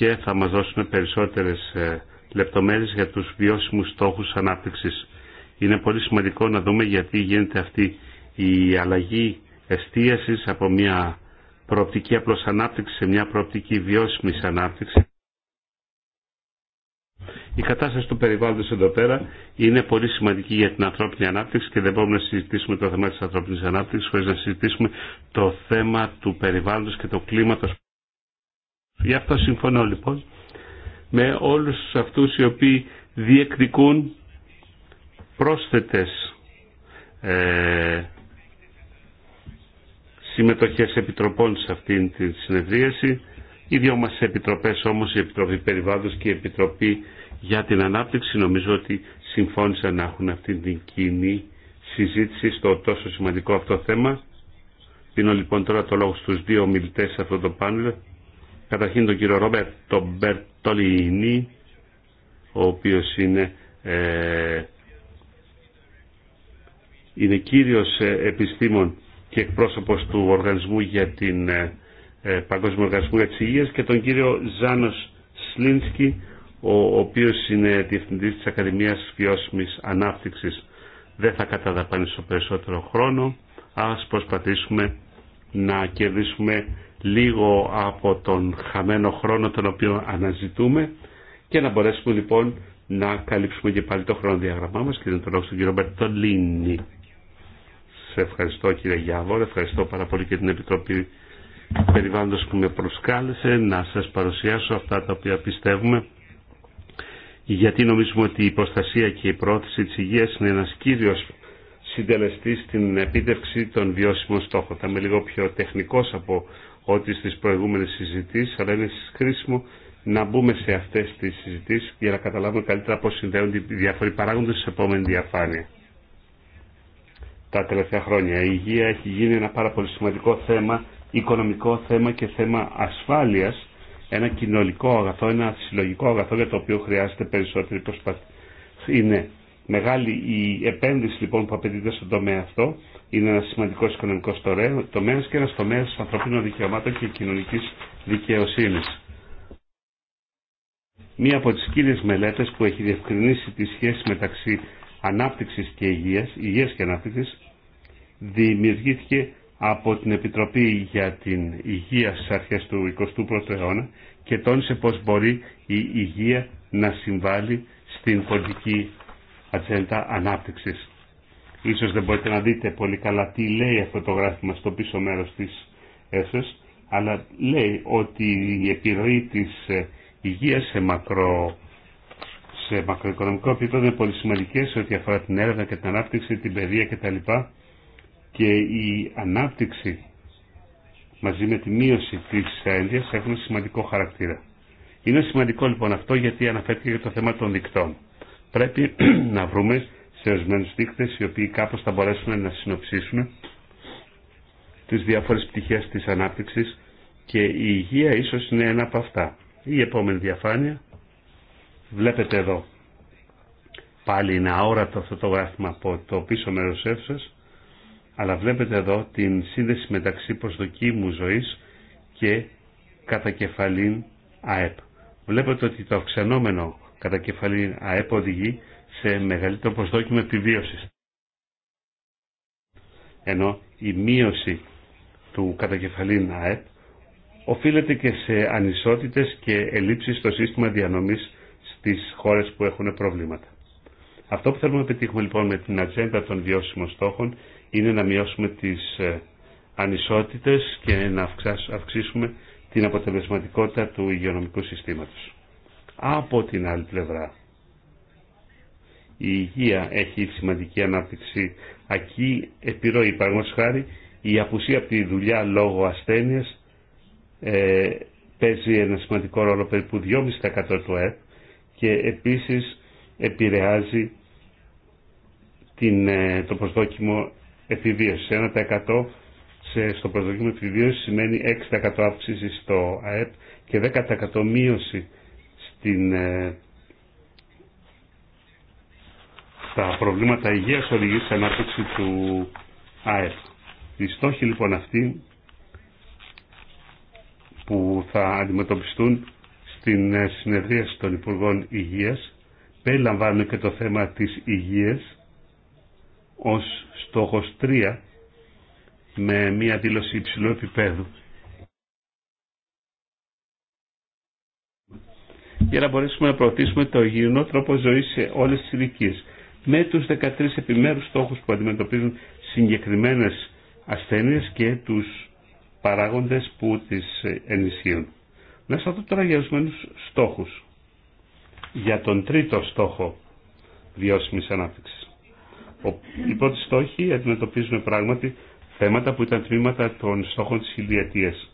και θα μας δώσουν περισσότερες ε, λεπτομέρειες για τους βιώσιμους στόχους ανάπτυξης. Είναι πολύ σημαντικό να δούμε γιατί γίνεται αυτή η αλλαγή εστίασης από μια προοπτική απλώς ανάπτυξη σε μια προοπτική βιώσιμη ανάπτυξη. Η κατάσταση του περιβάλλοντος εδώ πέρα είναι πολύ σημαντική για την ανθρώπινη ανάπτυξη και δεν μπορούμε να συζητήσουμε το θέμα της ανθρώπινης ανάπτυξης χωρίς να συζητήσουμε το θέμα του περιβάλλοντος και του κλίματος. Γι' αυτό συμφωνώ λοιπόν με όλους αυτούς οι οποίοι διεκδικούν πρόσθετες ε, συμμετοχές επιτροπών σε αυτήν τη συνεδρίαση. Οι δυο μας επιτροπές όμως, η Επιτροπή Περιβάλλοντος και η Επιτροπή για την Ανάπτυξη νομίζω ότι συμφώνησαν να έχουν αυτή την κοινή συζήτηση στο τόσο σημαντικό αυτό θέμα. Δίνω λοιπόν τώρα το λόγο στους δύο ομιλητές σε αυτό το πάνελ καταρχήν τον κύριο Ρομπέρτο Μπερτολίνη, ο οποίος είναι, ε, είναι κύριος ε, επιστήμων και εκπρόσωπος του Οργανισμού για την ε, ε Παγκόσμιο Οργανισμό για και τον κύριο Ζάνος Σλίνσκι, ο οποίος είναι Διευθυντής της Ακαδημίας Βιώσιμης Ανάπτυξης. Δεν θα στο περισσότερο χρόνο, ας προσπαθήσουμε να κερδίσουμε λίγο από τον χαμένο χρόνο τον οποίο αναζητούμε και να μπορέσουμε λοιπόν να καλύψουμε και πάλι το χρονοδιαγραμμά μας και να τον λόγο στον κύριο Μπερτολίνη. Σε ευχαριστώ κύριε Γιάβορ, ευχαριστώ πάρα πολύ και την Επιτροπή Περιβάλλοντος που με προσκάλεσε να σας παρουσιάσω αυτά τα οποία πιστεύουμε γιατί νομίζουμε ότι η προστασία και η πρόθεση της υγείας είναι ένας κύριος συντελεστής στην επίτευξη των βιώσιμων στόχων. Θα είμαι λίγο πιο τεχνικός από ότι στις προηγούμενες συζητήσεις, αλλά είναι χρήσιμο να μπούμε σε αυτές τις συζητήσεις για να καταλάβουμε καλύτερα πώς συνδέονται οι διάφοροι παράγοντες σε επόμενη διαφάνεια. Τα τελευταία χρόνια η υγεία έχει γίνει ένα πάρα πολύ σημαντικό θέμα, οικονομικό θέμα και θέμα ασφάλειας, ένα κοινωνικό αγαθό, ένα συλλογικό αγαθό για το οποίο χρειάζεται περισσότερη προσπάθεια. Είναι Μεγάλη η επένδυση λοιπόν που απαιτείται στον τομέα αυτό είναι ένα σημαντικό οικονομικό τομέα και ένα τομέα ανθρωπίνων δικαιωμάτων και κοινωνική δικαιοσύνη. Μία από τι κύριε μελέτε που έχει διευκρινίσει τη σχέση μεταξύ ανάπτυξη και υγεία, υγεία και ανάπτυξη, δημιουργήθηκε από την Επιτροπή για την Υγεία στι αρχέ του 21ου αιώνα και τόνισε πώ μπορεί η υγεία να συμβάλλει στην πολιτική ατζέντα ανάπτυξης. Ίσως δεν μπορείτε να δείτε πολύ καλά τι λέει αυτό το γράφημα στο πίσω μέρος της έσως, αλλά λέει ότι η επιρροή της ε, υγείας σε, μακρο, σε μακροοικονομικό επίπεδο είναι πολύ σημαντική σε ό,τι αφορά την έρευνα και την ανάπτυξη, την παιδεία κτλ. Και η ανάπτυξη μαζί με τη μείωση της ένδυας έχουν σημαντικό χαρακτήρα. Είναι σημαντικό λοιπόν αυτό γιατί αναφέρθηκε για το θέμα των δικτών πρέπει να βρούμε σε ορισμένου δείκτε οι οποίοι κάπω θα μπορέσουν να συνοψίσουν τι διάφορε πτυχέ τη ανάπτυξη και η υγεία ίσω είναι ένα από αυτά. Η επόμενη διαφάνεια. Βλέπετε εδώ πάλι είναι αόρατο αυτό το γράφημα από το πίσω μέρος αίθουσας, αλλά βλέπετε εδώ την σύνδεση μεταξύ προσδοκίμου ζωής και κατακεφαλήν ΑΕΠ. Βλέπετε ότι το αυξανόμενο κατά κεφαλή ΑΕΠ οδηγεί σε μεγαλύτερο προσδόκιμο επιβίωση. Ενώ η μείωση του κατακεφαλήν ΑΕΠ οφείλεται και σε ανισότητες και ελλείψεις στο σύστημα διανομής στις χώρες που έχουν προβλήματα. Αυτό που θέλουμε να πετύχουμε λοιπόν με την ατζέντα των βιώσιμων στόχων είναι να μειώσουμε τις ε, ανισότητες και να αυξήσουμε την αποτελεσματικότητα του υγειονομικού συστήματος από την άλλη πλευρά. Η υγεία έχει σημαντική ανάπτυξη. Ακεί επιρροή, παραγωγός χάρη, η απουσία από τη δουλειά λόγω ασθένειας ε, παίζει ένα σημαντικό ρόλο περίπου 2,5% του ΕΠ και επίσης επηρεάζει την, ε, το προσδόκιμο επιβίωση. 1% σε, στο προσδόκιμο επιβίωση σημαίνει 6% αύξηση στο ΑΕΠ και 10% μείωση ε, τα προβλήματα υγείας οδηγεί σε ανάπτυξη του ΑΕΠ. Οι στόχοι λοιπόν αυτοί που θα αντιμετωπιστούν στην ε, συνεδρίαση των Υπουργών Υγείας περιλαμβάνουν και το θέμα της υγείας ως στόχος 3 με μια δήλωση υψηλού επίπεδου για να μπορέσουμε να προωθήσουμε το υγιεινό τρόπο ζωής σε όλες τις ηλικίε. Με τους 13 επιμέρους στόχους που αντιμετωπίζουν συγκεκριμένε ασθένειες και τους παράγοντες που τις ενισχύουν. Να σας δω τώρα για ορισμένου στόχους. Για τον τρίτο στόχο βιώσιμη ανάπτυξη. Οι πρώτοι στόχοι αντιμετωπίζουν πράγματι θέματα που ήταν τμήματα των στόχων της χιλιετίας.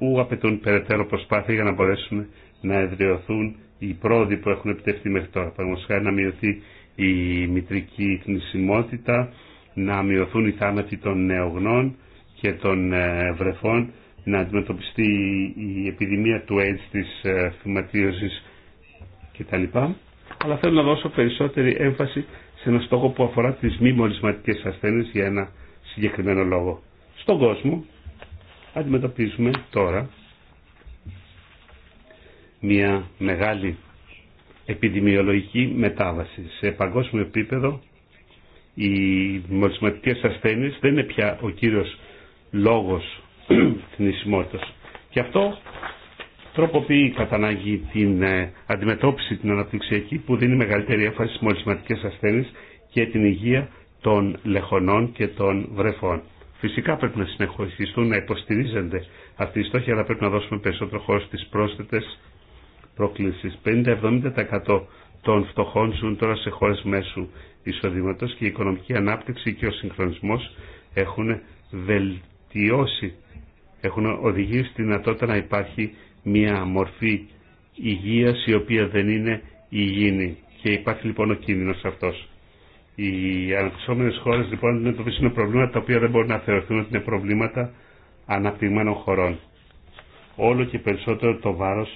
που απαιτούν περαιτέρω προσπάθεια για να μπορέσουν να εδραιωθούν οι πρόοδοι που έχουν επιτευχθεί μέχρι τώρα. Παραδείγματο να μειωθεί η μητρική θνησιμότητα, να μειωθούν οι θάνατοι των νεογνών και των ε, βρεφών, να αντιμετωπιστεί η επιδημία του AIDS της ε, θυματίωσης κτλ. Αλλά θέλω να δώσω περισσότερη έμφαση σε ένα στόχο που αφορά τις μη μολυσματικές ασθένειες για ένα συγκεκριμένο λόγο. Στον κόσμο αντιμετωπίζουμε τώρα μια μεγάλη επιδημιολογική μετάβαση. Σε παγκόσμιο επίπεδο οι μολυσματικές ασθένειες δεν είναι πια ο κύριος λόγος θνησιμότητας. Και αυτό τροποποιεί κατά ανάγκη την ε, αντιμετώπιση την αναπτυξιακή που δίνει μεγαλύτερη έμφαση στις μολυσματικές ασθένειες και την υγεία των λεχονών και των βρεφών. Φυσικά πρέπει να συνεχιστούν να υποστηρίζονται αυτή οι στόχοι, αλλά πρέπει να δώσουμε περισσότερο χώρο στις προσθετες προκλησει προκλήσεις. 50-70% των φτωχών ζουν τώρα σε χώρε μέσου εισοδήματο και η οικονομική ανάπτυξη και ο συγχρονισμό έχουν βελτιώσει, έχουν οδηγήσει στη δυνατότητα να υπάρχει μια μορφή υγεία η οποία δεν είναι υγιεινή. Και υπάρχει λοιπόν ο κίνδυνο αυτός. Οι αναπτυσσόμενε χώρε λοιπόν αντιμετωπίζουν προβλήματα τα οποία δεν μπορούν να θεωρηθούν ότι είναι προβλήματα αναπτυγμένων χωρών. Όλο και περισσότερο το βάρο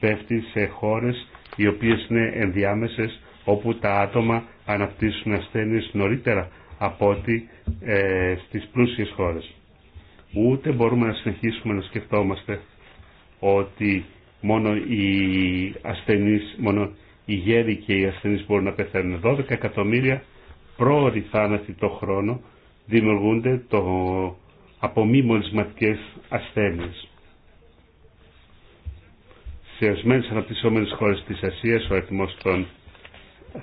πέφτει σε χώρε, οι οποίε είναι ενδιάμεσε, όπου τα άτομα αναπτύσσουν ασθένειες νωρίτερα από ότι ε, στις πλούσιες χώρες. Ούτε μπορούμε να συνεχίσουμε να σκεφτόμαστε ότι μόνο οι ασθενείς, μόνο οι γέροι και οι ασθενείς μπορούν να πεθαίνουν. 12 εκατομμύρια πρόορη θάνατοι το χρόνο δημιουργούνται το, από μη μολυσματικές ασθένειες. Σε ορισμένε αναπτυσσόμενες χώρε τη Ασία, ο αριθμό των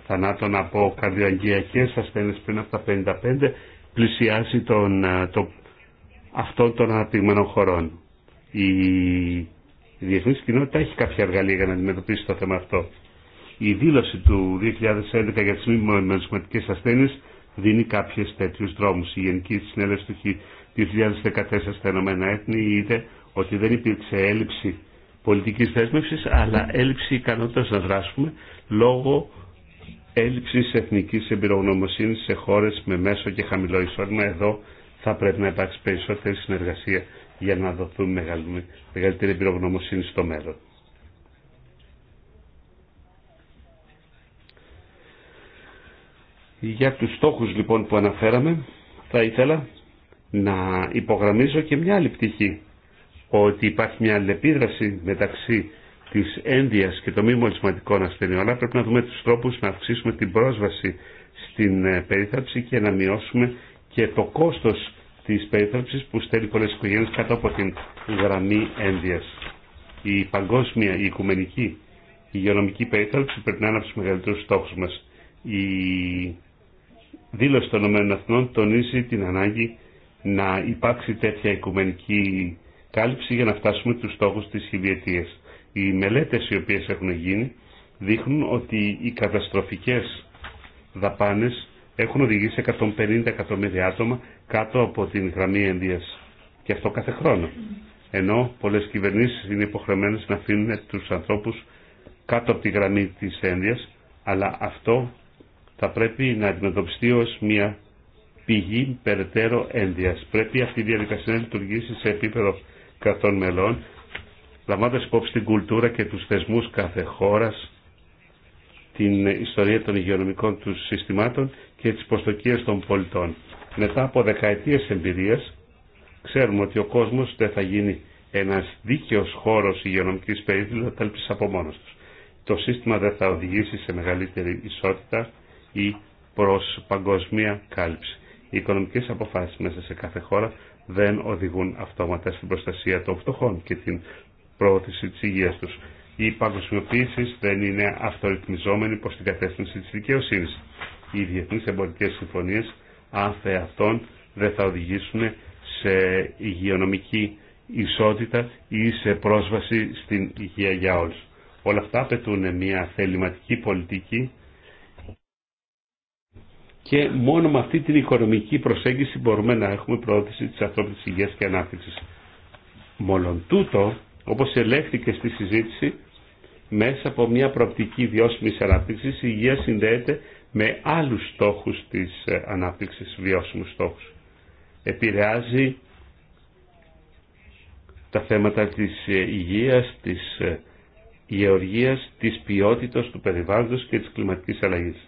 θανάτων από καρδιοαγγειακές ασθένειες πριν από τα 55 πλησιάζει τον, το, αυτών των αναπτυγμένων χωρών. Η, η διεθνή κοινότητα έχει κάποια εργαλεία για να αντιμετωπίσει το θέμα αυτό η δήλωση του 2011 για τις μη μεσοματικές ασθένειες δίνει κάποιες τέτοιους δρόμους. Η Γενική Συνέλευση του 2014 στα Ηνωμένα Έθνη είδε ότι δεν υπήρξε έλλειψη πολιτικής θέσμευσης, αλλά έλλειψη ικανότητας να δράσουμε λόγω έλλειψης εθνικής εμπειρογνωμοσύνης σε χώρες με μέσο και χαμηλό εισόδημα. Εδώ θα πρέπει να υπάρξει περισσότερη συνεργασία για να δοθούν μεγαλύτερη εμπειρογνωμοσύνη στο μέλλον. Για τους στόχους λοιπόν που αναφέραμε θα ήθελα να υπογραμμίζω και μια άλλη πτυχή ότι υπάρχει μια αλληλεπίδραση μεταξύ της ένδυας και των μη μολυσματικών ασθενειών αλλά πρέπει να δούμε τους τρόπους να αυξήσουμε την πρόσβαση στην ε, περίθαλψη και να μειώσουμε και το κόστος της περίθαλψης που στέλνει πολλές οικογένειες κάτω από την γραμμή ένδυας. Η παγκόσμια, η οικουμενική, η υγειονομική περίθαλψη πρέπει να είναι από τους μεγαλύτερους στόχους μας. Η δήλωση των ΗΠΑ τονίζει την ανάγκη να υπάρξει τέτοια οικουμενική κάλυψη για να φτάσουμε τους στόχους της χιλιετίας. Οι μελέτες οι οποίες έχουν γίνει δείχνουν ότι οι καταστροφικές δαπάνες έχουν οδηγήσει 150 εκατομμύρια άτομα κάτω από την γραμμή ενδίας. Και αυτό κάθε χρόνο. Ενώ πολλές κυβερνήσεις είναι υποχρεωμένες να αφήνουν τους ανθρώπους κάτω από τη γραμμή της ένδυας, αλλά αυτό θα πρέπει να αντιμετωπιστεί ως μια πηγή περαιτέρω ένδυας. Πρέπει αυτή η διαδικασία να λειτουργήσει σε επίπεδο κρατών μελών, λαμβάνοντας υπόψη την κουλτούρα και τους θεσμούς κάθε χώρας, την ιστορία των υγειονομικών του συστημάτων και τις προστοκίες των πολιτών. Μετά από δεκαετίες εμπειρίας, ξέρουμε ότι ο κόσμος δεν θα γίνει ένας δίκαιος χώρος υγειονομικής περίθαλψης από μόνος του. Το σύστημα δεν θα οδηγήσει σε μεγαλύτερη ισότητα, ή προς παγκοσμία κάλυψη. Οι οικονομικές αποφάσεις μέσα σε κάθε χώρα δεν οδηγούν αυτόματα στην προστασία των φτωχών και την πρόωθηση της υγείας τους. Οι παγκοσμιοποίηση δεν είναι αυτορυθμιζόμενη προς την κατεύθυνση της δικαιοσύνης. Οι διεθνείς εμπορικές συμφωνίες, αν αυτών, δεν θα οδηγήσουν σε υγειονομική ισότητα ή σε πρόσβαση στην υγεία για όλους. Όλα αυτά απαιτούν μια θεληματική πολιτική και μόνο με αυτή την οικονομική προσέγγιση μπορούμε να έχουμε πρόθεση της ανθρώπινης υγείας και ανάπτυξης. Μόλον τούτο, όπως ελέγχθηκε στη συζήτηση, μέσα από μια προοπτική βιώσιμη ανάπτυξη, η υγεία συνδέεται με άλλους στόχους της ε, ανάπτυξης, βιώσιμους στόχους. Επηρεάζει τα θέματα της ε, υγείας, της ε, γεωργίας, της ποιότητας του περιβάλλοντος και της κλιματικής αλλαγής.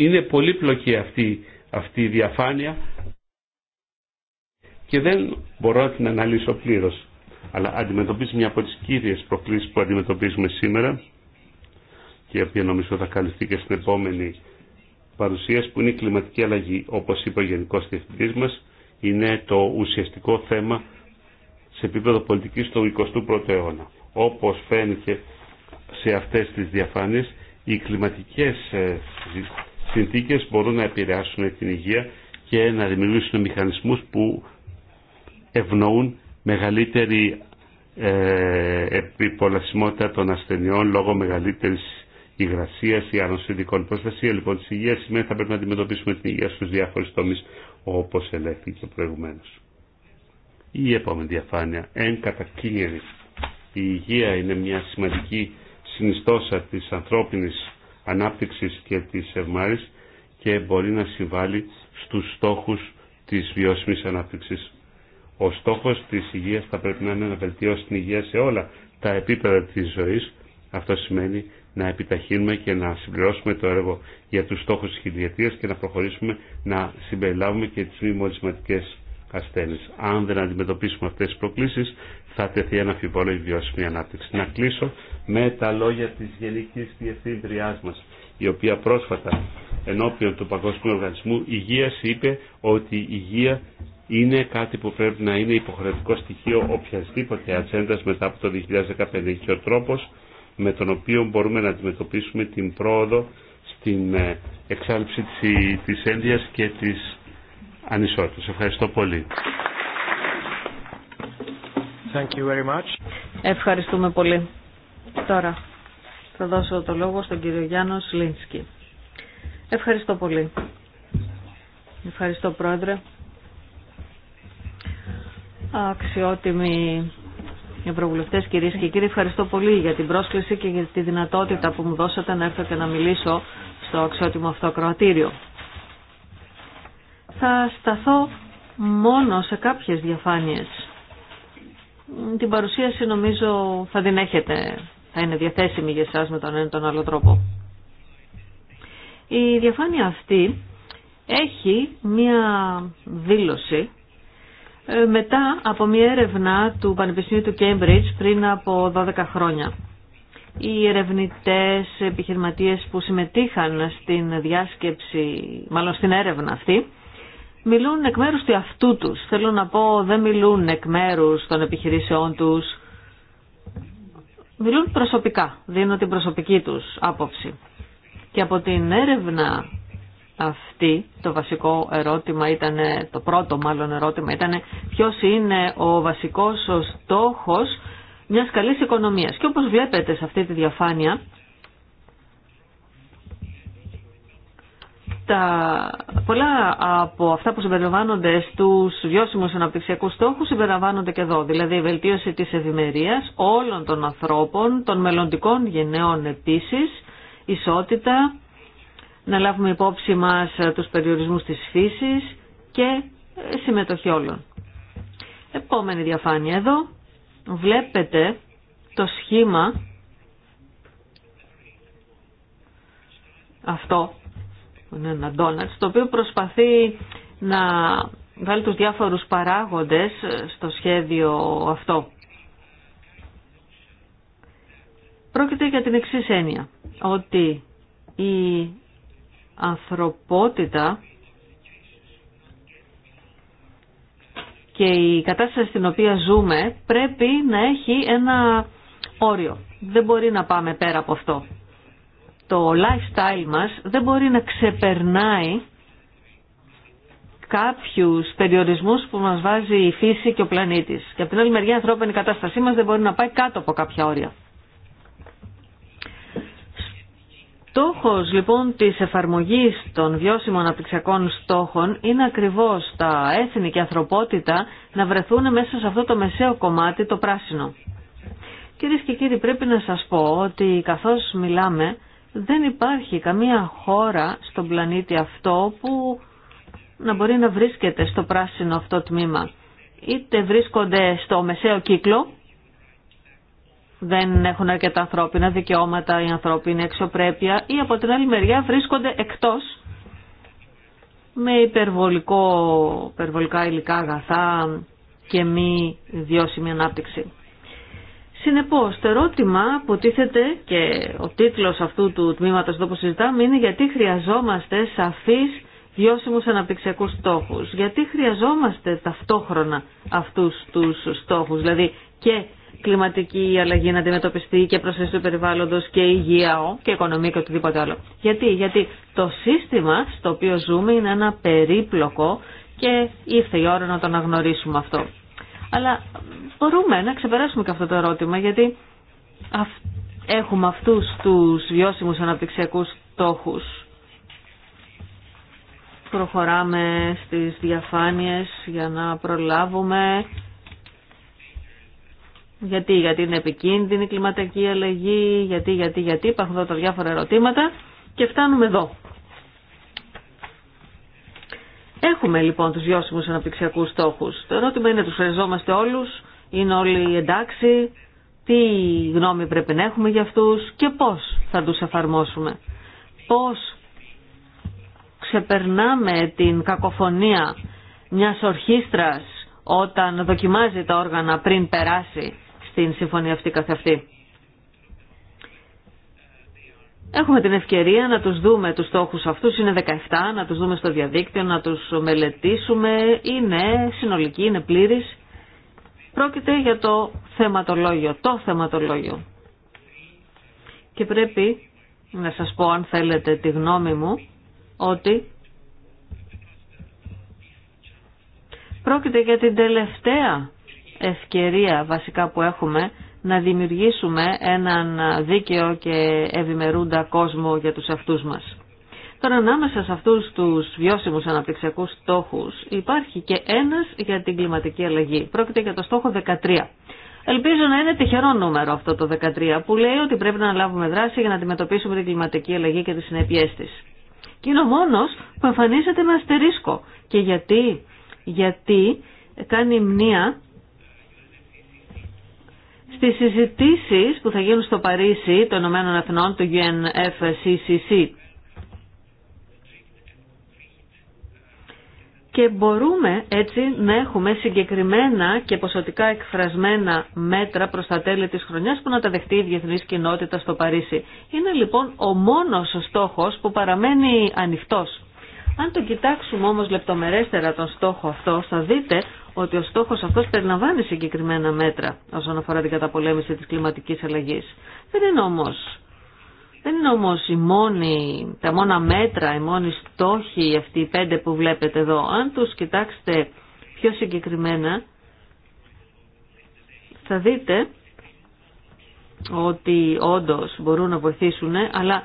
Είναι πολύπλοκη αυτή, αυτή η διαφάνεια και δεν μπορώ να την αναλύσω πλήρως. Αλλά αντιμετωπίζει μια από τις κύριες προκλήσεις που αντιμετωπίζουμε σήμερα και η οποία νομίζω θα καλυφθεί και στην επόμενη παρουσίαση που είναι η κλιματική αλλαγή. Όπως είπε ο Γενικός Διευθυντής μας, είναι το ουσιαστικό θέμα σε επίπεδο πολιτικής του 21ου αιώνα. Όπως φαίνεται σε αυτές τις διαφάνειες, οι κλιματικές ε, συνθήκες μπορούν να επηρεάσουν την υγεία και να δημιουργήσουν μηχανισμούς που ευνοούν μεγαλύτερη ε, επιπολασιμότητα των ασθενειών λόγω μεγαλύτερης υγρασία ή άλλων συνδικών προστασία λοιπόν τη υγεία σημαίνει θα πρέπει να αντιμετωπίσουμε την υγεία στου διάφορου τομεί όπω ελέγχθηκε προηγουμένω. Η επόμενη διαφάνεια. Εν κατακίνηρη. Η υγεία είναι μια σημαντική συνιστόσα τη υγεια σημαινει θα πρεπει να αντιμετωπισουμε την υγεια στου διαφορου τομει οπω ελεγχθηκε προηγουμενω η επομενη διαφανεια εν η υγεια ειναι μια σημαντικη συνιστοσα της ανθρωπινης ανάπτυξης και της ευμάρης και μπορεί να συμβάλλει στους στόχους της βιώσιμης ανάπτυξης. Ο στόχος της υγείας θα πρέπει να είναι να βελτιώσει την υγεία σε όλα τα επίπεδα της ζωής. Αυτό σημαίνει να επιταχύνουμε και να συμπληρώσουμε το έργο για τους στόχους της χιλιετίας και να προχωρήσουμε να συμπεριλάβουμε και τις μη μολυσματικές ασθένειες. Αν δεν αντιμετωπίσουμε αυτές τις προκλήσεις θα τεθεί ένα αμφιβόλο η βιώσιμη ανάπτυξη. Να κλείσω με τα λόγια της Γενικής Διευθύντριάς μας, η οποία πρόσφατα ενώπιον του Παγκόσμιου Οργανισμού Υγείας είπε ότι η υγεία είναι κάτι που πρέπει να είναι υποχρεωτικό στοιχείο οποιασδήποτε ατζέντα μετά από το 2015 και ο τρόπος με τον οποίο μπορούμε να αντιμετωπίσουμε την πρόοδο στην ε, εξάλληψη της ένδυας και της ανισότητας. Ευχαριστώ πολύ. Thank you very much. Ευχαριστούμε πολύ. Τώρα θα δώσω το λόγο στον κύριο Γιάννο Σλίνσκι. Ευχαριστώ πολύ. Ευχαριστώ πρόεδρε. Αξιότιμοι Ευρωβουλευτές, κυρίες και κύριοι, ευχαριστώ πολύ για την πρόσκληση και για τη δυνατότητα που μου δώσατε να έρθω και να μιλήσω στο αξιότιμο αυτό ακροατήριο. Θα σταθώ μόνο σε κάποιες διαφάνειες. Την παρουσίαση νομίζω θα την έχετε θα είναι διαθέσιμη για εσάς με τον ένα ή τον άλλο τρόπο. Η διαφάνεια αυτή έχει μία δήλωση ε, μετά από μία έρευνα του Πανεπιστημίου του Cambridge πριν από 12 χρόνια. Οι ερευνητές, επιχειρηματίες που συμμετείχαν στην διάσκεψη, μάλλον στην έρευνα αυτή, μιλούν εκ μέρους του αυτού τους. Θέλω να πω, δεν μιλούν εκ μέρους των επιχειρήσεών τους, μιλούν προσωπικά, δίνουν την προσωπική τους άποψη. Και από την έρευνα αυτή, το βασικό ερώτημα ήταν, το πρώτο μάλλον ερώτημα ήταν ποιος είναι ο βασικός ο στόχος μιας καλής οικονομίας. Και όπως βλέπετε σε αυτή τη διαφάνεια, τα πολλά από αυτά που συμπεριλαμβάνονται στους βιώσιμους αναπτυξιακούς στόχους συμπεριλαμβάνονται και εδώ. Δηλαδή η βελτίωση της ευημερία όλων των ανθρώπων, των μελλοντικών γενναίων επίσης, ισότητα, να λάβουμε υπόψη μας ε, τους περιορισμούς της φύσης και ε, συμμετοχή όλων. Επόμενη διαφάνεια εδώ. Βλέπετε το σχήμα αυτό είναι ένα ντόνατ, το οποίο προσπαθεί να βάλει τους διάφορους παράγοντες στο σχέδιο αυτό. Πρόκειται για την εξή έννοια, ότι η ανθρωπότητα και η κατάσταση στην οποία ζούμε πρέπει να έχει ένα όριο. Δεν μπορεί να πάμε πέρα από αυτό το lifestyle μας δεν μπορεί να ξεπερνάει κάποιους περιορισμούς που μας βάζει η φύση και ο πλανήτης. Και από την άλλη μεριά η ανθρώπινη κατάστασή μας δεν μπορεί να πάει κάτω από κάποια όρια. Στόχος λοιπόν της εφαρμογής των βιώσιμων αναπτυξιακών στόχων είναι ακριβώς τα έθνη και ανθρωπότητα να βρεθούν μέσα σε αυτό το μεσαίο κομμάτι το πράσινο. Κυρίε και κύριοι πρέπει να σας πω ότι καθώς μιλάμε δεν υπάρχει καμία χώρα στον πλανήτη αυτό που να μπορεί να βρίσκεται στο πράσινο αυτό τμήμα. Είτε βρίσκονται στο μεσαίο κύκλο, δεν έχουν αρκετά ανθρώπινα δικαιώματα, η ανθρώπινη εξωπρέπεια ή από την άλλη μεριά βρίσκονται εκτός με υπερβολικό, υπερβολικά υλικά αγαθά και μη βιώσιμη ανάπτυξη. Συνεπώς, το ερώτημα που τίθεται και ο τίτλος αυτού του τμήματος εδώ που συζητάμε είναι γιατί χρειαζόμαστε σαφείς βιώσιμους αναπτυξιακούς στόχους. Γιατί χρειαζόμαστε ταυτόχρονα αυτούς τους στόχους, δηλαδή και κλιματική αλλαγή να αντιμετωπιστεί και προσθέσεις του περιβάλλοντος και υγεία και οικονομία και οτιδήποτε άλλο. Γιατί, γιατί το σύστημα στο οποίο ζούμε είναι ένα περίπλοκο και ήρθε η ώρα να το αναγνωρίσουμε αυτό. Αλλά μπορούμε να ξεπεράσουμε και αυτό το ερώτημα γιατί έχουμε αυτούς τους βιώσιμους αναπτυξιακούς στόχους. Προχωράμε στις διαφάνειες για να προλάβουμε. Γιατί, γιατί είναι επικίνδυνη η κλιματική αλλαγή, γιατί, γιατί, γιατί, υπάρχουν εδώ τα διάφορα ερωτήματα και φτάνουμε εδώ. Έχουμε λοιπόν τους βιώσιμους αναπτυξιακούς στόχους. Το ερώτημα είναι τους χρειαζόμαστε όλους, είναι όλοι εντάξει, τι γνώμη πρέπει να έχουμε για αυτούς και πώς θα τους εφαρμόσουμε. Πώς ξεπερνάμε την κακοφωνία μιας ορχήστρας όταν δοκιμάζει τα όργανα πριν περάσει στην συμφωνία αυτή καθ' αυτή. Έχουμε την ευκαιρία να τους δούμε τους στόχους αυτούς, είναι 17, να τους δούμε στο διαδίκτυο, να τους μελετήσουμε, είναι συνολική, είναι πλήρης. Πρόκειται για το θεματολόγιο, το θεματολόγιο. Και πρέπει να σας πω αν θέλετε τη γνώμη μου ότι πρόκειται για την τελευταία ευκαιρία βασικά που έχουμε να δημιουργήσουμε έναν δίκαιο και ευημερούντα κόσμο για τους αυτούς μας. Τώρα ανάμεσα σε αυτούς τους βιώσιμους αναπτυξιακούς στόχους υπάρχει και ένας για την κλιματική αλλαγή. Πρόκειται για το στόχο 13. Ελπίζω να είναι τυχερό νούμερο αυτό το 13 που λέει ότι πρέπει να λάβουμε δράση για να αντιμετωπίσουμε την κλιματική αλλαγή και τις συνέπειές της. Και είναι ο μόνος που εμφανίζεται με αστερίσκο. Και γιατί, γιατί κάνει μνήμα στις συζητήσεις που θα γίνουν στο Παρίσι των Ηνωμένων Εθνών, του UNFCCC, και μπορούμε έτσι να έχουμε συγκεκριμένα και ποσοτικά εκφρασμένα μέτρα προς τα τέλη της χρονιάς που να τα δεχτεί η διεθνής κοινότητα στο Παρίσι. Είναι λοιπόν ο μόνος στόχος που παραμένει ανοιχτός. Αν το κοιτάξουμε όμως λεπτομερέστερα τον στόχο αυτό θα δείτε ότι ο στόχος αυτός περιλαμβάνει συγκεκριμένα μέτρα όσον αφορά την καταπολέμηση τη κλιματική αλλαγή. Δεν είναι όμως, δεν είναι όμως τα μόνα μέτρα, οι μόνοι στόχοι αυτοί οι πέντε που βλέπετε εδώ. Αν τους κοιτάξετε πιο συγκεκριμένα, θα δείτε ότι όντως μπορούν να βοηθήσουν, αλλά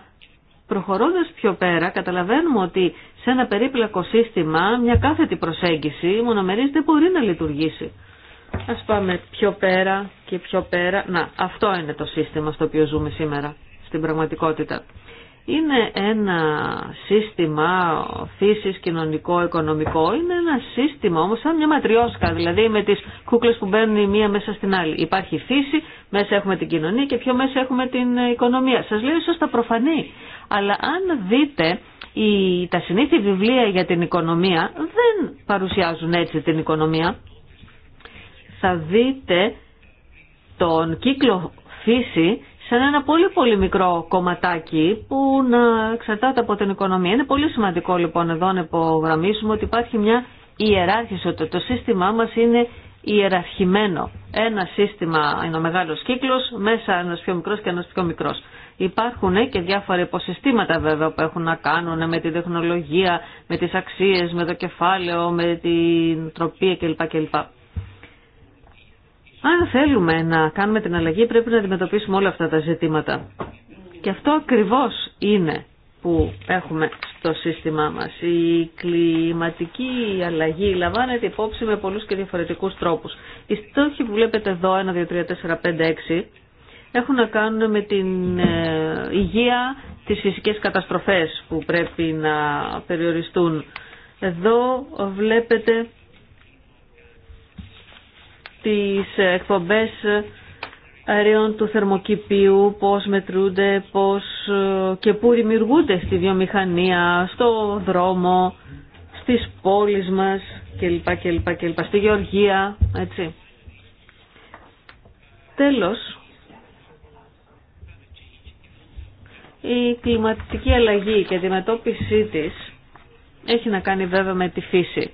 προχωρώντας πιο πέρα καταλαβαίνουμε ότι σε ένα περίπλακο σύστημα μια κάθετη προσέγγιση μονομερής δεν μπορεί να λειτουργήσει. Ας πάμε πιο πέρα και πιο πέρα. Να, αυτό είναι το σύστημα στο οποίο ζούμε σήμερα, στην πραγματικότητα. Είναι ένα σύστημα φύσης κοινωνικό, οικονομικό. Είναι ένα σύστημα όμως σαν μια ματριόσκα, δηλαδή με τις κούκλες που μπαίνουν η μία μέσα στην άλλη. Υπάρχει φύση, μέσα έχουμε την κοινωνία και πιο μέσα έχουμε την οικονομία. Σας λέω ίσως τα προφανή. Αλλά αν δείτε η, τα συνήθεια βιβλία για την οικονομία δεν παρουσιάζουν έτσι την οικονομία. Θα δείτε τον κύκλο φύση σαν ένα πολύ πολύ μικρό κομματάκι που να εξαρτάται από την οικονομία. Είναι πολύ σημαντικό λοιπόν εδώ να υπογραμμίσουμε ότι υπάρχει μια ιεράρχηση, ότι το σύστημά μας είναι ιεραρχημένο. Ένα σύστημα είναι ο μεγάλος κύκλος, μέσα ένας πιο μικρός και ένας πιο μικρός. Υπάρχουν ε, και διάφορα υποσυστήματα βέβαια που έχουν να κάνουν με τη τεχνολογία, με τις αξίες, με το κεφάλαιο, με την τροπή κλπ. κλπ. Αν θέλουμε να κάνουμε την αλλαγή πρέπει να αντιμετωπίσουμε όλα αυτά τα ζητήματα. Και αυτό ακριβώς είναι που έχουμε στο σύστημά μας. Η κλιματική αλλαγή λαμβάνεται υπόψη με πολλούς και διαφορετικούς τρόπους. Οι στόχοι που βλέπετε εδώ, 1, 2, 3, 4, 5, 6, έχουν να κάνουν με την ε, υγεία, τις φυσικές καταστροφές που πρέπει να περιοριστούν. Εδώ βλέπετε τις εκπομπές αερίων του θερμοκηπίου, πώς μετρούνται, πώς ε, και πού δημιουργούνται στη βιομηχανία, στο δρόμο, στις πόλεις μας κλπ. κλπ, στη γεωργία, έτσι. Τέλος, Η κλιματική αλλαγή και η αντιμετώπιση της έχει να κάνει βέβαια με τη φύση.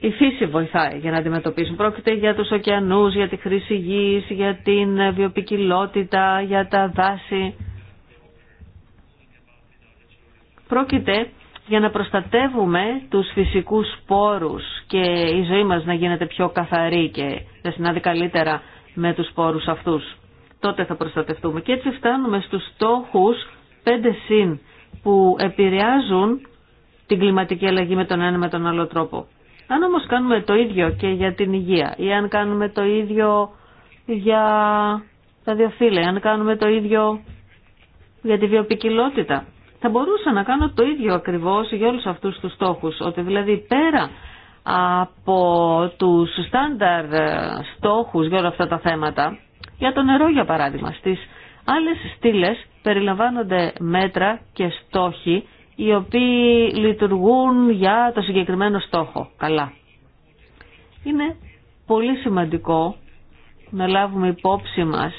Η φύση βοηθάει για να αντιμετωπίσουν. Πρόκειται για τους ωκεανούς, για τη χρήση γης, για την βιοπικιλότητα, για τα δάση. Πρόκειται για να προστατεύουμε τους φυσικούς πόρους και η ζωή μας να γίνεται πιο καθαρή και να συνάδει καλύτερα με τους πόρους αυτούς. Τότε θα προστατευτούμε. Και έτσι φτάνουμε στους στόχους πέντε συν που επηρεάζουν την κλιματική αλλαγή με τον ένα με τον άλλο τρόπο. Αν όμως κάνουμε το ίδιο και για την υγεία ή αν κάνουμε το ίδιο για τα δύο φύλλα, αν κάνουμε το ίδιο για τη βιοπικιλότητα, θα μπορούσα να κάνω το ίδιο ακριβώς για όλους αυτούς τους στόχους, ότι δηλαδή πέρα από τους στάνταρ στόχους για όλα αυτά τα θέματα, για το νερό για παράδειγμα, στις άλλες στήλες περιλαμβάνονται μέτρα και στόχοι οι οποίοι λειτουργούν για το συγκεκριμένο στόχο. Καλά. Είναι πολύ σημαντικό να λάβουμε υπόψη μας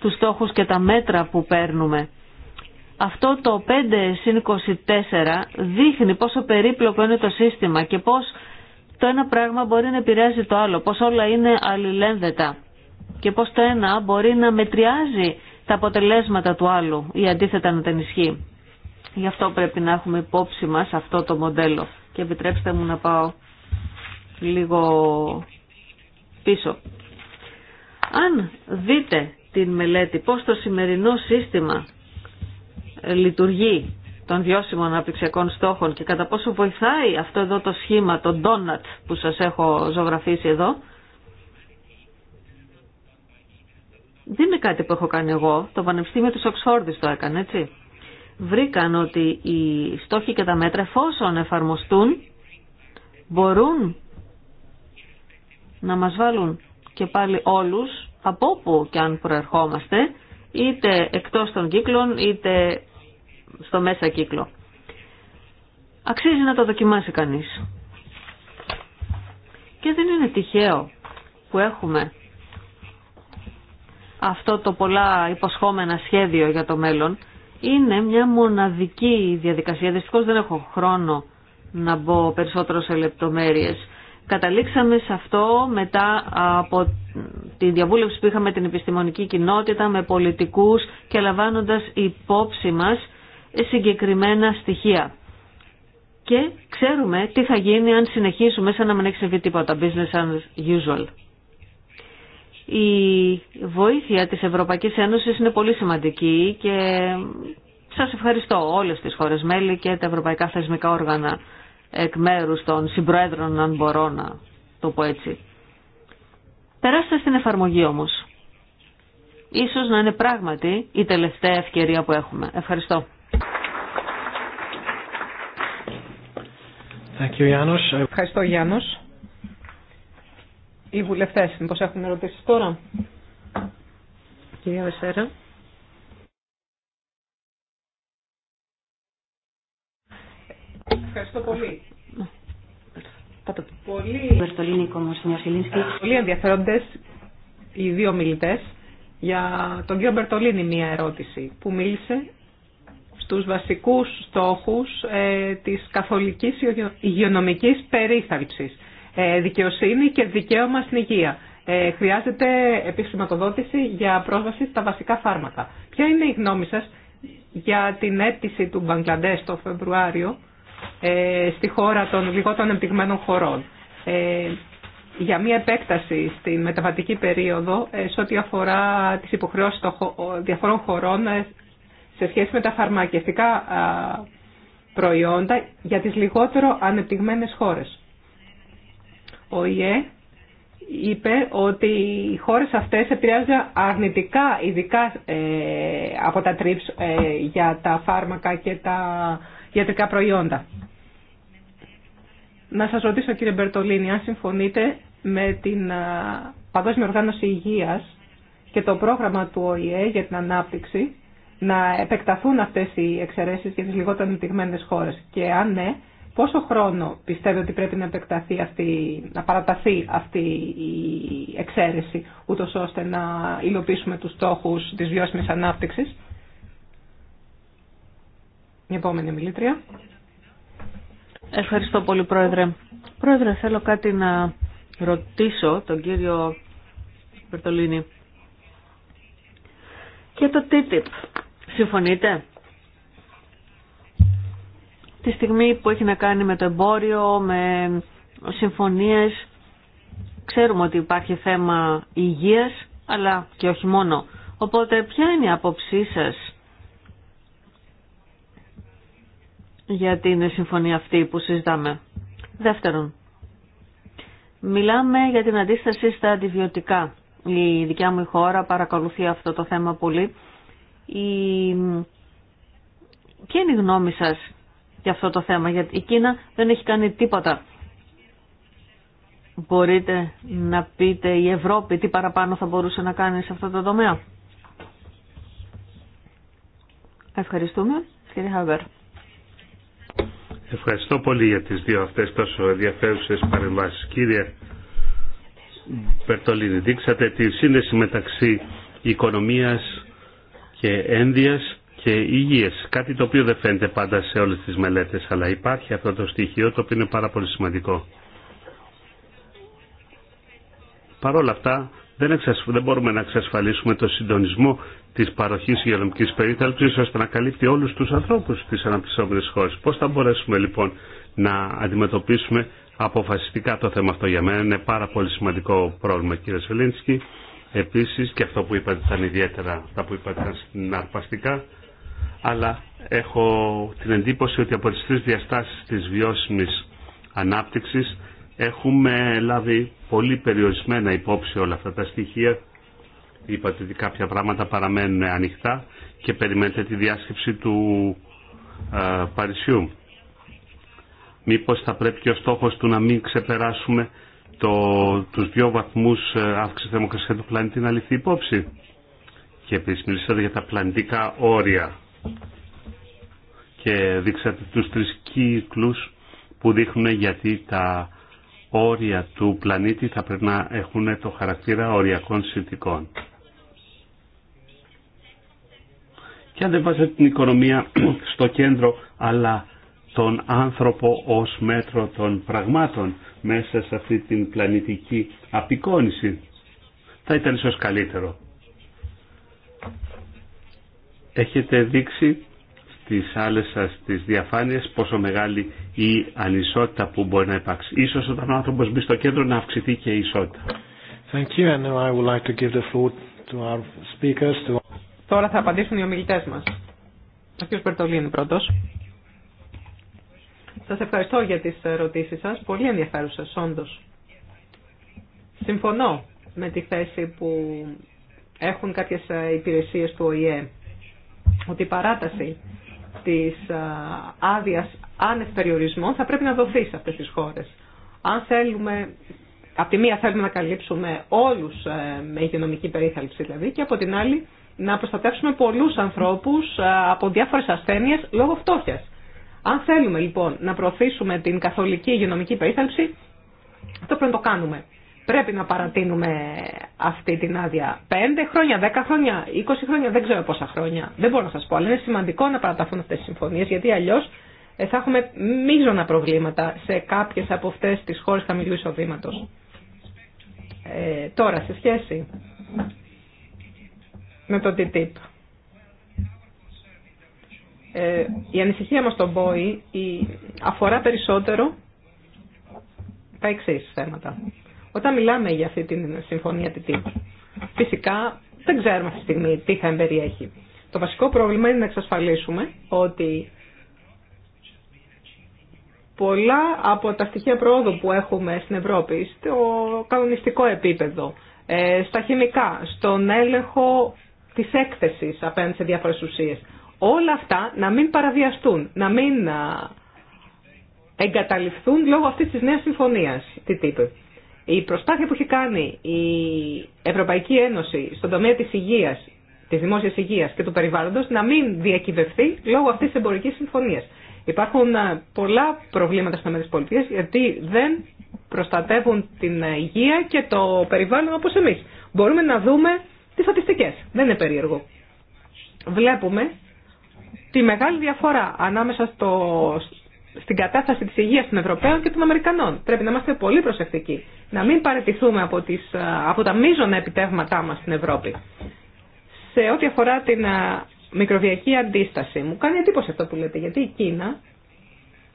τους στόχους και τα μέτρα που παίρνουμε. Αυτό το 5 24 δείχνει πόσο περίπλοκο είναι το σύστημα και πώς το ένα πράγμα μπορεί να επηρεάζει το άλλο, πώς όλα είναι αλληλένδετα και πώς το ένα μπορεί να μετριάζει τα αποτελέσματα του άλλου ή αντίθετα να τα ενισχύει. Γι' αυτό πρέπει να έχουμε υπόψη μας αυτό το μοντέλο. Και επιτρέψτε μου να πάω λίγο πίσω. Αν δείτε την μελέτη πώς το σημερινό σύστημα λειτουργεί των βιώσιμων αναπτυξιακών στόχων και κατά πόσο βοηθάει αυτό εδώ το σχήμα, το donut που σας έχω ζωγραφίσει εδώ, Δεν είναι κάτι που έχω κάνει εγώ. Το Πανεπιστήμιο της Οξφόρδης το έκανε, έτσι. Βρήκαν ότι οι στόχοι και τα μέτρα, εφόσον εφαρμοστούν, μπορούν να μας βάλουν και πάλι όλους, από όπου και αν προερχόμαστε, είτε εκτός των κύκλων, είτε στο μέσα κύκλο. Αξίζει να το δοκιμάσει κανείς. Και δεν είναι τυχαίο που έχουμε αυτό το πολλά υποσχόμενα σχέδιο για το μέλλον είναι μια μοναδική διαδικασία. Δυστυχώς δεν έχω χρόνο να μπω περισσότερο σε λεπτομέρειες. Καταλήξαμε σε αυτό μετά από τη διαβούλευση που είχαμε την επιστημονική κοινότητα με πολιτικούς και λαμβάνοντας υπόψη μας συγκεκριμένα στοιχεία. Και ξέρουμε τι θα γίνει αν συνεχίσουμε σαν να μην έχει συμβεί τίποτα, business as usual. Η βοήθεια της Ευρωπαϊκής Ένωσης είναι πολύ σημαντική και σας ευχαριστώ όλες τις χώρες μέλη και τα ευρωπαϊκά θεσμικά όργανα εκ μέρους των συμπροέδρων, αν μπορώ να το πω έτσι. Περάστε στην εφαρμογή όμως. Ίσως να είναι πράγματι η τελευταία ευκαιρία που έχουμε. Ευχαριστώ. Thank you, Ευχαριστώ οι βουλευτέ. Μήπω έχουν ερωτήσει τώρα. Κυρία Βεσέρα. Ευχαριστώ πολύ. Πολύ, πολύ ενδιαφέροντες οι δύο μιλητές. Για τον κύριο Μπερτολίνη μία ερώτηση που μίλησε στους βασικούς στόχους ε, της καθολικής υγειονομικής περίθαλψης. Ε, δικαιοσύνη και δικαίωμα στην υγεία. Ε, χρειάζεται επιχρηματοδότηση για πρόσβαση στα βασικά φάρμακα. Ποια είναι η γνώμη σας για την αίτηση του Μπαγκλαντές το Φεβρουάριο ε, στη χώρα των λιγότερων εμπτυγμένων χωρών για μια επέκταση στη μεταβατική περίοδο σε ό,τι αφορά τις υποχρεώσεις των διαφορών χωρών σε σχέση με τα φαρμακευτικά προϊόντα για τις λιγότερο ανεπτυγμένες χώρες. Ο ΙΕ είπε ότι οι χώρες αυτές επηρεάζονται αρνητικά, ειδικά ε, από τα TRIPS ε, για τα φάρμακα και τα ιατρικά προϊόντα. Να σας ρωτήσω κύριε Μπερτολίνη, αν συμφωνείτε με την Παγκόσμια Οργάνωση Υγείας και το πρόγραμμα του ΟΗΕ για την ανάπτυξη να επεκταθούν αυτές οι εξαιρέσεις για τις λιγότερο ανεπτυγμένες χώρες και αν ναι, Πόσο χρόνο πιστεύετε ότι πρέπει να επεκταθεί αυτή, να παραταθεί αυτή η εξαίρεση, ούτω ώστε να υλοποιήσουμε του στόχους της βιώσιμης ανάπτυξης. Η επόμενη μιλήτρια. Ευχαριστώ πολύ, Πρόεδρε. Πρόεδρε, θέλω κάτι να ρωτήσω τον κύριο Περτολίνη. Και το TTIP. Συμφωνείτε τη στιγμή που έχει να κάνει με το εμπόριο, με συμφωνίες. Ξέρουμε ότι υπάρχει θέμα υγείας, αλλά και όχι μόνο. Οπότε ποια είναι η άποψή σας για την συμφωνία αυτή που συζητάμε. Δεύτερον, μιλάμε για την αντίσταση στα αντιβιωτικά. Η δικιά μου χώρα παρακολουθεί αυτό το θέμα πολύ. Η... Ποια είναι η γνώμη σας για αυτό το θέμα, γιατί η Κίνα δεν έχει κάνει τίποτα. Μπορείτε να πείτε η Ευρώπη τι παραπάνω θα μπορούσε να κάνει σε αυτό το τομέα. Ευχαριστούμε. Κύριε Χαβέρ. Ευχαριστώ πολύ για τις δύο αυτές τόσο ενδιαφέρουσες παρεμβάσεις. Κύριε Περτολίνη, δείξατε τη σύνδεση μεταξύ οικονομίας και ένδυας και υγιές. Κάτι το οποίο δεν φαίνεται πάντα σε όλες τις μελέτες, αλλά υπάρχει αυτό το στοιχείο το οποίο είναι πάρα πολύ σημαντικό. Παρ' όλα αυτά δεν, εξασ... δεν μπορούμε να εξασφαλίσουμε το συντονισμό της παροχής υγειονομικής περίθαλψης ώστε να καλύπτει όλους τους ανθρώπους τη αναπτυσσόμενη χώρες. Πώς θα μπορέσουμε λοιπόν να αντιμετωπίσουμε αποφασιστικά το θέμα αυτό για μένα. Είναι πάρα πολύ σημαντικό πρόβλημα κύριε Σελίνσκι. Επίσης και αυτό που είπατε ήταν ιδιαίτερα, αυτά που είπατε ήταν συναρπαστικά αλλά έχω την εντύπωση ότι από τις τρεις διαστάσεις της βιώσιμης ανάπτυξης έχουμε λάβει πολύ περιορισμένα υπόψη όλα αυτά τα στοιχεία. Είπατε ότι κάποια πράγματα παραμένουν ανοιχτά και περιμένετε τη διάσκεψη του ε, Παρισιού. Μήπως θα πρέπει και ο στόχος του να μην ξεπεράσουμε το, τους δύο βαθμούς ε, αύξηση θερμοκρασία του πλανήτη να λυθεί υπόψη. Και επίσης μιλήσατε για τα πλανητικά όρια και δείξατε τους τρεις κύκλους που δείχνουν γιατί τα όρια του πλανήτη θα πρέπει να έχουν το χαρακτήρα οριακών συνθηκών. Και αν δεν βάζετε την οικονομία στο κέντρο, αλλά τον άνθρωπο ως μέτρο των πραγμάτων μέσα σε αυτή την πλανητική απεικόνηση, θα ήταν ίσως καλύτερο έχετε δείξει στις άλλες σας τις διαφάνειες πόσο μεγάλη η ανισότητα που μπορεί να υπάρξει. Ίσως όταν ο άνθρωπος μπει στο κέντρο να αυξηθεί και η ισότητα. Thank you. And I would like to give the floor to our speakers. To... Τώρα θα απαντήσουν οι ομιλητές μας. Ο κ. Περτολίνη πρώτος. Σας ευχαριστώ για τις ερωτήσεις σας. Πολύ ενδιαφέρουσες, όντως. Συμφωνώ με τη θέση που έχουν κάποιες υπηρεσίες του ΟΗΕ ότι η παράταση της άδεια άνευ περιορισμών θα πρέπει να δοθεί σε αυτές τις χώρες. Αν θέλουμε, από τη μία θέλουμε να καλύψουμε όλους ε, με υγειονομική περίθαλψη δηλαδή και από την άλλη να προστατεύσουμε πολλούς ανθρώπους ε, από διάφορες ασθένειες λόγω φτώχειας. Αν θέλουμε λοιπόν να προωθήσουμε την καθολική υγειονομική περίθαλψη, αυτό πρέπει να το κάνουμε πρέπει να παρατείνουμε αυτή την άδεια. 5 χρόνια, 10 χρόνια, 20 χρόνια, δεν ξέρω πόσα χρόνια. Δεν μπορώ να σας πω, αλλά είναι σημαντικό να παραταθούν αυτέ τι συμφωνίες, γιατί αλλιώς ε, θα έχουμε μείζωνα προβλήματα σε κάποιες από αυτές τις χώρε χαμηλού εισοδήματο. Ε, τώρα, σε σχέση με το TTIP. Ε, η ανησυχία μας στον ΠΟΗ αφορά περισσότερο τα εξή θέματα. Όταν μιλάμε για αυτή την συμφωνία τύπου. φυσικά δεν ξέρουμε αυτή τη στιγμή τι θα εμπεριέχει. Το βασικό πρόβλημα είναι να εξασφαλίσουμε ότι πολλά από τα στοιχεία πρόοδου που έχουμε στην Ευρώπη, στο κανονιστικό επίπεδο, ε, στα χημικά, στον έλεγχο της έκθεσης απέναντι σε διάφορες ουσίες, όλα αυτά να μην παραβιαστούν, να μην εγκαταληφθούν λόγω αυτής της νέας συμφωνίας. Τι τύπου. Η προσπάθεια που έχει κάνει η Ευρωπαϊκή Ένωση στον τομέα της υγείας, της δημόσιας υγείας και του περιβάλλοντος να μην διακυβευτεί λόγω αυτής της εμπορικής συμφωνίας. Υπάρχουν ε, πολλά προβλήματα στις πολιτείες γιατί δεν προστατεύουν την ε, υγεία και το περιβάλλον όπως εμείς. Μπορούμε να δούμε τις στατιστικές. Δεν είναι περίεργο. Βλέπουμε τη μεγάλη διαφορά ανάμεσα στο, στην κατάσταση της υγείας των Ευρωπαίων και των Αμερικανών. Πρέπει να είμαστε πολύ προσεκτικοί, να μην παραιτηθούμε από, τις, από τα μείζωνα επιτεύγματά μας στην Ευρώπη. Σε ό,τι αφορά την μικροβιακή αντίσταση, μου κάνει εντύπωση αυτό που λέτε, γιατί η Κίνα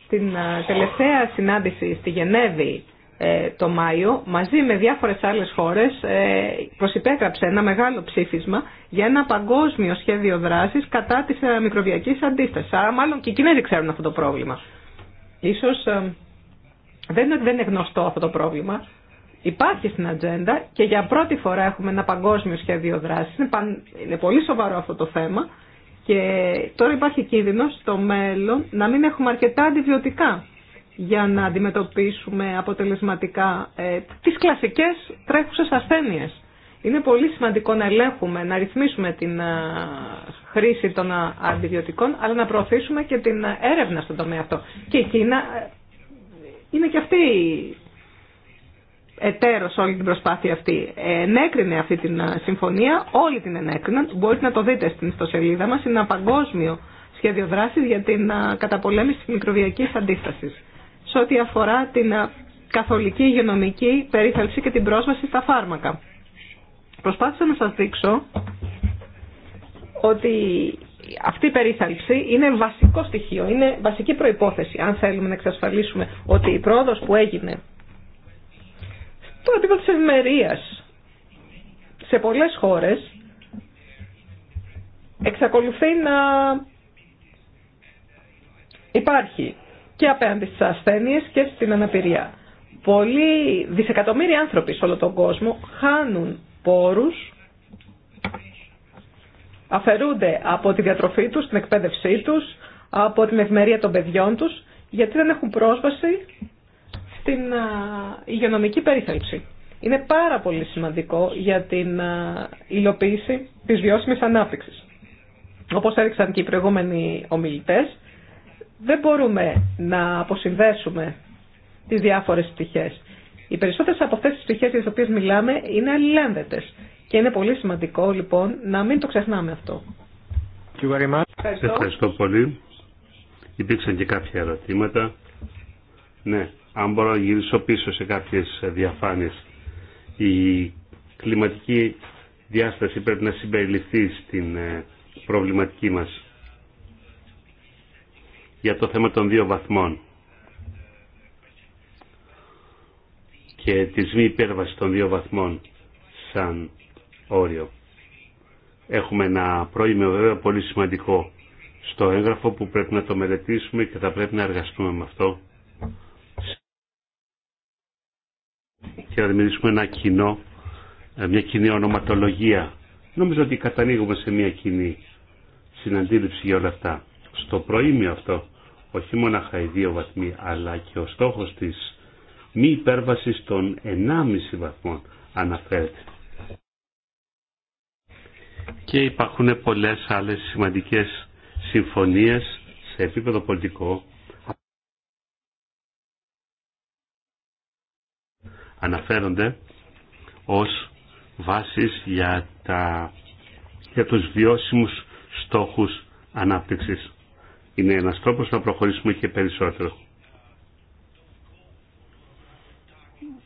στην τελευταία συνάντηση στη Γενέβη ε, το Μάιο, μαζί με διάφορες άλλες χώρες, ε, προσυπέγραψε ένα μεγάλο ψήφισμα για ένα παγκόσμιο σχέδιο δράσης κατά της ε, μικροβιακής αντίστασης. Άρα μάλλον και οι Κινέζοι ξέρουν αυτό το πρόβλημα. Ίσως ε, δεν είναι δεν γνωστό αυτό το πρόβλημα. Υπάρχει στην ατζέντα και για πρώτη φορά έχουμε ένα παγκόσμιο σχέδιο δράσης. Είναι πολύ σοβαρό αυτό το θέμα και τώρα υπάρχει κίνδυνο στο μέλλον να μην έχουμε αρκετά αντιβιωτικά για να αντιμετωπίσουμε αποτελεσματικά ε, τις κλασικές τρέχουσες ασθένειες. Είναι πολύ σημαντικό να ελέγχουμε, να ρυθμίσουμε την ε, χρήση των αντιβιωτικών, αλλά να προωθήσουμε και την έρευνα στον τομέα αυτό. Και η Κίνα είναι και αυτή εταίρος όλη την προσπάθεια αυτή. Ενέκρινε αυτή την συμφωνία, όλοι την ενέκριναν. Μπορείτε να το δείτε στην ιστοσελίδα μας. Είναι ένα παγκόσμιο σχέδιο δράσης για την καταπολέμηση της μικροβιακής αντίστασης. Σε ό,τι αφορά την καθολική υγειονομική περίθαλψη και την πρόσβαση στα φάρμακα. Προσπάθησα να σας δείξω ότι αυτή η περίθαλψη είναι βασικό στοιχείο, είναι βασική προϋπόθεση αν θέλουμε να εξασφαλίσουμε ότι η πρόοδος που έγινε στο επίπεδο της ευημερίας σε πολλές χώρες εξακολουθεί να υπάρχει και απέναντι στις ασθένειες και στην αναπηρία. Πολλοί δισεκατομμύρια άνθρωποι σε όλο τον κόσμο χάνουν πόρους αφαιρούνται από τη διατροφή τους, την εκπαίδευσή τους, από την ευμερία των παιδιών τους, γιατί δεν έχουν πρόσβαση στην υγειονομική περίθαλψη. Είναι πάρα πολύ σημαντικό για την υλοποίηση της βιώσιμης ανάπτυξης. Όπως έδειξαν και οι προηγούμενοι ομιλητές, δεν μπορούμε να αποσυνδέσουμε τις διάφορες πτυχές. Οι περισσότερες από αυτές τις πτυχές για τις οποίες μιλάμε είναι αλληλένδετες και είναι πολύ σημαντικό λοιπόν να μην το ξεχνάμε αυτό. Ευχαριστώ, Ευχαριστώ πολύ. Υπήρξαν και κάποια ερωτήματα. Ναι, αν μπορώ να γυρίσω πίσω σε κάποιες διαφάνειες. Η κλιματική διάσταση πρέπει να συμπεριληφθεί στην ε, προβληματική μας για το θέμα των δύο βαθμών και τη μη υπέρβαση των δύο βαθμών σαν όριο. Έχουμε ένα πρόημιο βέβαια πολύ σημαντικό στο έγγραφο που πρέπει να το μελετήσουμε και θα πρέπει να εργαστούμε με αυτό και να δημιουργήσουμε ένα κοινό, ε, μια κοινή ονοματολογία. Νομίζω ότι κατανοίγουμε σε μια κοινή συναντήληψη για όλα αυτά. Στο προήμιο αυτό, όχι μόνο οι δύο βαθμοί, αλλά και ο στόχος της μη υπέρβασης των 1,5 βαθμών αναφέρεται και υπάρχουν πολλές άλλες σημαντικές συμφωνίες σε επίπεδο πολιτικό. Αναφέρονται ως βάσεις για, τα, για τους βιώσιμους στόχους ανάπτυξης. Είναι ένας τρόπος να προχωρήσουμε και περισσότερο.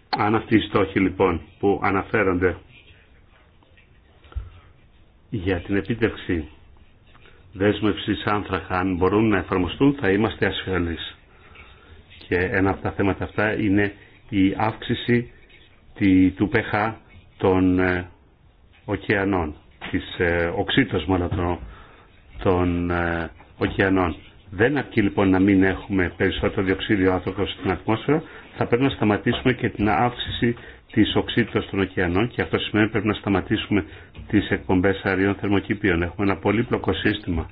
Αν αυτοί οι στόχοι λοιπόν που αναφέρονται για την επίτευξη δέσμευσης άνθρακα αν μπορούν να εφαρμοστούν θα είμαστε ασφαλείς. Και ένα από τα θέματα αυτά είναι η αύξηση του pH των ε, ωκεανών, της ε, οξύτως μάλλον των ε, ωκεανών. Δεν αρκεί λοιπόν να μην έχουμε περισσότερο διοξίδιο άνθρωπο στην ατμόσφαιρα, θα πρέπει να σταματήσουμε και την αύξηση τη οξύτητα των ωκεανών και αυτό σημαίνει πρέπει να σταματήσουμε τις εκπομπές αριών θερμοκηπίων. Έχουμε ένα πολύπλοκο σύστημα.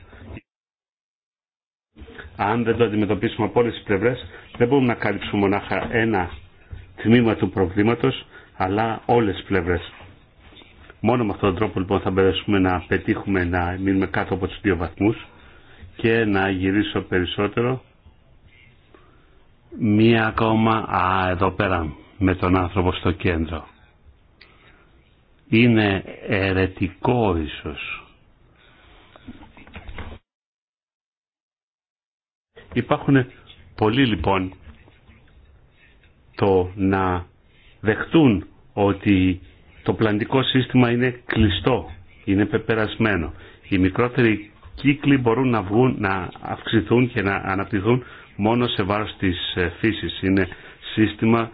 Αν δεν το αντιμετωπίσουμε από όλες τις πλευρές, δεν μπορούμε να καλύψουμε μονάχα ένα τμήμα του προβλήματος, αλλά όλες τις πλευρές. Μόνο με αυτόν τον τρόπο λοιπόν θα μπορέσουμε να πετύχουμε να μείνουμε κάτω από τους δύο βαθμούς και να γυρίσω περισσότερο μία ακόμα α, εδώ πέρα με τον άνθρωπο στο κέντρο. Είναι ερετικό ίσως. Υπάρχουν πολλοί λοιπόν το να δεχτούν ότι το πλανητικό σύστημα είναι κλειστό, είναι πεπερασμένο. Οι μικρότεροι κύκλοι μπορούν να, βγουν, να αυξηθούν και να αναπτυχθούν μόνο σε βάρος της ε, φύσης. Είναι σύστημα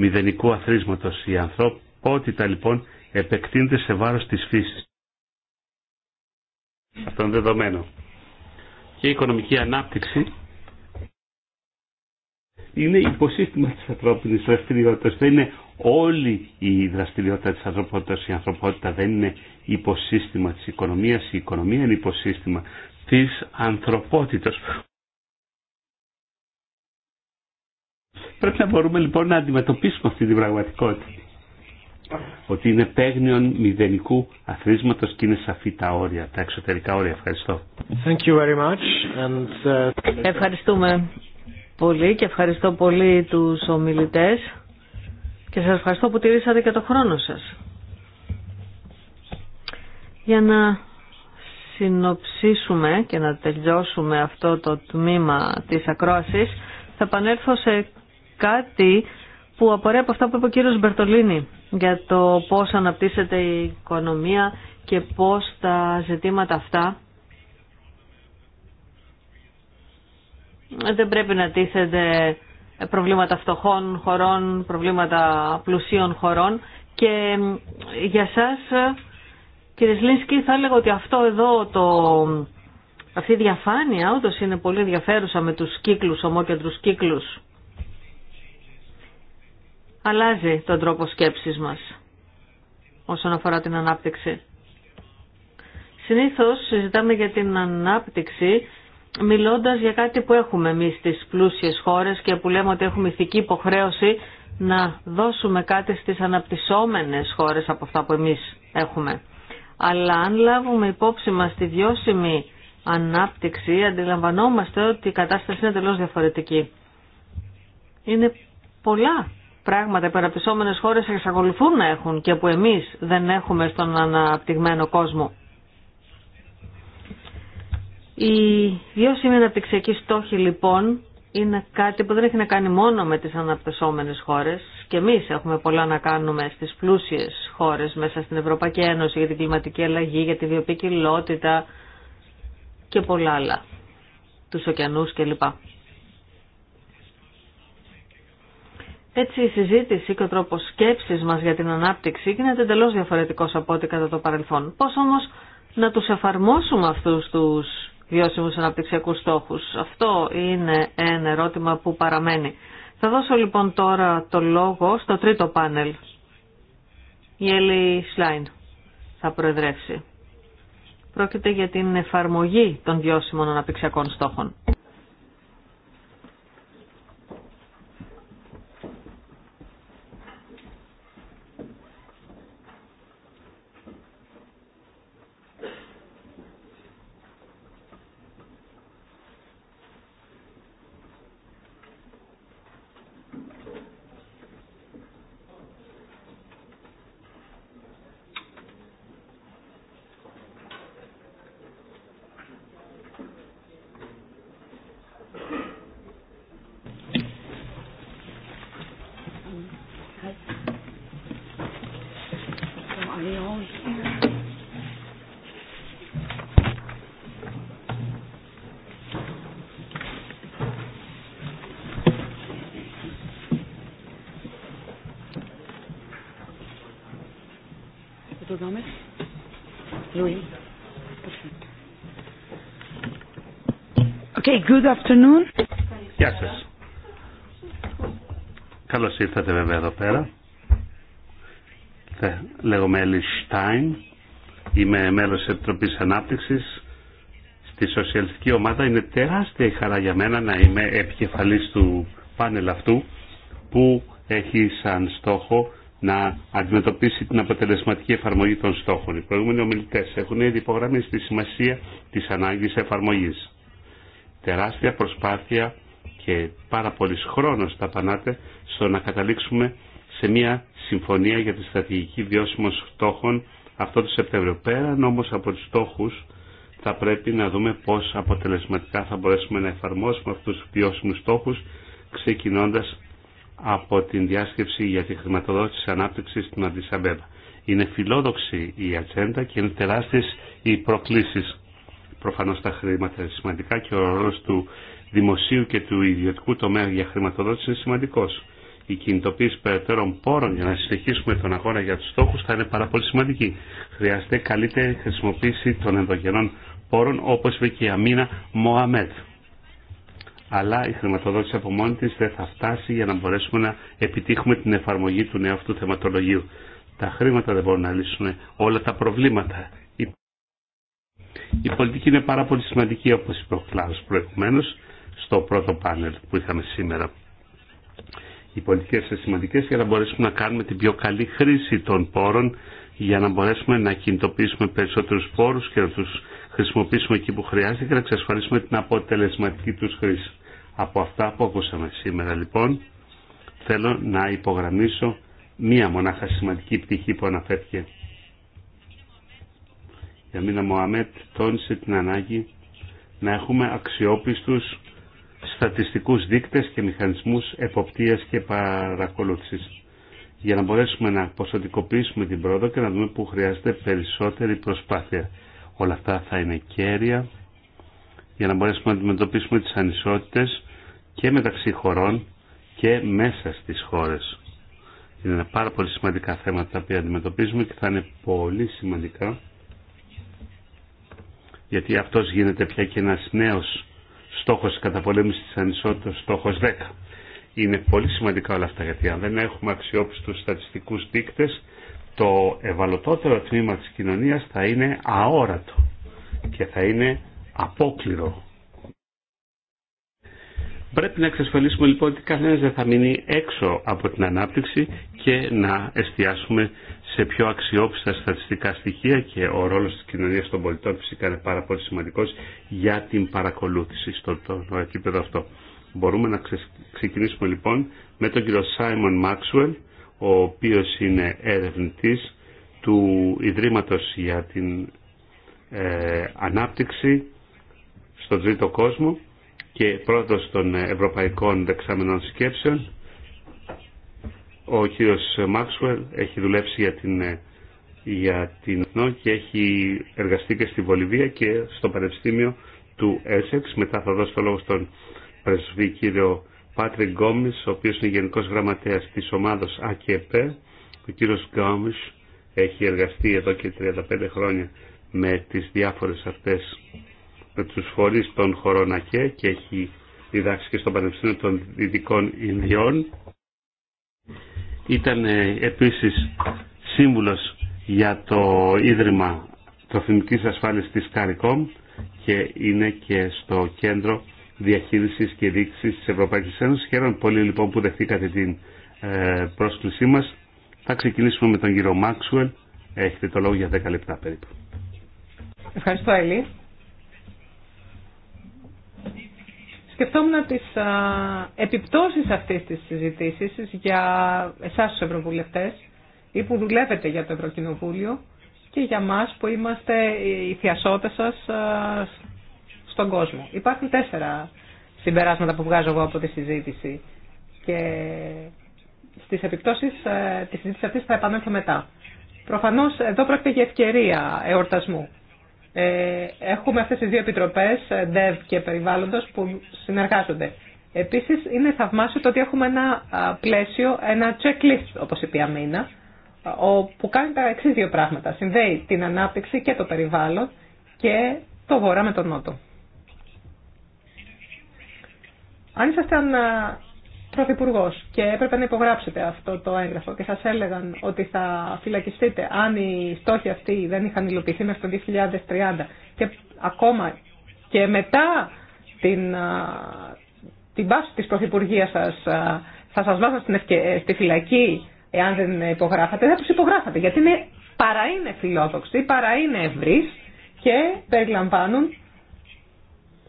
μηδενικού αθροίσματος. Η ανθρωπότητα λοιπόν επεκτείνεται σε βάρος της φύσης. Αυτό είναι δεδομένο. Και η οικονομική ανάπτυξη είναι υποσύστημα της ανθρώπινης δραστηριότητας. Δεν είναι όλη η δραστηριότητα της ανθρωπότητας. Η ανθρωπότητα δεν είναι υποσύστημα της οικονομίας. Η οικονομία είναι υποσύστημα της ανθρωπότητας. Πρέπει να μπορούμε λοιπόν να αντιμετωπίσουμε αυτή την πραγματικότητα. Ότι είναι παίγνιον μηδενικού αθροίσματος και είναι σαφή τα όρια, τα εξωτερικά όρια. Ευχαριστώ. Thank you very much. And, uh, Ευχαριστούμε πολύ και ευχαριστώ πολύ τους ομιλητές και σας ευχαριστώ που τηρήσατε και το χρόνο σας. Για να συνοψίσουμε και να τελειώσουμε αυτό το τμήμα της ακρόασης θα επανέλθω σε κάτι που απορρέει από αυτά που είπε ο κύριος Μπερτολίνη για το πώς αναπτύσσεται η οικονομία και πώς τα ζητήματα αυτά δεν πρέπει να τίθενται προβλήματα φτωχών χωρών, προβλήματα πλουσίων χωρών και για σας κύριε Σλίνσκι θα έλεγα ότι αυτό εδώ το, αυτή η διαφάνεια όντως είναι πολύ ενδιαφέρουσα με τους κύκλους, ομόκεντρους κύκλους αλλάζει τον τρόπο σκέψης μας όσον αφορά την ανάπτυξη. Συνήθως συζητάμε για την ανάπτυξη μιλώντας για κάτι που έχουμε εμείς στις πλούσιες χώρες και που λέμε ότι έχουμε ηθική υποχρέωση να δώσουμε κάτι στις αναπτυσσόμενες χώρες από αυτά που εμείς έχουμε. Αλλά αν λάβουμε υπόψη μας τη βιώσιμη ανάπτυξη, αντιλαμβανόμαστε ότι η κατάσταση είναι τελώς διαφορετική. Είναι πολλά πράγματα που αναπτυσσόμενες χώρες εξακολουθούν να έχουν και που εμείς δεν έχουμε στον αναπτυγμένο κόσμο. Οι σημεία αναπτυξιακοί στόχοι λοιπόν είναι κάτι που δεν έχει να κάνει μόνο με τις αναπτυσσόμενες χώρες και εμείς έχουμε πολλά να κάνουμε στις πλούσιες χώρες μέσα στην Ευρωπαϊκή Ένωση για την κλιματική αλλαγή, για τη βιοποικιλότητα και πολλά άλλα, τους ωκεανούς κλπ. Έτσι η συζήτηση και ο τρόπο σκέψη μα για την ανάπτυξη γίνεται εντελώ διαφορετικό από ό,τι κατά το παρελθόν. Πώ όμω να του εφαρμόσουμε αυτού του βιώσιμου αναπτυξιακού στόχου, αυτό είναι ένα ερώτημα που παραμένει. Θα δώσω λοιπόν τώρα το λόγο στο τρίτο πάνελ. Η Έλλη Σλάιν θα προεδρεύσει. Πρόκειται για την εφαρμογή των βιώσιμων αναπτυξιακών στόχων. good afternoon. Γεια σα. Καλώ ήρθατε βέβαια εδώ πέρα. Ε, λέγομαι Έλλη Στάιν. Είμαι μέλο τη Επιτροπή Ανάπτυξη Στη σοσιαλιστική ομάδα είναι τεράστια η χαρά για μένα να είμαι επικεφαλή του πάνελ αυτού που έχει σαν στόχο να αντιμετωπίσει την αποτελεσματική εφαρμογή των στόχων. Οι προηγούμενοι ομιλητέ έχουν ήδη υπογραμμίσει τη σημασία τη ανάγκη εφαρμογή τεράστια προσπάθεια και πάρα πολλή χρόνο τα πανάτε στο να καταλήξουμε σε μια συμφωνία για τη στρατηγική βιώσιμων στόχων αυτό το Σεπτέμβριο. Πέραν όμως από τους στόχους θα πρέπει να δούμε πώς αποτελεσματικά θα μπορέσουμε να εφαρμόσουμε αυτούς τους βιώσιμους στόχους ξεκινώντας από την διάσκεψη για τη χρηματοδότηση της ανάπτυξης στην Αντισαμπέδα. Είναι φιλόδοξη η ατζέντα και είναι τεράστιες οι προκλήσεις. Προφανώς τα χρήματα είναι σημαντικά και ο ρόλος του δημοσίου και του ιδιωτικού τομέα για χρηματοδότηση είναι σημαντικός. Η κινητοποίηση περαιτέρων πόρων για να συνεχίσουμε τον αγώνα για τους στόχους θα είναι πάρα πολύ σημαντική. Χρειάζεται καλύτερη χρησιμοποίηση των ενδογενών πόρων όπως είπε και η Αμίνα Μοαμέτ. Αλλά η χρηματοδότηση από μόνη της δεν θα φτάσει για να μπορέσουμε να επιτύχουμε την εφαρμογή του νέου αυτού θεματολογίου. Τα χρήματα δεν μπορούν να λύσουν όλα τα προβλήματα. Η πολιτική είναι πάρα πολύ σημαντική όπως είπε ο προηγουμένως στο πρώτο πάνελ που είχαμε σήμερα. Οι πολιτικές είναι σημαντικές για να μπορέσουμε να κάνουμε την πιο καλή χρήση των πόρων για να μπορέσουμε να κινητοποιήσουμε περισσότερους πόρους και να τους χρησιμοποιήσουμε εκεί που χρειάζεται και να εξασφαλίσουμε την αποτελεσματική τους χρήση. Από αυτά που ακούσαμε σήμερα λοιπόν θέλω να υπογραμμίσω μία μονάχα σημαντική πτυχή που αναφέρθηκε η Αμίνα Μωαμέτ τόνισε την ανάγκη να έχουμε αξιόπιστους στατιστικούς δείκτες και μηχανισμούς εποπτείας και παρακολούθησης για να μπορέσουμε να ποσοτικοποιήσουμε την πρόοδο και να δούμε που χρειάζεται περισσότερη προσπάθεια. Όλα αυτά θα είναι κέρια για να μπορέσουμε να αντιμετωπίσουμε τις ανισότητες και μεταξύ χωρών και μέσα στις χώρες. Είναι πάρα πολύ σημαντικά θέματα τα οποία αντιμετωπίζουμε και θα είναι πολύ σημαντικά γιατί αυτός γίνεται πια και ένας νέος στόχος καταπολέμησης της ανισότητας, στόχος 10. Είναι πολύ σημαντικά όλα αυτά, γιατί αν δεν έχουμε αξιόπιστους στατιστικούς δείκτες, το ευαλωτότερο τμήμα της κοινωνίας θα είναι αόρατο και θα είναι απόκληρο. Πρέπει να εξασφαλίσουμε λοιπόν ότι κανένα δεν θα μείνει έξω από την ανάπτυξη και να εστιάσουμε σε πιο αξιόπιστα στατιστικά στοιχεία και ο ρόλος της κοινωνίας των πολιτών φυσικά είναι πάρα πολύ σημαντικός για την παρακολούθηση στο επίπεδο αυτό. Μπορούμε να ξεκινήσουμε λοιπόν με τον κύριο Σάιμον Μάξουελ, ο οποίος είναι ερευνητής του Ιδρύματος για την ε, Ανάπτυξη στον Τρίτο Κόσμο και πρόεδρος των Ευρωπαϊκών Δεξαμενών Σκέψεων ο κύριος Μάξουελ έχει δουλέψει για την για την Εθνό και έχει εργαστεί και στη Βολιβία και στο Πανεπιστήμιο του Έσεξ. Μετά θα δώσω το λόγο στον πρεσβή κύριο Πάτρικ Γκόμις, ο οποίος είναι γενικός γραμματέας της ομάδος ΑΚΕΠ. Ο κύριος Γκόμις έχει εργαστεί εδώ και 35 χρόνια με τις διάφορες αυτές, με τους φορείς των χωρών ΑΚΕ και έχει διδάξει και στο Πανεπιστήμιο των Δυτικών Ινδιών ήταν ε, επίσης σύμβουλος για το Ίδρυμα Τροφιμικής Ασφάλειας της Καρικόμ και είναι και στο κέντρο διαχείρισης και Δίκτυσης της Ευρωπαϊκής Ένωσης. Χαίρομαι πολύ λοιπόν που δεχτήκατε την ε, πρόσκλησή μας. Θα ξεκινήσουμε με τον κύριο Μάξουελ. Έχετε το λόγο για 10 λεπτά περίπου. Ευχαριστώ Ελή σκεφτόμουν τις επιπτώσεις αυτής της συζητήσης για εσάς τους Ευρωβουλευτές ή που δουλεύετε για το Ευρωκοινοβούλιο και για μας που είμαστε οι θειασότες σας στον κόσμο. Υπάρχουν τέσσερα συμπεράσματα που βγάζω εγώ από τη συζήτηση και στις επιπτώσεις τη ε, της συζήτησης αυτής θα επανέλθω μετά. Προφανώς εδώ πρόκειται για ευκαιρία εορτασμού. Ε, έχουμε αυτές τις δύο επιτροπές, ΔΕΒ και Περιβάλλοντος, που συνεργάζονται. Επίσης, είναι θαυμάσιο το ότι έχουμε ένα πλαίσιο, ένα checklist, όπως είπε η Αμήνα, που κάνει τα εξή δύο πράγματα. Συνδέει την ανάπτυξη και το περιβάλλον και το βορρά με τον νότο. Αν ήσασταν Πρωθυπουργό και έπρεπε να υπογράψετε αυτό το έγγραφο και σα έλεγαν ότι θα φυλακιστείτε αν οι στόχοι αυτοί δεν είχαν υλοποιηθεί μέχρι το 2030 και ακόμα και μετά την, την πάση της Πρωθυπουργία σας θα σας βάζαν ε, στη φυλακή εάν δεν υπογράφατε, Δεν τους υπογράφατε γιατί είναι, παρά είναι φιλόδοξοι, παρά είναι ευρύς και περιλαμβάνουν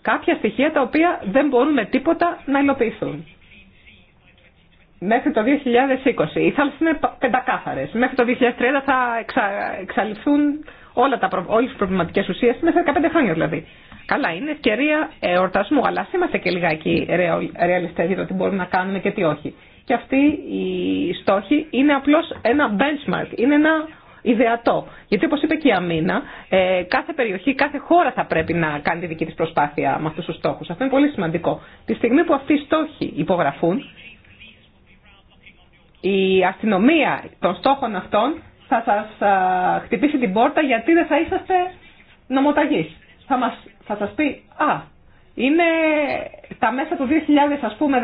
κάποια στοιχεία τα οποία δεν μπορούν με τίποτα να υλοποιηθούν μέχρι το 2020. Οι θάλασσε είναι πεντακάθαρες. Μέχρι το 2030 θα εξα, εξαλειφθούν όλα τα, όλες τις προβληματικές ουσίες, μέσα 15 χρόνια δηλαδή. Καλά, είναι ευκαιρία εορτασμού, αλλά σήμαστε είμαστε και λιγάκι ρεαλιστές για το τι μπορούμε να κάνουμε και τι όχι. Και αυτή η στόχη είναι απλώς ένα benchmark, είναι ένα ιδεατό. Γιατί όπως είπε και η Αμίνα, ε, κάθε περιοχή, κάθε χώρα θα πρέπει να κάνει τη δική της προσπάθεια με αυτούς τους στόχους. Αυτό είναι πολύ σημαντικό. Τη στιγμή που αυτοί οι στόχοι υπογραφούν, η αστυνομία των στόχων αυτών θα σας χτυπήσει την πόρτα γιατί δεν θα είσαστε νομοταγείς. Θα, μας, θα σας πει, α, είναι τα μέσα του 2000 ας πούμε 19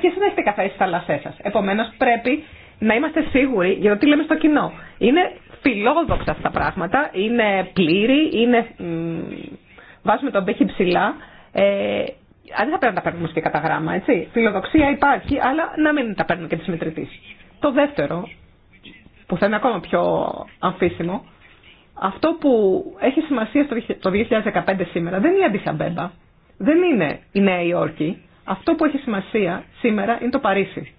και εσείς δεν έχετε καθαρίσει τις θαλασσές σας. Επομένως πρέπει να είμαστε σίγουροι για το τι λέμε στο κοινό. Είναι φιλόδοξα αυτά τα πράγματα, είναι πλήρη, είναι, μ, βάζουμε τον πέχη ψηλά. Ε, δεν θα πρέπει να τα παίρνουμε και κατά γράμμα, έτσι. Φιλοδοξία υπάρχει, αλλά να μην τα παίρνουμε και τη μετρητή. Το δεύτερο, που θα είναι ακόμα πιο αμφίσιμο, αυτό που έχει σημασία το 2015 σήμερα δεν είναι η Αντισαμπέμπα, δεν είναι η Νέα Υόρκη. Αυτό που έχει σημασία σήμερα είναι το Παρίσι.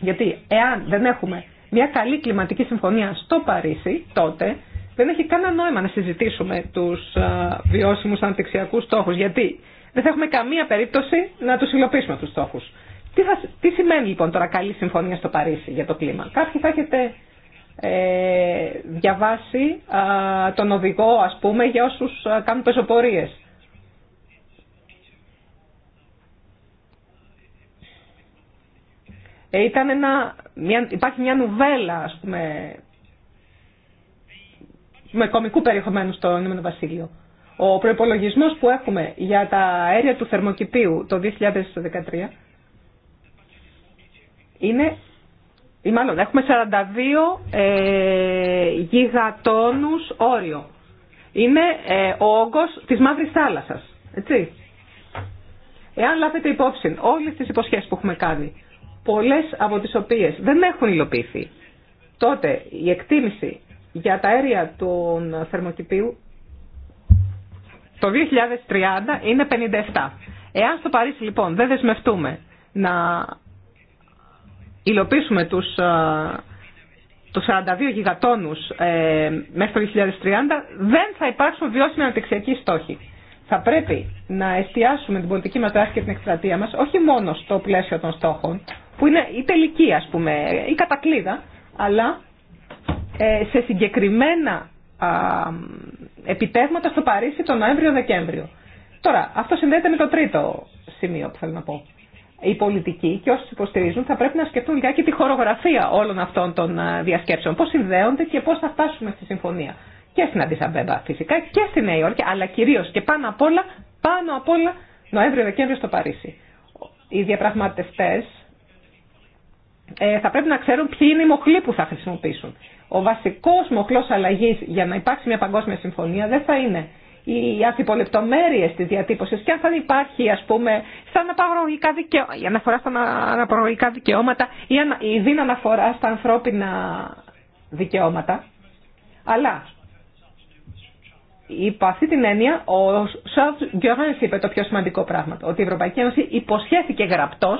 Γιατί εάν δεν έχουμε μια καλή κλιματική συμφωνία στο Παρίσι, τότε δεν έχει κανένα νόημα να συζητήσουμε τους βιώσιμους αναπτυξιακούς στόχους, γιατί δεν θα έχουμε καμία περίπτωση να τους υλοποιήσουμε τους στόχους. Τι, τι σημαίνει λοιπόν τώρα καλή συμφωνία στο Παρίσι για το κλίμα. Κάποιοι θα έχετε ε, διαβάσει τον οδηγό ας πούμε για όσους κάνουν πεζοπορίες. Ε, ένα, μια, υπάρχει μια νουβέλα ας πούμε με κομικού περιεχομένου στο Ηνωμένο Βασίλειο. Ο προπολογισμό που έχουμε για τα αέρια του θερμοκηπίου το 2013 είναι, ή μάλλον έχουμε 42 ε, γιγατόνους όριο. Είναι ε, ο όγκος της Μαύρης Θάλασσας, έτσι. Εάν λάβετε υπόψη όλες τις υποσχέσεις που έχουμε κάνει, πολλές από τις οποίες δεν έχουν υλοποιηθεί, τότε η εκτίμηση για τα αέρια των θερμοκηπίου το 2030 είναι 57. Εάν στο Παρίσι λοιπόν δεν δεσμευτούμε να υλοποιήσουμε τους, τους 42 γιγατόνους ε, μέχρι το 2030, δεν θα υπάρξουν βιώσιμοι αναπτυξιακοί στόχοι. Θα πρέπει να εστιάσουμε την πολιτική μας δράση και την εκστρατεία μας, όχι μόνο στο πλαίσιο των στόχων, που είναι η τελική, ας πούμε, η κατακλίδα, αλλά ε, σε συγκεκριμένα επιτεύγματα στο Παρίσι τον Νοέμβριο-Δεκέμβριο. Τώρα, αυτό συνδέεται με το τρίτο σημείο που θέλω να πω οι πολιτικοί και όσοι υποστηρίζουν θα πρέπει να σκεφτούν λιγάκι τη χορογραφία όλων αυτών των ε, διασκέψεων. Πώς συνδέονται και πώς θα φτάσουμε στη συμφωνία. Και στην Αντισαμπέμπα φυσικά και στη Νέα Υόρκη, αλλά κυρίως και πάνω απ' όλα, πάνω απ' όλα Νοέμβριο-Δεκέμβριο στο Παρίσι. Οι διαπραγματευτές ε, θα πρέπει να ξέρουν ποιοι είναι οι μοχλοί που θα χρησιμοποιήσουν. Ο βασικός μοχλός αλλαγής για να υπάρξει μια παγκόσμια συμφωνία δεν θα είναι οι αντιπολεπτομέρειε τη διατύπωση και αν θα υπάρχει ας πούμε στα αναπαραγωγικά δικαιώματα, η αναφορά στα αναπαραγωγικά δικαιώματα ή η δίνα αναφορά στα ανθρώπινα δικαιώματα. Αλλά υπό αυτή την έννοια ο Σαρτ είπε το πιο σημαντικό πράγμα, ότι η Ευρωπαϊκή Ένωση υποσχέθηκε γραπτό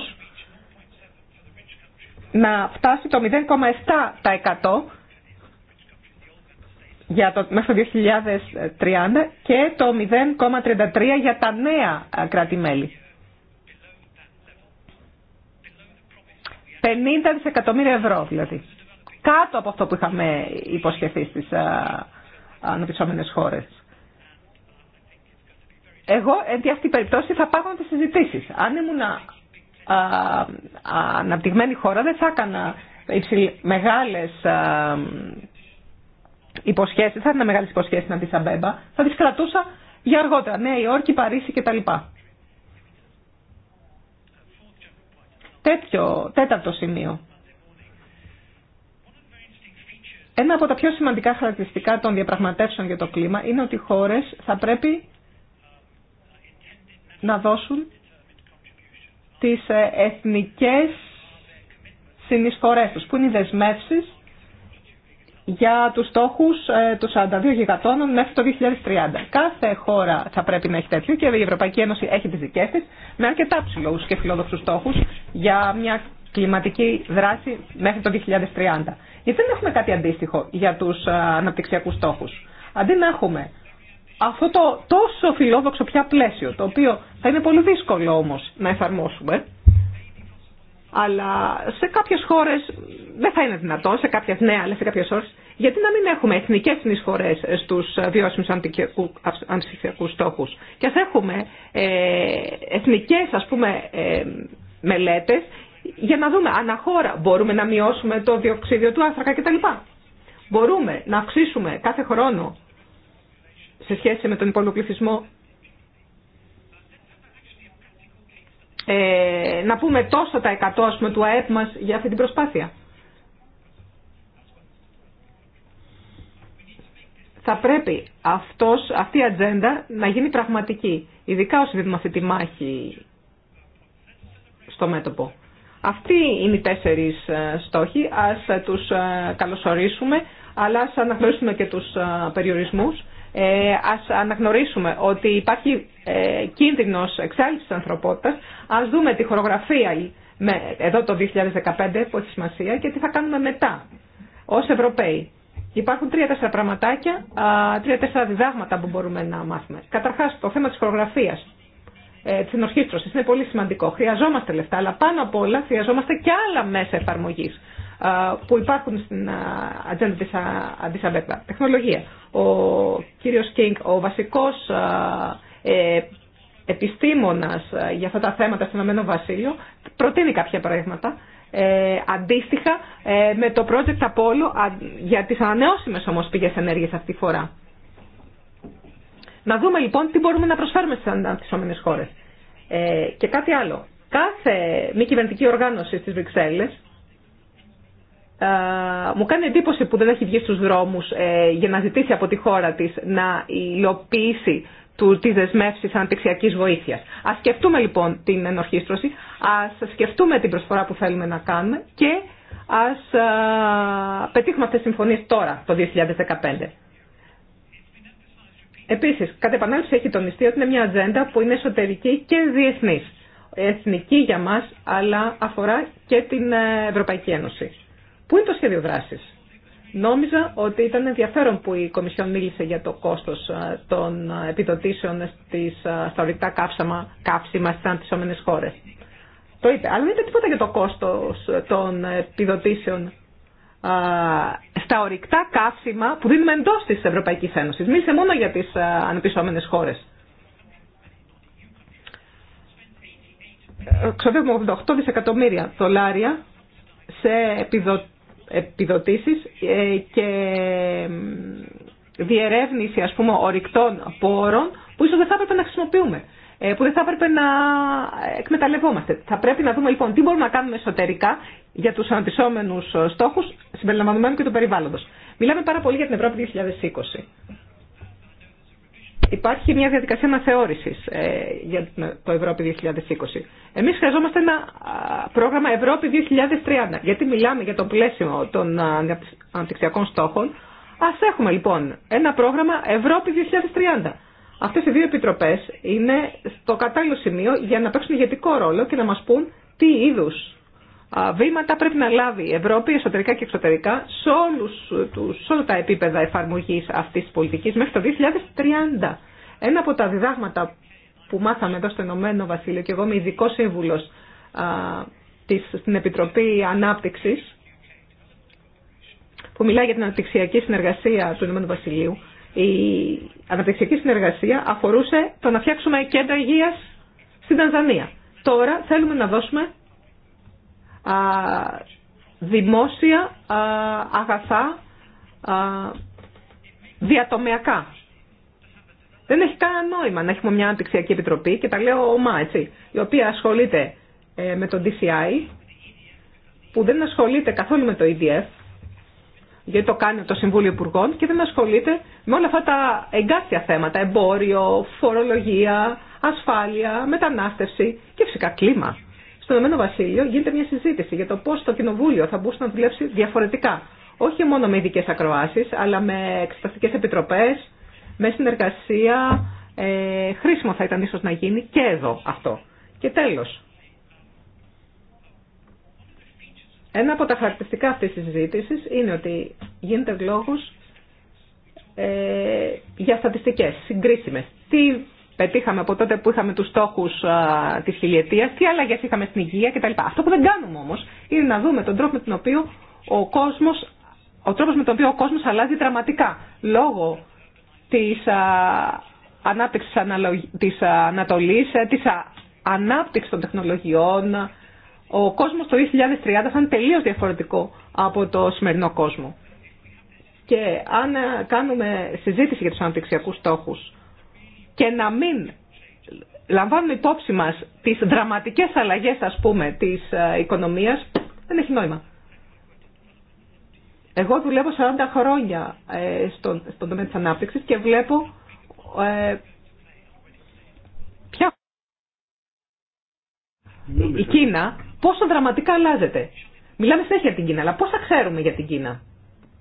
να φτάσει το 0,7% για το, μέχρι το 2030 και το 0,33 για τα νέα ε, κράτη-μέλη. 50 δισεκατομμύρια ευρώ δηλαδή. Κάτω από αυτό που είχαμε υποσχεθεί στις ε, αναπτυσσόμενες χώρες. Εγώ, εν αυτή την περίπτωση, θα να τις συζητήσεις. Αν ήμουν ε, αναπτυγμένη χώρα, δεν θα έκανα μεγάλες υποσχέσει, θα είναι μεγάλε υποσχέσει στην αμπέμπα, θα τι κρατούσα για αργότερα. Νέα Υόρκη, Παρίσι κτλ. Τέτοιο, τέταρτο σημείο. Ένα από τα πιο σημαντικά χαρακτηριστικά των διαπραγματεύσεων για το κλίμα είναι ότι οι χώρες θα πρέπει να δώσουν τις ε, εθνικές συνεισφορές τους, που είναι οι δεσμεύσεις για τους στόχους ε, του 42 γιγατόνων μέχρι το 2030. Κάθε χώρα θα πρέπει να έχει τέτοιο και η Ευρωπαϊκή Ένωση έχει τις δικές της με αρκετά ψηλούς και φιλόδοξους στόχους για μια κλιματική δράση μέχρι το 2030. Γιατί δεν έχουμε κάτι αντίστοιχο για τους ε, αναπτυξιακούς στόχους. Αντί να έχουμε αυτό το τόσο φιλόδοξο πια πλαίσιο, το οποίο θα είναι πολύ δύσκολο όμως να εφαρμόσουμε, αλλά σε κάποιες χώρες δεν θα είναι δυνατόν, σε κάποιες ναι, αλλά σε κάποιες χώρες γιατί να μην έχουμε εθνικές συνεισφορές στους βιώσιμους αντιψηφιακούς στόχους και ας έχουμε ε, εθνικές ας πούμε ε, μελέτες για να δούμε αναχώρα μπορούμε να μειώσουμε το διοξίδιο του άνθρακα κτλ. Μπορούμε να αυξήσουμε κάθε χρόνο σε σχέση με τον ε, να πούμε τόσο τα εκατό του ΑΕΠ μας για αυτή την προσπάθεια. θα πρέπει αυτός, αυτή η ατζέντα να γίνει πραγματική, ειδικά όσοι δίνουμε αυτή τη μάχη στο μέτωπο. Αυτοί είναι οι τέσσερις ε, στόχοι, ας ε, τους ε, καλωσορίσουμε, αλλά ας αναγνωρίσουμε και τους περιορισμούς, ας αναγνωρίσουμε ότι υπάρχει κίνδυνος εξάλληψης της ανθρωπότητας, ας δούμε τη χορογραφία εδώ το 2015 που έχει σημασία και τι θα κάνουμε μετά ως Ευρωπαίοι. Υπάρχουν τρία-τέσσερα πραγματάκια, τρία-τέσσερα διδάγματα που μπορούμε να μάθουμε. Καταρχά, το θέμα τη χορογραφία, ε, τη ενορχήστρωση είναι πολύ σημαντικό. Χρειαζόμαστε λεφτά, αλλά πάνω απ' όλα χρειαζόμαστε και άλλα μέσα εφαρμογή που υπάρχουν στην ατζέντα τη Αντισαμπέτα. Τεχνολογία. Ο κύριος Κίνγκ, ο βασικό ε, ε, για αυτά τα θέματα στο Ηνωμένο Βασίλειο, προτείνει κάποια πράγματα. Ε, αντίστοιχα ε, με το project Apollo για τις ανανεώσιμες όμως πηγές ενέργειας αυτή τη φορά. Να δούμε λοιπόν τι μπορούμε να προσφέρουμε στις αναπτυσσόμενες χώρες. Ε, και κάτι άλλο. Κάθε μη κυβερνητική οργάνωση στις Βρυξέλλες ε, μου κάνει εντύπωση που δεν έχει βγει στους δρόμους ε, για να ζητήσει από τη χώρα της να υλοποιήσει τι τις δεσμεύσεις αναπτυξιακής βοήθειας. Ας σκεφτούμε λοιπόν την ενορχήστρωση ας σκεφτούμε την προσφορά που θέλουμε να κάνουμε και ας α, πετύχουμε αυτές τις συμφωνίες τώρα, το 2015. Επίσης, κατ' επανάληψη έχει τονιστεί ότι είναι μια ατζέντα που είναι εσωτερική και διεθνής. Εθνική για μας, αλλά αφορά και την ε, Ευρωπαϊκή Ένωση. Πού είναι το σχέδιο δράσης. Νόμιζα ότι ήταν ενδιαφέρον που η Κομισιόν μίλησε για το κόστος ε, των ε, επιδοτήσεων στις, στα ορυκτά καύσιμα, καύσιμα στις αντισώμενες χώρες. Το είπε. Αλλά δεν είπε τίποτα για το κόστος ε, των επιδοτήσεων στα ορυκτά καύσιμα που δίνουμε εντό τη Ευρωπαϊκή Ένωση. Μίλησε μόνο για τι ανεπιστώμενε χώρε. Ε, ξοδεύουμε 88 δισεκατομμύρια δολάρια σε επιδο... επιδοτήσεις ε, και διερεύνηση ας πούμε ορυκτών πόρων που ίσως δεν θα έπρεπε να χρησιμοποιούμε. Ε, που δεν θα έπρεπε να εκμεταλλευόμαστε. Θα πρέπει να δούμε λοιπόν τι μπορούμε να κάνουμε εσωτερικά για τους αναπτυσσόμενους ε, στόχους συμπεριλαμβανομένου και του περιβάλλοντος. Μιλάμε πάρα πολύ για την Ευρώπη 2020. Υπάρχει μια διαδικασία αναθεώρηση ε, για το Ευρώπη 2020. Εμεί χρειαζόμαστε ένα πρόγραμμα Ευρώπη 2030. Γιατί μιλάμε για το πλαίσιο των αναπτυξιακών στόχων. Α έχουμε λοιπόν ένα πρόγραμμα Ευρώπη 2030. Αυτέ οι δύο επιτροπές είναι στο κατάλληλο σημείο για να παίξουν ηγετικό ρόλο και να μας πούν τι είδου βήματα πρέπει να λάβει η Ευρώπη εσωτερικά και εξωτερικά σε, όλους, σε όλα τα επίπεδα εφαρμογής αυτής της πολιτικής μέχρι το 2030. Ένα από τα διδάγματα που μάθαμε εδώ στο Ηνωμένο Βασίλειο και εγώ είμαι ειδικό σύμβουλο στην Επιτροπή Ανάπτυξη που μιλάει για την αναπτυξιακή συνεργασία του Ηνωμένου Βασιλείου η αναπτυξιακή συνεργασία αφορούσε το να φτιάξουμε κέντρα υγεία στην Τανζανία. Τώρα θέλουμε να δώσουμε δημόσια αγαθά α, διατομιακά. Δεν έχει κανένα νόημα να έχουμε μια αναπτυξιακή επιτροπή και τα λέω ομά, έτσι, η οποία ασχολείται ε, με τον DCI, που δεν ασχολείται καθόλου με το EDF, γιατί το κάνει το Συμβούλιο Υπουργών και δεν ασχολείται με όλα αυτά τα εγκάθια θέματα, εμπόριο, φορολογία, ασφάλεια, μετανάστευση και φυσικά κλίμα. Στο Ηνωμένο Βασίλειο γίνεται μια συζήτηση για το πώ το Κοινοβούλιο θα μπορούσε να δουλέψει διαφορετικά. Όχι μόνο με ειδικέ ακροάσει, αλλά με εξεταστικέ επιτροπέ, με συνεργασία. Ε, χρήσιμο θα ήταν ίσω να γίνει και εδώ αυτό. Και τέλο. Ένα από τα χαρακτηριστικά αυτή τη συζήτηση είναι ότι γίνεται λόγος ε, για στατιστικές, συγκρίσιμε. Τι πετύχαμε από τότε που είχαμε τους στόχου τη της χιλιετίας, τι αλλαγέ είχαμε στην υγεία κτλ. Αυτό που δεν κάνουμε όμως είναι να δούμε τον τρόπο με τον οποίο ο κόσμος, ο τρόπος με τον οποίο ο κόσμος αλλάζει δραματικά λόγω της α, ανάπτυξης της Ανατολής, ε, της ανάπτυξης των τεχνολογιών, ο κόσμος το 2030 θα είναι τελείως διαφορετικό από το σημερινό κόσμο. Και αν ε, κάνουμε συζήτηση για τους αναπτυξιακούς στόχους και να μην λαμβάνουμε υπόψη μας τις δραματικές αλλαγές, ας πούμε, της ε, οικονομίας, δεν έχει νόημα. Εγώ δουλεύω 40 χρόνια ε, στον, τομέα της ανάπτυξης και βλέπω ε, ποια... Η Κίνα πόσο δραματικά αλλάζεται. Μιλάμε συνέχεια για την Κίνα, αλλά πόσα ξέρουμε για την Κίνα.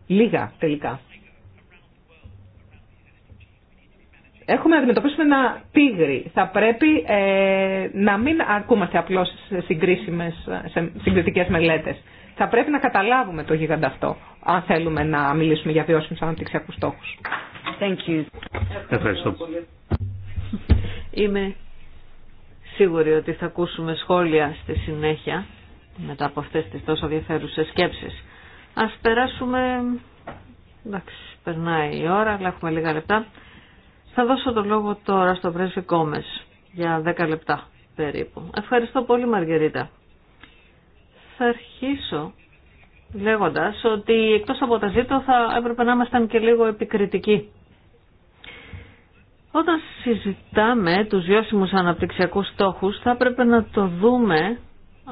Λίγα τελικά. Έχουμε να αντιμετωπίσουμε ένα τίγρη. Θα πρέπει ε, να μην αρκούμαστε απλώς σε, συγκρίσιμες, σε συγκριτικές μελέτες. Θα πρέπει να καταλάβουμε το γίγαντα αυτό, αν θέλουμε να μιλήσουμε για βιώσιμους αναπτυξιακούς στόχους. Ευχαριστώ σίγουρη ότι θα ακούσουμε σχόλια στη συνέχεια μετά από αυτές τις τόσο ενδιαφέρουσες σκέψεις. Ας περάσουμε... Εντάξει, περνάει η ώρα, αλλά έχουμε λίγα λεπτά. Θα δώσω το λόγο τώρα στο πρέσβη Κόμες για 10 λεπτά περίπου. Ευχαριστώ πολύ Μαργαρίτα. Θα αρχίσω λέγοντας ότι εκτός από τα ζήτω θα έπρεπε να ήμασταν και λίγο επικριτικοί όταν συζητάμε τους βιώσιμους αναπτυξιακούς στόχους θα πρέπει να το δούμε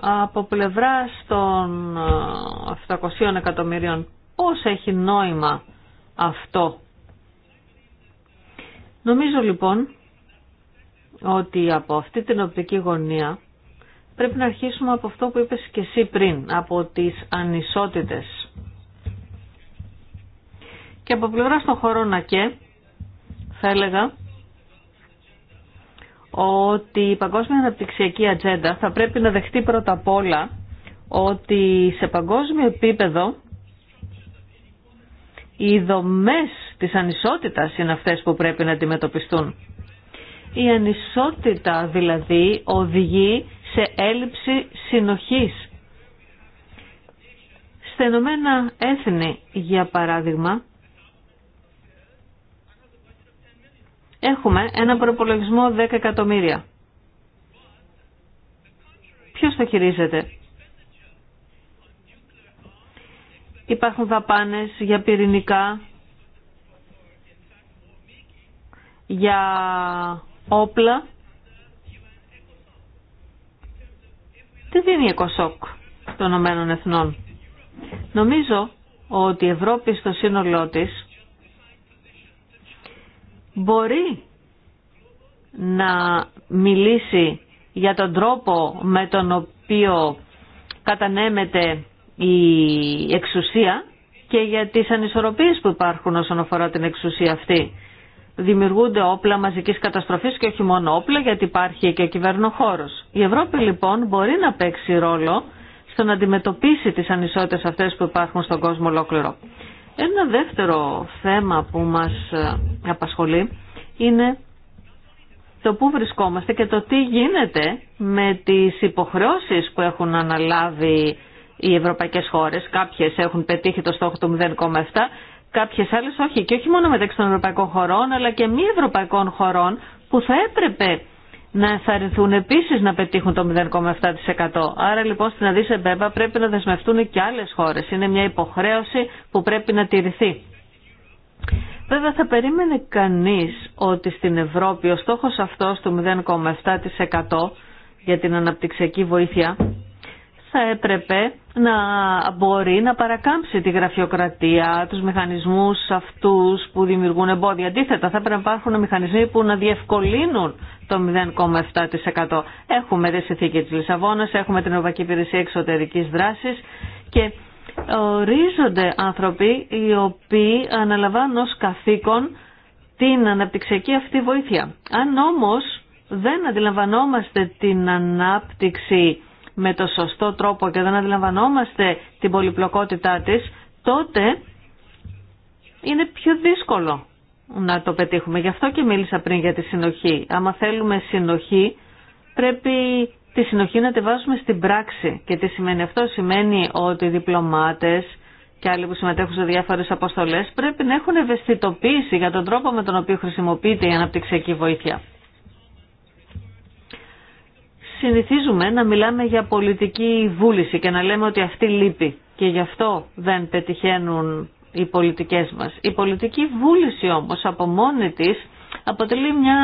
από πλευρά των 700 ε, εκατομμυρίων. Πώς έχει νόημα αυτό. Νομίζω λοιπόν ότι από αυτή την οπτική γωνία πρέπει να αρχίσουμε από αυτό που είπες και εσύ πριν, από τις ανισότητες. Και από πλευρά των χωρών και θα έλεγα ότι η παγκόσμια αναπτυξιακή ατζέντα θα πρέπει να δεχτεί πρώτα απ' όλα ότι σε παγκόσμιο επίπεδο οι δομές της ανισότητας είναι αυτές που πρέπει να αντιμετωπιστούν. Η ανισότητα δηλαδή οδηγεί σε έλλειψη συνοχής. Στα Ηνωμένα Έθνη, για παράδειγμα, έχουμε ένα προπολογισμό 10 εκατομμύρια. Ποιος το χειρίζεται. Υπάρχουν δαπάνες για πυρηνικά, για όπλα. Τι δίνει η ΕΚΟΣΟΚ των Ηνωμένων Εθνών. Νομίζω ότι η Ευρώπη στο σύνολό της μπορεί να μιλήσει για τον τρόπο με τον οποίο κατανέμεται η εξουσία και για τις ανισορροπίες που υπάρχουν όσον αφορά την εξουσία αυτή. Δημιουργούνται όπλα μαζικής καταστροφής και όχι μόνο όπλα γιατί υπάρχει και κυβερνοχώρος. Η Ευρώπη λοιπόν μπορεί να παίξει ρόλο στο να αντιμετωπίσει τις ανισότητες αυτές που υπάρχουν στον κόσμο ολόκληρο. Ένα δεύτερο θέμα που μας ε, απασχολεί είναι το πού βρισκόμαστε και το τι γίνεται με τις υποχρεώσεις που έχουν αναλάβει οι ευρωπαϊκές χώρες. Κάποιες έχουν πετύχει το στόχο του 0,7, κάποιες άλλες όχι. Και όχι μόνο μεταξύ των ευρωπαϊκών χωρών, αλλά και μη ευρωπαϊκών χωρών που θα έπρεπε να ενθαρρυνθούν επίση να πετύχουν το 0,7%. Άρα λοιπόν στην Αδίσε πρέπει να δεσμευτούν και άλλες χώρες. Είναι μια υποχρέωση που πρέπει να τηρηθεί. Βέβαια θα περίμενε κανείς ότι στην Ευρώπη ο στόχος αυτός του 0,7% για την αναπτυξιακή βοήθεια θα έπρεπε να μπορεί να παρακάμψει τη γραφειοκρατία, τους μηχανισμούς αυτούς που δημιουργούν εμπόδια. Αντίθετα, θα πρέπει να υπάρχουν μηχανισμοί που να διευκολύνουν το 0,7%. Έχουμε τη συνθήκη της Λισαβόνας, έχουμε την Ευρωπαϊκή Υπηρεσία Εξωτερικής Δράσης και ορίζονται άνθρωποι οι οποίοι αναλαμβάνουν ως καθήκον την αναπτυξιακή αυτή βοήθεια. Αν όμως δεν αντιλαμβανόμαστε την ανάπτυξη με το σωστό τρόπο και δεν αντιλαμβανόμαστε την πολυπλοκότητά της, τότε είναι πιο δύσκολο να το πετύχουμε. Γι' αυτό και μίλησα πριν για τη συνοχή. Άμα θέλουμε συνοχή, πρέπει τη συνοχή να τη βάζουμε στην πράξη. Και τι σημαίνει αυτό, σημαίνει ότι οι διπλωμάτες και άλλοι που συμμετέχουν σε διάφορες αποστολές πρέπει να έχουν ευαισθητοποίηση για τον τρόπο με τον οποίο χρησιμοποιείται η αναπτυξιακή βοήθεια συνηθίζουμε να μιλάμε για πολιτική βούληση και να λέμε ότι αυτή λείπει και γι' αυτό δεν πετυχαίνουν οι πολιτικές μας. Η πολιτική βούληση όμως από μόνη της αποτελεί μια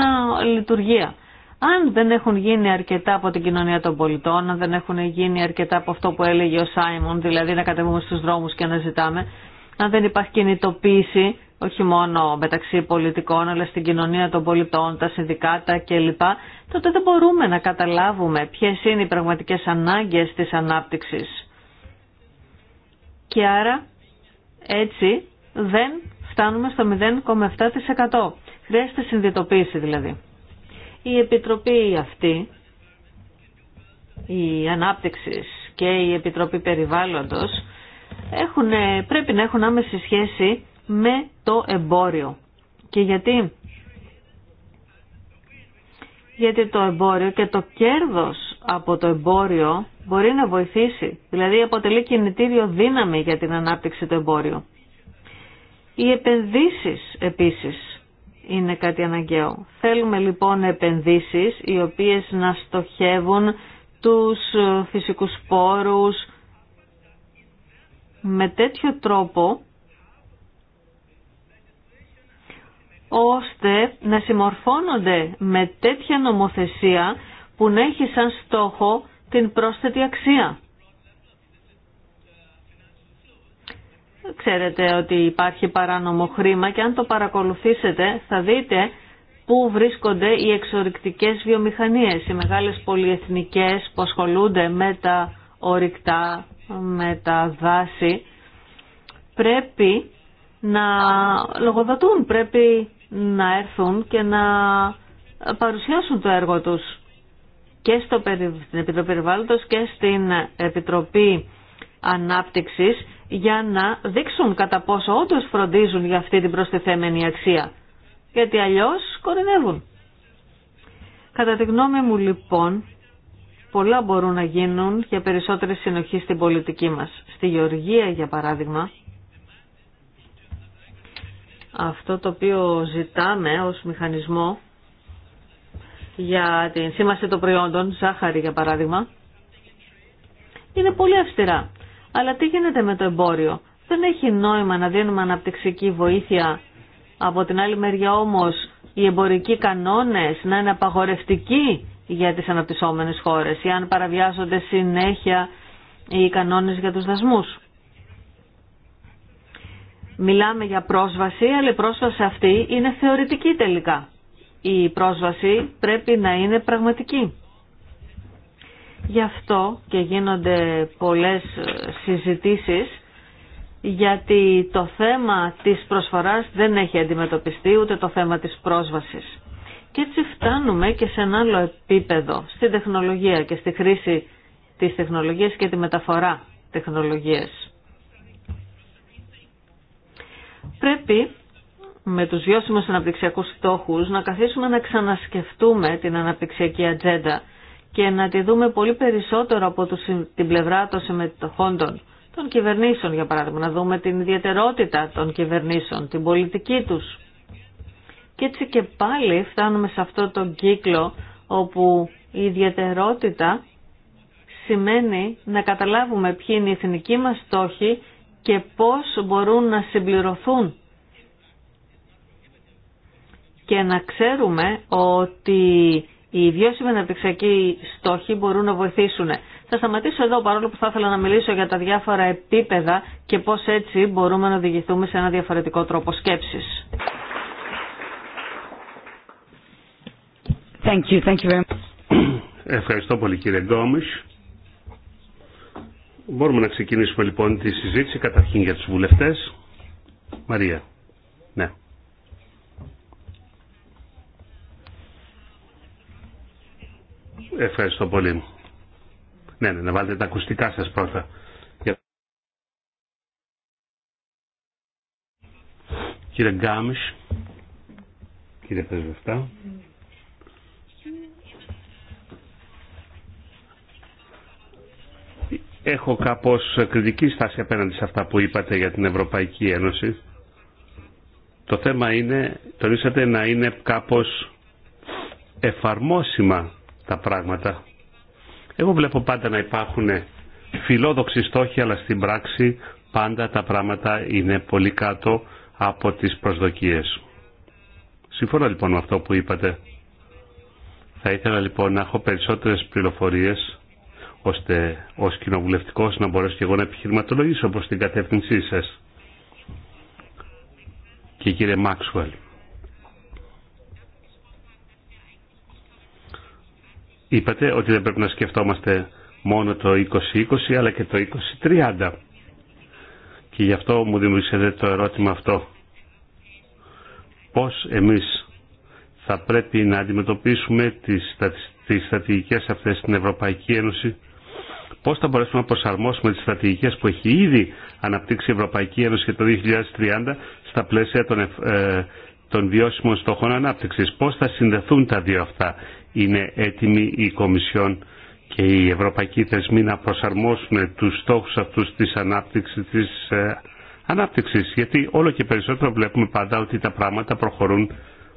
λειτουργία. Αν δεν έχουν γίνει αρκετά από την κοινωνία των πολιτών, αν δεν έχουν γίνει αρκετά από αυτό που έλεγε ο Σάιμον, δηλαδή να κατεβούμε στους δρόμους και να ζητάμε, αν δεν υπάρχει κινητοποίηση, όχι μόνο μεταξύ πολιτικών αλλά στην κοινωνία των πολιτών, τα συνδικάτα κλπ, τότε δεν μπορούμε να καταλάβουμε ποιες είναι οι πραγματικές ανάγκες της ανάπτυξης. Και άρα έτσι δεν φτάνουμε στο 0,7%. Χρειάζεται συνδυτοποίηση δηλαδή. Η Επιτροπή αυτή, η Ανάπτυξης και η Επιτροπή Περιβάλλοντος έχουν, πρέπει να έχουν άμεση σχέση με το εμπόριο. Και γιατί? Γιατί το εμπόριο και το κέρδος από το εμπόριο μπορεί να βοηθήσει. Δηλαδή αποτελεί κινητήριο δύναμη για την ανάπτυξη του εμπόριου. Οι επενδύσεις επίσης είναι κάτι αναγκαίο. Θέλουμε λοιπόν επενδύσεις οι οποίες να στοχεύουν τους ε, φυσικούς πόρους με τέτοιο τρόπο ώστε να συμμορφώνονται με τέτοια νομοθεσία που να έχει σαν στόχο την πρόσθετη αξία. Ξέρετε ότι υπάρχει παράνομο χρήμα και αν το παρακολουθήσετε θα δείτε πού βρίσκονται οι εξορυκτικές βιομηχανίες, οι μεγάλες πολυεθνικές που ασχολούνται με τα ορυκτά, με τα δάση. Πρέπει να λογοδοτούν, πρέπει να έρθουν και να παρουσιάσουν το έργο τους και στο, στην Επιτροπή Περιβάλλοντος και στην Επιτροπή Ανάπτυξης για να δείξουν κατά πόσο όντω φροντίζουν για αυτή την προστιθέμενη αξία. Γιατί αλλιώς κορυνεύουν. Κατά τη γνώμη μου λοιπόν, πολλά μπορούν να γίνουν για περισσότερη συνοχή στην πολιτική μας. Στη Γεωργία για παράδειγμα, αυτό το οποίο ζητάμε ως μηχανισμό για την σήμαση των προϊόντων, ζάχαρη για παράδειγμα, είναι πολύ αυστηρά. Αλλά τι γίνεται με το εμπόριο. Δεν έχει νόημα να δίνουμε αναπτυξική βοήθεια. Από την άλλη μεριά όμως οι εμπορικοί κανόνες να είναι απαγορευτικοί για τις αναπτυσσόμενες χώρες ή αν παραβιάζονται συνέχεια οι κανόνες για τους δασμούς. Μιλάμε για πρόσβαση, αλλά η πρόσβαση αυτή είναι θεωρητική τελικά. Η πρόσβαση πρέπει να είναι πραγματική. Γι' αυτό και γίνονται πολλές συζητήσεις γιατί το θέμα της προσφοράς δεν έχει αντιμετωπιστεί ούτε το θέμα της πρόσβασης. Και έτσι φτάνουμε και σε ένα άλλο επίπεδο, στην τεχνολογία και στη χρήση της τεχνολογίας και τη μεταφορά τεχνολογίας. Πρέπει με τους βιώσιμους αναπτυξιακούς στόχους να καθίσουμε να ξανασκεφτούμε την αναπτυξιακή ατζέντα και να τη δούμε πολύ περισσότερο από την πλευρά των συμμετοχών των κυβερνήσεων για παράδειγμα, να δούμε την ιδιαιτερότητα των κυβερνήσεων, την πολιτική τους. Και έτσι και πάλι φτάνουμε σε αυτό το κύκλο όπου η ιδιαιτερότητα σημαίνει να καταλάβουμε ποιοι είναι οι εθνικοί μας στόχοι και πώς μπορούν να συμπληρωθούν και να ξέρουμε ότι οι δύο αναπτυξιακοί στόχοι μπορούν να βοηθήσουν. Θα σταματήσω εδώ παρόλο που θα ήθελα να μιλήσω για τα διάφορα επίπεδα και πώς έτσι μπορούμε να οδηγηθούμε σε ένα διαφορετικό τρόπο σκέψης. Thank you, thank you very much. Ευχαριστώ πολύ κύριε Γκόμις. Μπορούμε να ξεκινήσουμε λοιπόν τη συζήτηση καταρχήν για τους βουλευτές. Μαρία. Ναι. Ευχαριστώ πολύ. Ναι, ναι, να βάλετε τα ακουστικά σας πρώτα. Κύριε Γκάμις, κύριε Ευχαριστώ. έχω κάπως κριτική στάση απέναντι σε αυτά που είπατε για την Ευρωπαϊκή Ένωση. Το θέμα είναι, τονίσατε να είναι κάπως εφαρμόσιμα τα πράγματα. Εγώ βλέπω πάντα να υπάρχουν φιλόδοξοι στόχοι, αλλά στην πράξη πάντα τα πράγματα είναι πολύ κάτω από τις προσδοκίες. Συμφωνώ λοιπόν με αυτό που είπατε. Θα ήθελα λοιπόν να έχω περισσότερες πληροφορίες ώστε ω κοινοβουλευτικό να μπορέσω και εγώ να επιχειρηματολογήσω προς την κατεύθυνσή σα. Και κύριε Μάξουελ. Είπατε ότι δεν πρέπει να σκεφτόμαστε μόνο το 2020 αλλά και το 2030. Και γι' αυτό μου δημιουργήσατε το ερώτημα αυτό. Πώς εμείς θα πρέπει να αντιμετωπίσουμε τις, τις αυτές στην Ευρωπαϊκή Ένωση Πώ θα μπορέσουμε να προσαρμόσουμε τι στρατηγικέ που έχει ήδη αναπτύξει η Ευρωπαϊκή Ένωση για το 2030 στα πλαίσια των, ε, των βιώσιμων στόχων ανάπτυξη. Πώ θα συνδεθούν τα δύο αυτά. Είναι έτοιμη η Κομισιόν και οι ευρωπαϊκοί θεσμοί να προσαρμόσουν του στόχου αυτού τη ανάπτυξη τη ε, Γιατί όλο και περισσότερο βλέπουμε πάντα ότι τα πράγματα προχωρούν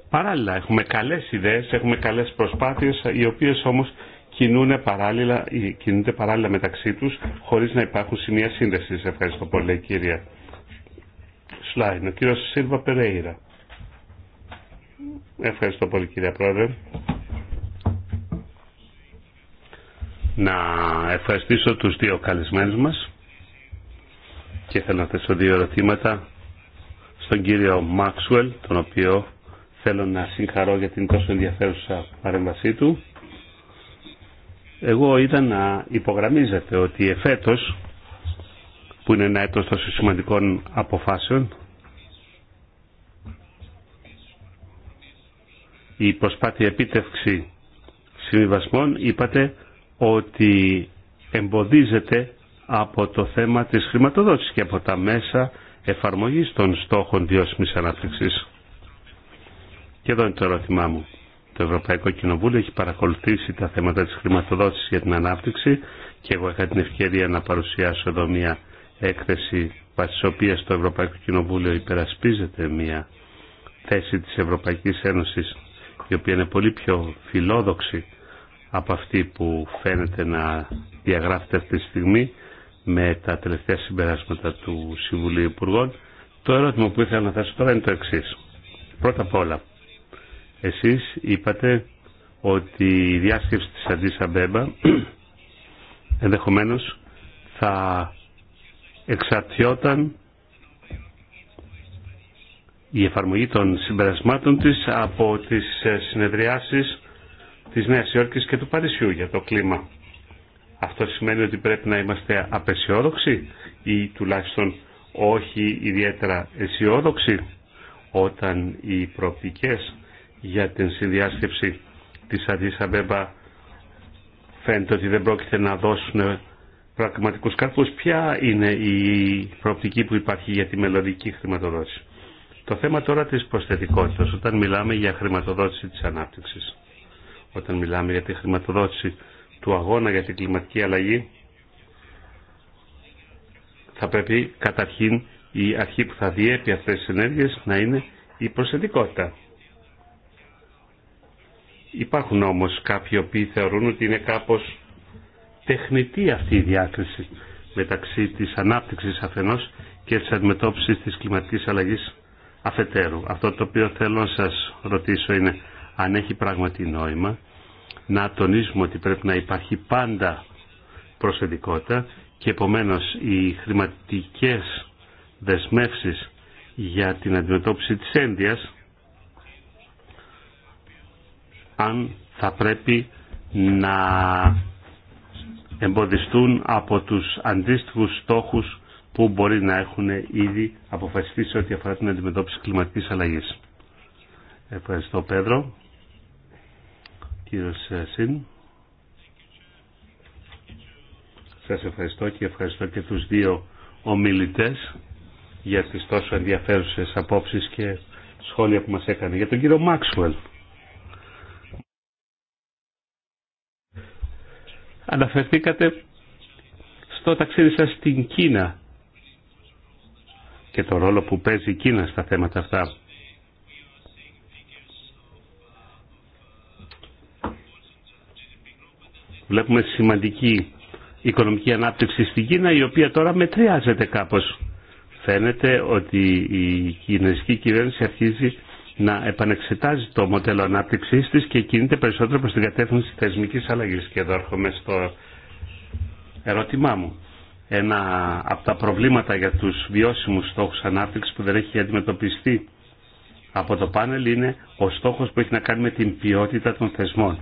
παράλληλα. Έχουμε καλές ιδέες, έχουμε καλές προσπάθειες, οι οποίες όμως κινούν παράλληλα, κινούνται παράλληλα μεταξύ τους χωρίς να υπάρχουν σημεία σύνδεση. Ευχαριστώ πολύ κύριε. Σλάιν. Ο κύριος Σίλβα Περέιρα. Ευχαριστώ πολύ κύριε Πρόεδρε. Να ευχαριστήσω τους δύο καλεσμένους μας και θέλω να θέσω δύο ερωτήματα στον κύριο Μάξουελ, τον οποίο θέλω να συγχαρώ για την τόσο ενδιαφέρουσα παρέμβασή του εγώ είδα να υπογραμμίζεται ότι εφέτος, που είναι ένα έτος τόσο σημαντικών αποφάσεων, η προσπάθεια επίτευξη συμβιβασμών είπατε ότι εμποδίζεται από το θέμα της χρηματοδότησης και από τα μέσα εφαρμογής των στόχων διώσιμης ανάπτυξης. Και εδώ είναι το ερώτημά μου. Το Ευρωπαϊκό Κοινοβούλιο έχει παρακολουθήσει τα θέματα της χρηματοδότησης για την ανάπτυξη και εγώ είχα την ευκαιρία να παρουσιάσω εδώ μια έκθεση της οποίας το Ευρωπαϊκό Κοινοβούλιο υπερασπίζεται μια θέση της Ευρωπαϊκής Ένωσης η οποία είναι πολύ πιο φιλόδοξη από αυτή που φαίνεται να διαγράφεται αυτή τη στιγμή με τα τελευταία συμπεράσματα του Συμβουλίου Υπουργών. Το ερώτημα που ήθελα να θέσω τώρα είναι το εξή. Πρώτα απ' όλα, εσείς είπατε ότι η διάσκεψη της Αντίσα Μπέμπα ενδεχομένως θα εξαρτιόταν η εφαρμογή των συμπερασμάτων της από τις ε, συνεδριάσεις της Νέας Υόρκης και του Παρισιού για το κλίμα. Αυτό σημαίνει ότι πρέπει να είμαστε απεσιόδοξοι ή τουλάχιστον όχι ιδιαίτερα αισιόδοξοι όταν οι προοπτικές για την συνδιάσκεψη της Αντίσα Μπεμπα, φαίνεται ότι δεν πρόκειται να δώσουν πραγματικούς καρπούς. Ποια είναι η προοπτική που υπάρχει για τη μελλοντική χρηματοδότηση. Το θέμα τώρα της προσθετικότητας, όταν μιλάμε για χρηματοδότηση της ανάπτυξης, όταν μιλάμε για τη χρηματοδότηση του αγώνα για την κλιματική αλλαγή, θα πρέπει καταρχήν η αρχή που θα διέπει αυτές τις ενέργειες να είναι η προσθετικότητα. Υπάρχουν όμως κάποιοι οποίοι θεωρούν ότι είναι κάπως τεχνητή αυτή η διάκριση μεταξύ της ανάπτυξης αφενός και της αντιμετώπισης της κλιματικής αλλαγής αφετέρου. Αυτό το οποίο θέλω να σας ρωτήσω είναι αν έχει πράγματι νόημα να τονίζουμε ότι πρέπει να υπάρχει πάντα προσεντικότητα και επομένως οι χρηματικές δεσμεύσεις για την αντιμετώπιση της ένδυας αν θα πρέπει να εμποδιστούν από τους αντίστοιχους στόχους που μπορεί να έχουν ήδη αποφασιστεί σε ό,τι αφορά την αντιμετώπιση κλιματικής αλλαγής. Ευχαριστώ Πέδρο. Κύριος ε, Σιν. Σας ευχαριστώ και ευχαριστώ και τους δύο ομιλητές για τις τόσο ενδιαφέρουσες απόψεις και σχόλια που μας έκανε. Για τον κύριο Μάξουελ. αναφερθήκατε στο ταξίδι σας στην Κίνα και το ρόλο που παίζει η Κίνα στα θέματα αυτά. Βλέπουμε σημαντική οικονομική ανάπτυξη στην Κίνα η οποία τώρα μετριάζεται κάπως. Φαίνεται ότι η κινέζικη κυβέρνηση αρχίζει να επανεξετάζει το μοντέλο ανάπτυξή τη και κινείται περισσότερο προ την κατεύθυνση θεσμική αλλαγή. Και εδώ έρχομαι στο ερώτημά μου. Ένα από τα προβλήματα για του βιώσιμου στόχου ανάπτυξη που δεν έχει αντιμετωπιστεί από το πάνελ είναι ο στόχο που έχει να κάνει με την ποιότητα των θεσμών.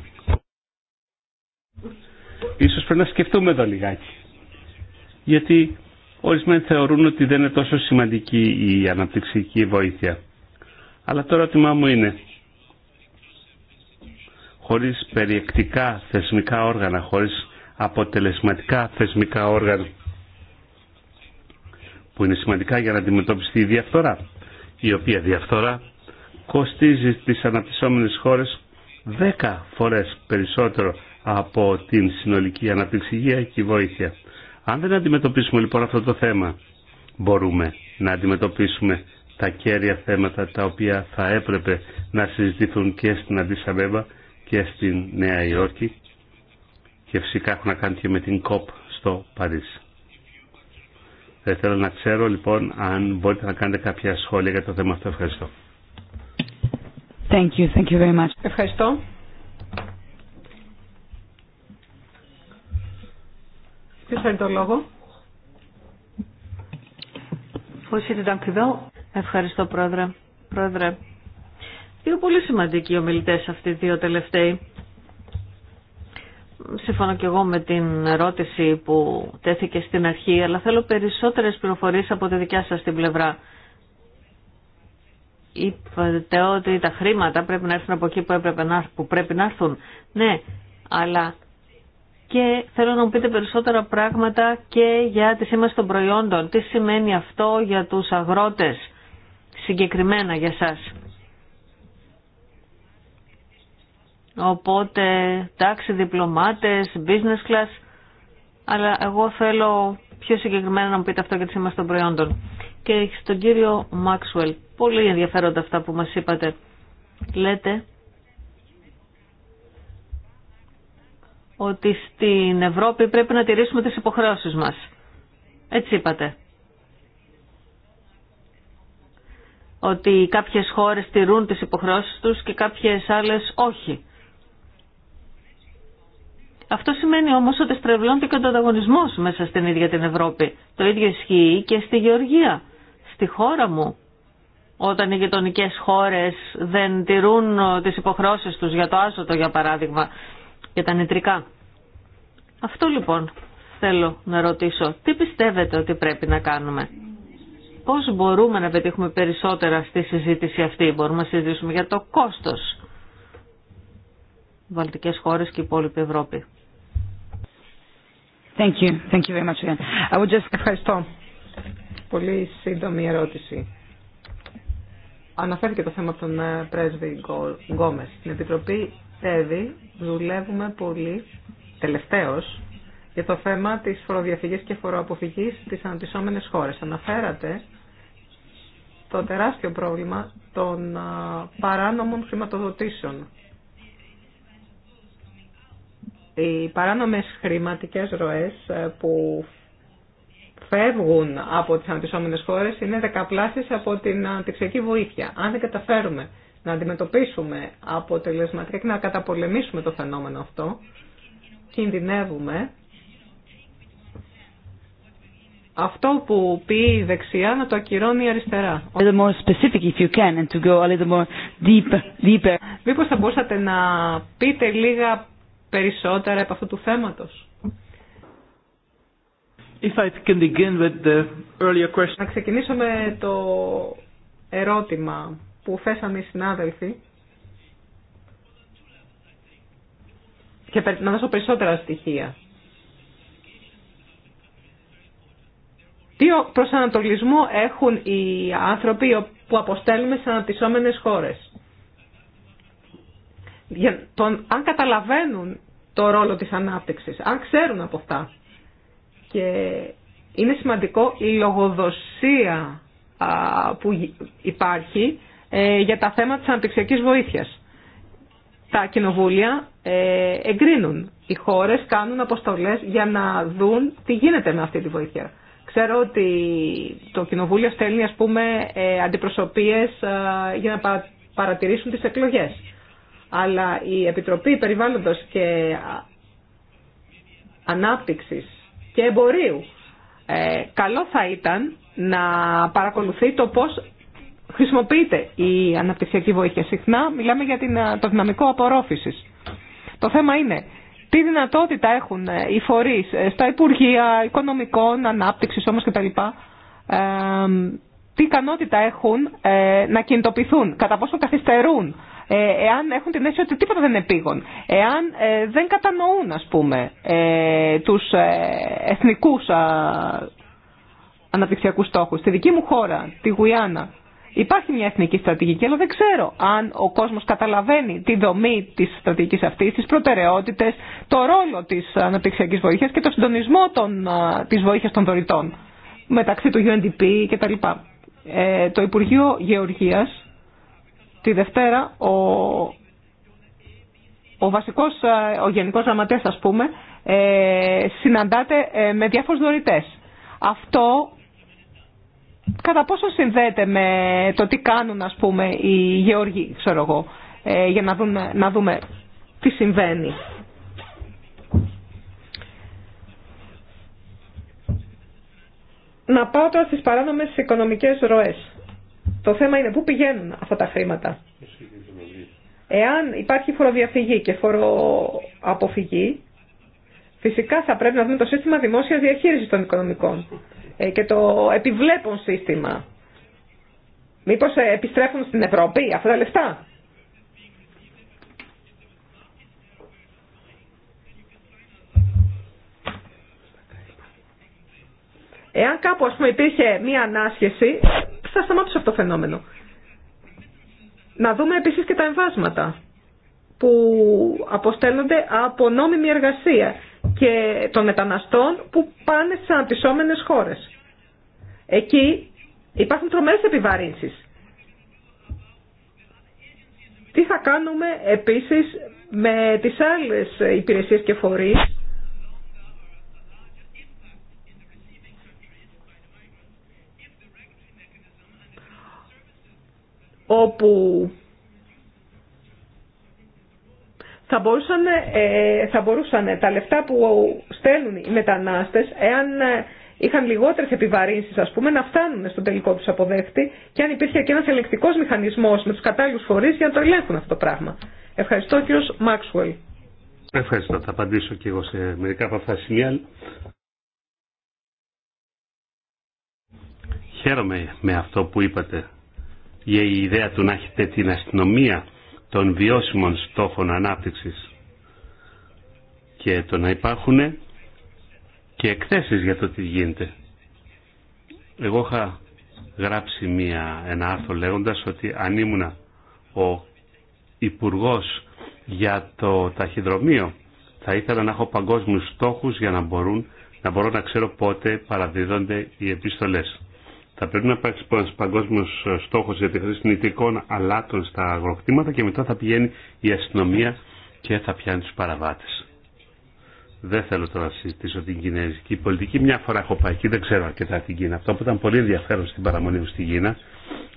Ίσως πρέπει να σκεφτούμε εδώ λιγάκι. Γιατί ορισμένοι θεωρούν ότι δεν είναι τόσο σημαντική η αναπτυξική βοήθεια. Αλλά το ερώτημά μου είναι, χωρίς περιεκτικά θεσμικά όργανα, χωρίς αποτελεσματικά θεσμικά όργανα, που είναι σημαντικά για να αντιμετωπιστεί η διαφθορά, η οποία διαφθορά κοστίζει στις αναπτυσσόμενες χώρες δέκα φορές περισσότερο από την συνολική και βοήθεια. Αν δεν αντιμετωπίσουμε λοιπόν αυτό το θέμα, μπορούμε να αντιμετωπίσουμε τα κέρια θέματα τα οποία θα έπρεπε να συζητηθούν και στην Αντισαβέβα και στην Νέα Υόρκη και φυσικά έχουν να κάνουν και με την ΚΟΠ στο Παρίσι. θέλω να ξέρω λοιπόν αν μπορείτε να κάνετε κάποια σχόλια για το θέμα αυτό. Ευχαριστώ. Thank you. Thank you very much. Ευχαριστώ. Ποιος θέλει το λόγο. Voorzitter, dank u Ευχαριστώ πρόεδρε. πρόεδρε. Δύο πολύ σημαντικοί ομιλητές αυτοί οι δύο τελευταίοι. Συμφωνώ και εγώ με την ερώτηση που τέθηκε στην αρχή, αλλά θέλω περισσότερες πληροφορίες από τη δικιά σας την πλευρά. Είπατε ότι τα χρήματα πρέπει να έρθουν από εκεί που, έπρεπε να, που πρέπει να έρθουν. Ναι, αλλά και θέλω να μου πείτε περισσότερα πράγματα και για τη σήμανση των προϊόντων. Τι σημαίνει αυτό για τους αγρότες συγκεκριμένα για σας. Οπότε τάξη, διπλωμάτες, business class, αλλά εγώ θέλω πιο συγκεκριμένα να μου πείτε αυτό για τι είμαστε των προϊόντων. Και στον κύριο Μάξουελ, πολύ ενδιαφέροντα αυτά που μας είπατε. Λέτε ότι στην Ευρώπη πρέπει να τηρήσουμε τις υποχρεώσεις μας. Έτσι είπατε. ότι κάποιες χώρες τηρούν τις υποχρεώσεις τους και κάποιες άλλες όχι. Αυτό σημαίνει όμως ότι στρεβλώνται και ο ανταγωνισμό μέσα στην ίδια την Ευρώπη. Το ίδιο ισχύει και στη Γεωργία, στη χώρα μου. Όταν οι γειτονικέ χώρες δεν τηρούν ε, τις υποχρεώσεις τους για το άσωτο για παράδειγμα, για τα νητρικά. Αυτό λοιπόν θέλω να ρωτήσω. Τι πιστεύετε ότι πρέπει να κάνουμε πώς μπορούμε να πετύχουμε περισσότερα στη συζήτηση αυτή. Μπορούμε να συζητήσουμε για το κόστος. Βαλτικές χώρες και η υπόλοιπη Ευρώπη. Thank you. Thank you very much again. I would just... Ευχαριστώ. Πολύ σύντομη ερώτηση. Αναφέρθηκε το θέμα των ε, πρέσβη Γκόμες. Στην Επιτροπή ΤΕΔΗ δουλεύουμε πολύ τελευταίως για το θέμα της φοροδιαφυγής και φοροαποφυγής στις αναπτυσσόμενες χώρες. Αναφέρατε το τεράστιο πρόβλημα των παράνομων χρηματοδοτήσεων. Οι παράνομες χρηματικές ροές ε, που φεύγουν από τις αναπτυσσόμενες χώρες είναι δεκαπλάσεις από την αντιξιακή βοήθεια. Αν δεν καταφέρουμε να αντιμετωπίσουμε αποτελεσματικά και να καταπολεμήσουμε το φαινόμενο αυτό, κινδυνεύουμε αυτό που πει η δεξιά να το ακυρώνει η αριστερά. More specific if you can and to go a little more deep, deeper. Μήπως θα μπορούσατε να πείτε λίγα περισσότερα από αυτού του θέματος. If I can begin with the earlier question. Να ξεκινήσω με το ερώτημα που θέσαμε οι συνάδελφοι. Και να δώσω περισσότερα στοιχεία. Τι προσανατολισμό έχουν οι άνθρωποι που αποστέλουμε σε αναπτυσσόμενες χώρες. Για αν καταλαβαίνουν το ρόλο της ανάπτυξης, αν ξέρουν από αυτά. Και είναι σημαντικό η λογοδοσία που υπάρχει ε, για τα θέματα της αναπτυξιακής βοήθειας. Τα κοινοβούλια ε, εγκρίνουν. Οι χώρες κάνουν αποστολές για να δουν τι γίνεται με αυτή τη βοήθεια. Ξέρω ότι το Κοινοβούλιο στέλνει, ας πούμε, ε, αντιπροσωπείες ε, για να παρατηρήσουν τις εκλογές. Αλλά η Επιτροπή Περιβάλλοντος και Ανάπτυξης και Εμπορίου ε, καλό θα ήταν να παρακολουθεί το πώς χρησιμοποιείται η αναπτυξιακή βοήθεια. Συχνά μιλάμε για την, το δυναμικό απορρόφησης. Το θέμα είναι τι δυνατότητα έχουν ε, οι φορείς ε, στα Υπουργεία Οικονομικών, Ανάπτυξης όμως κτλ. λοιπά τι ικανότητα έχουν ε, να κινητοποιηθούν, κατά πόσο καθυστερούν, εάν έχουν την αίσθηση ότι τίποτα δεν είναι εάν δεν κατανοούν, ας πούμε, τους εθνικούς α, αναπτυξιακούς στόχους. Στη δική μου χώρα, τη Γουιάννα, Υπάρχει μια εθνική στρατηγική, αλλά δεν ξέρω αν ο κόσμο καταλαβαίνει τη δομή τη στρατηγική αυτή, τι προτεραιότητε, το ρόλο τη αναπτυξιακή βοήθεια και το συντονισμό τη βοήθεια των δωρητών μεταξύ του UNDP κτλ. Ε, το Υπουργείο Γεωργία τη Δευτέρα, ο, ο βασικό, ο γενικό γραμματέα, α πούμε, ε, συναντάται ε, με διάφορου δωρητέ. Αυτό κατά πόσο συνδέεται με το τι κάνουν ας πούμε οι γεωργοί, ξέρω εγώ, ε, για να δούμε, να δούμε τι συμβαίνει. Να πάω τώρα στις παράνομες οικονομικές ροές. Το θέμα είναι πού πηγαίνουν αυτά τα χρήματα. Εάν υπάρχει φοροδιαφυγή και φοροαποφυγή, φυσικά θα πρέπει να δούμε το σύστημα δημόσιας διαχείρισης των οικονομικών. Ε, και το επιβλέπουν σύστημα. Μήπως ε, επιστρέφουν στην Ευρώπη αυτά τα λεφτά. Εάν κάπου ας υπήρχε μία ανάσχεση, θα σταμάτησε αυτό το φαινόμενο. Να δούμε επίσης και τα εμβάσματα που αποστέλλονται από νόμιμη εργασία και των μεταναστών που πάνε στι αναπτυσσόμενες χώρες. Εκεί υπάρχουν τρομερές επιβαρύνσεις. Τι θα κάνουμε επίσης με τις άλλες υπηρεσίες και φορείς όπου θα μπορούσαν, ε, τα λεφτά που στέλνουν οι μετανάστες, εάν ε, είχαν λιγότερες επιβαρύνσεις ας πούμε, να φτάνουν στον τελικό τους αποδέχτη και αν υπήρχε και ένας ελεκτικός μηχανισμός με τους κατάλληλους φορείς για να το ελέγχουν αυτό το πράγμα. Ευχαριστώ κύριος Μάξουελ. Ευχαριστώ. Θα απαντήσω και εγώ σε μερικά από αυτά σημεία. Χαίρομαι με αυτό που είπατε για η ιδέα του να έχετε την αστυνομία των βιώσιμων στόχων ανάπτυξης και το να υπάρχουν και εκθέσεις για το τι γίνεται. Εγώ είχα γράψει μια, ένα άρθρο λέγοντας ότι αν ο υπουργός για το ταχυδρομείο θα ήθελα να έχω παγκόσμιους στόχους για να, μπορούν, να μπορώ να ξέρω πότε παραδίδονται οι επιστολές. Θα πρέπει να υπάρξει ένα παγκόσμιο ε, στόχο για τη χρήση νητρικών αλάτων στα αγροκτήματα και μετά θα πηγαίνει η αστυνομία και θα πιάνει του παραβάτε. Δεν θέλω τώρα να συζητήσω την κινέζικη πολιτική. Μια φορά έχω πάει εκεί, δεν ξέρω αρκετά την Κίνα. Αυτό που ήταν πολύ ενδιαφέρον στην παραμονή μου στην Κίνα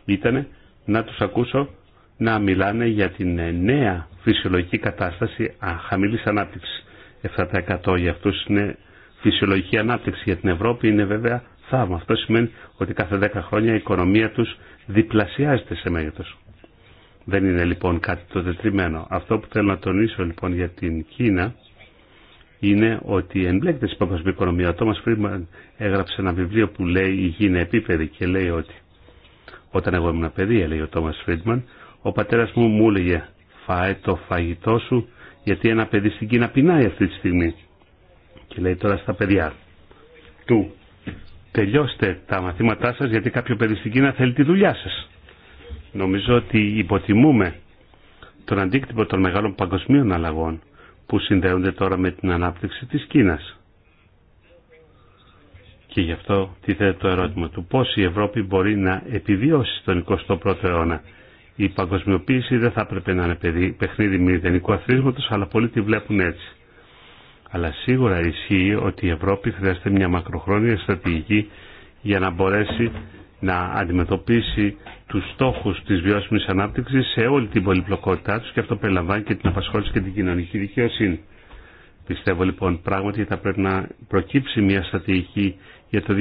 ήταν να του ακούσω να μιλάνε για την ε, νέα φυσιολογική κατάσταση χαμηλή ανάπτυξη. 7% για αυτού είναι φυσιολογική ανάπτυξη. Για την Ευρώπη είναι βέβαια θαύμα. Αυτό σημαίνει ότι κάθε 10 χρόνια η οικονομία τους διπλασιάζεται σε μέγεθος. Δεν είναι λοιπόν κάτι το τετριμένο. Αυτό που θέλω να τονίσω λοιπόν για την Κίνα είναι ότι εμπλέκεται στην παγκόσμια οικονομία. Ο Τόμας Φρίμαν έγραψε ένα βιβλίο που λέει «Η γη είναι επίπεδη» και λέει ότι όταν εγώ ήμουν παιδί, έλεγε ο Τόμας Φρίντμαν, ο πατέρα μου μου έλεγε «Φάε το φαγητό σου, γιατί ένα παιδί στην Κίνα πεινάει αυτή τη στιγμή». Και λέει τώρα στα παιδιά του τελειώστε τα μαθήματά σας γιατί κάποιο παιδί στην Κίνα θέλει τη δουλειά σας. Νομίζω ότι υποτιμούμε τον αντίκτυπο των μεγάλων παγκοσμίων αλλαγών που συνδέονται τώρα με την ανάπτυξη της Κίνας. Και γι' αυτό τίθεται το ερώτημα του πώς η Ευρώπη μπορεί να επιβιώσει στον 21ο αιώνα. Η παγκοσμιοποίηση δεν θα έπρεπε να είναι παιχνίδι μηδενικού αθροίσματος, αλλά πολλοί τη βλέπουν έτσι. Αλλά σίγουρα ισχύει ότι η Ευρώπη χρειάζεται μια μακροχρόνια στρατηγική για να μπορέσει να αντιμετωπίσει τους στόχους της βιώσιμης ανάπτυξης σε όλη την πολυπλοκότητά τους και αυτό περιλαμβάνει και την απασχόληση και την κοινωνική δικαιοσύνη. Πιστεύω λοιπόν πράγματι θα πρέπει να προκύψει μια στρατηγική για το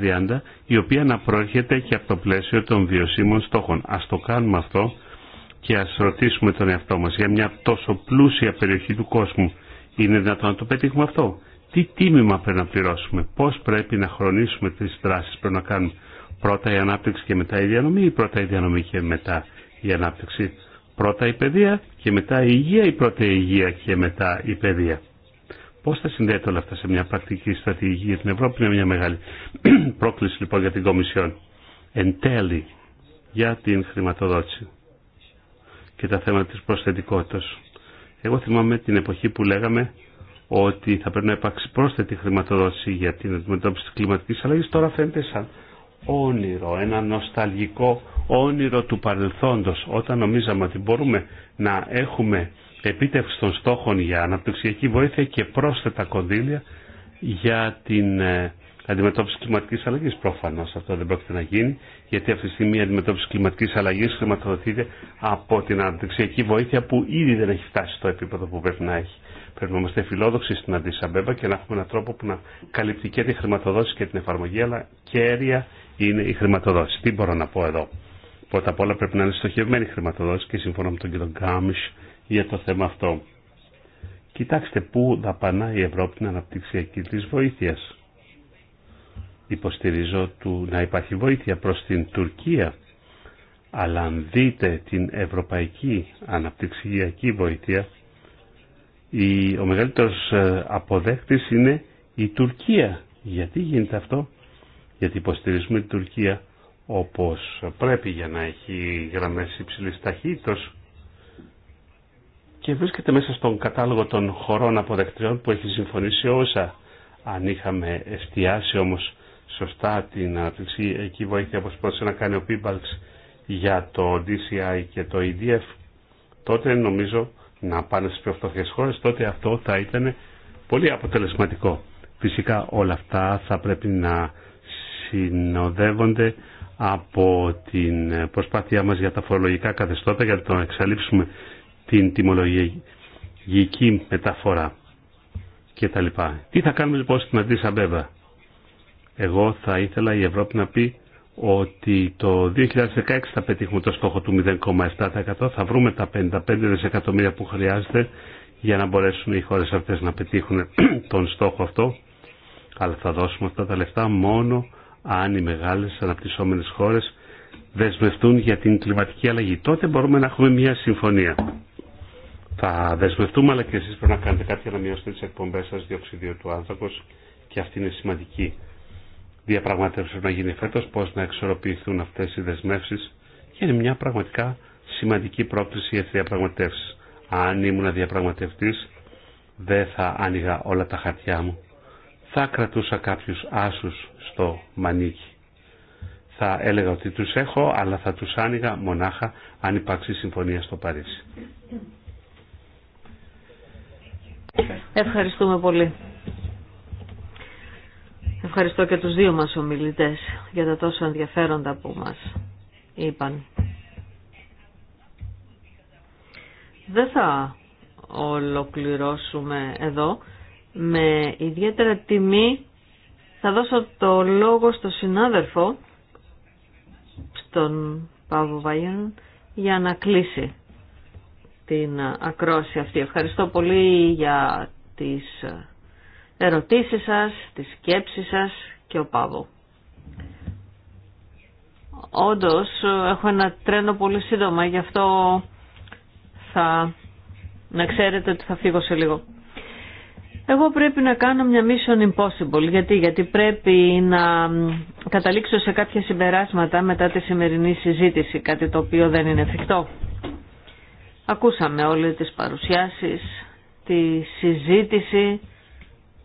2030 η οποία να προέρχεται και από το πλαίσιο των βιωσίμων στόχων. Ας το κάνουμε αυτό και ας ρωτήσουμε τον εαυτό μας για μια τόσο πλούσια περιοχή του κόσμου είναι δυνατόν να το πετύχουμε αυτό. Τι τίμημα πρέπει να πληρώσουμε, Πώ πρέπει να χρονίσουμε τις δράσεις πρέπει να κάνουμε. Πρώτα η ανάπτυξη και μετά η διανομή ή πρώτα η διανομή και μετά η ανάπτυξη. Πρώτα η παιδεία και μετά η υγεία ή πρώτα η υγεία και μετά η παιδεία. Πώ θα συνδέεται όλα αυτά σε μια πρακτική στρατηγική για την Ευρώπη είναι μια μεγάλη πρόκληση λοιπόν για την Κομισιόν. Εν τέλει για την χρηματοδότηση και τα θέματα της προσθετικότητα. Εγώ θυμάμαι την εποχή που λέγαμε ότι θα πρέπει να υπάρξει πρόσθετη χρηματοδότηση για την αντιμετώπιση της κλιματικής αλλαγής. Τώρα φαίνεται σαν όνειρο, ένα νοσταλγικό όνειρο του παρελθόντος, όταν νομίζαμε ότι μπορούμε να έχουμε επίτευξη των στόχων για αναπτυξιακή βοήθεια και πρόσθετα κονδύλια για την ε, αντιμετώπιση κλιματική αλλαγή. Προφανώ αυτό δεν πρόκειται να γίνει, γιατί αυτή τη στιγμή η αντιμετώπιση κλιματική αλλαγή χρηματοδοτείται από την αναπτυξιακή βοήθεια που ήδη δεν έχει φτάσει στο επίπεδο που πρέπει να έχει. Πρέπει να είμαστε φιλόδοξοι στην Αντισαμπέμπα και να έχουμε έναν τρόπο που να καλύπτει και τη χρηματοδότηση και την εφαρμογή, αλλά κέρια είναι η χρηματοδότηση. Τι μπορώ να πω εδώ. Πρώτα απ' όλα πρέπει να είναι στοχευμένη η χρηματοδότηση και σύμφωνα με τον κύριο για το θέμα αυτό. Κοιτάξτε πού δαπανά η Ευρώπη την αναπτυξιακή βοήθειας υποστηρίζω του να υπάρχει βοήθεια προς την Τουρκία αλλά αν δείτε την ευρωπαϊκή αναπτυξιακή βοήθεια η, ο μεγαλύτερος ε, αποδέκτης είναι η Τουρκία. Γιατί γίνεται αυτό? Γιατί υποστηρίζουμε την Τουρκία όπως πρέπει για να έχει γραμμές υψηλής ταχύτητος και βρίσκεται μέσα στον κατάλογο των χωρών αποδεκτριών που έχει συμφωνήσει όσα αν είχαμε εστιάσει όμως σωστά την ανάπτυξη. Εκεί βοήθεια όπως πρόσθεσε να κάνει ο Πίμπαλξ για το DCI και το EDF. Τότε νομίζω να πάνε στις πιο φτωχές χώρες, τότε αυτό θα ήταν πολύ αποτελεσματικό. Φυσικά όλα αυτά θα πρέπει να συνοδεύονται από την προσπάθειά μας για τα φορολογικά καθεστώτα για να εξαλείψουμε την τιμολογική μεταφορά κτλ. Τι θα κάνουμε λοιπόν στην Αντίσα Μπέβα. Εγώ θα ήθελα η Ευρώπη να πει ότι το 2016 θα πετύχουμε το στόχο του 0,7%. Θα βρούμε τα 55 δισεκατομμύρια που χρειάζεται για να μπορέσουν οι χώρες αυτές να πετύχουν τον στόχο αυτό. Αλλά θα δώσουμε αυτά τα λεφτά μόνο αν οι μεγάλες αναπτυσσόμενες χώρες δεσμευτούν για την κλιματική αλλαγή. Τότε μπορούμε να έχουμε μια συμφωνία. Θα δεσμευτούμε, αλλά και εσείς πρέπει να κάνετε κάτι για να μειώσετε τις εκπομπές σας διοξιδίου του άνθρακος και αυτή είναι σημαντική διαπραγματεύσεων να γίνει φέτο πώς να εξορροπηθούν αυτές οι δεσμεύσει και είναι μια πραγματικά σημαντική πρόκληση για τι διαπραγματεύσει. Αν ήμουν διαπραγματευτής δεν θα άνοιγα όλα τα χαρτιά μου. Θα κρατούσα κάποιους άσους στο μανίκι. Θα έλεγα ότι του έχω, αλλά θα του άνοιγα μονάχα αν υπάρξει συμφωνία στο Παρίσι. Ευχαριστούμε πολύ. Ευχαριστώ και τους δύο μας ομιλητές για τα τόσο ενδιαφέροντα που μας είπαν. Δεν θα ολοκληρώσουμε εδώ. Με ιδιαίτερα τιμή θα δώσω το λόγο στο συνάδελφο, στον Παύλο Βαγιάν, για να κλείσει την ακρόση αυτή. Ευχαριστώ πολύ για τις ερωτήσεις σας, τις σκέψεις σας και ο Πάβο. Όντως έχω ένα τρένο πολύ σύντομα, γι' αυτό θα... να ξέρετε ότι θα φύγω σε λίγο. Εγώ πρέπει να κάνω μια mission impossible. Γιατί, γιατί πρέπει να καταλήξω σε κάποια συμπεράσματα μετά τη σημερινή συζήτηση, κάτι το οποίο δεν είναι εφικτό. Ακούσαμε όλες τις παρουσιάσεις, τη συζήτηση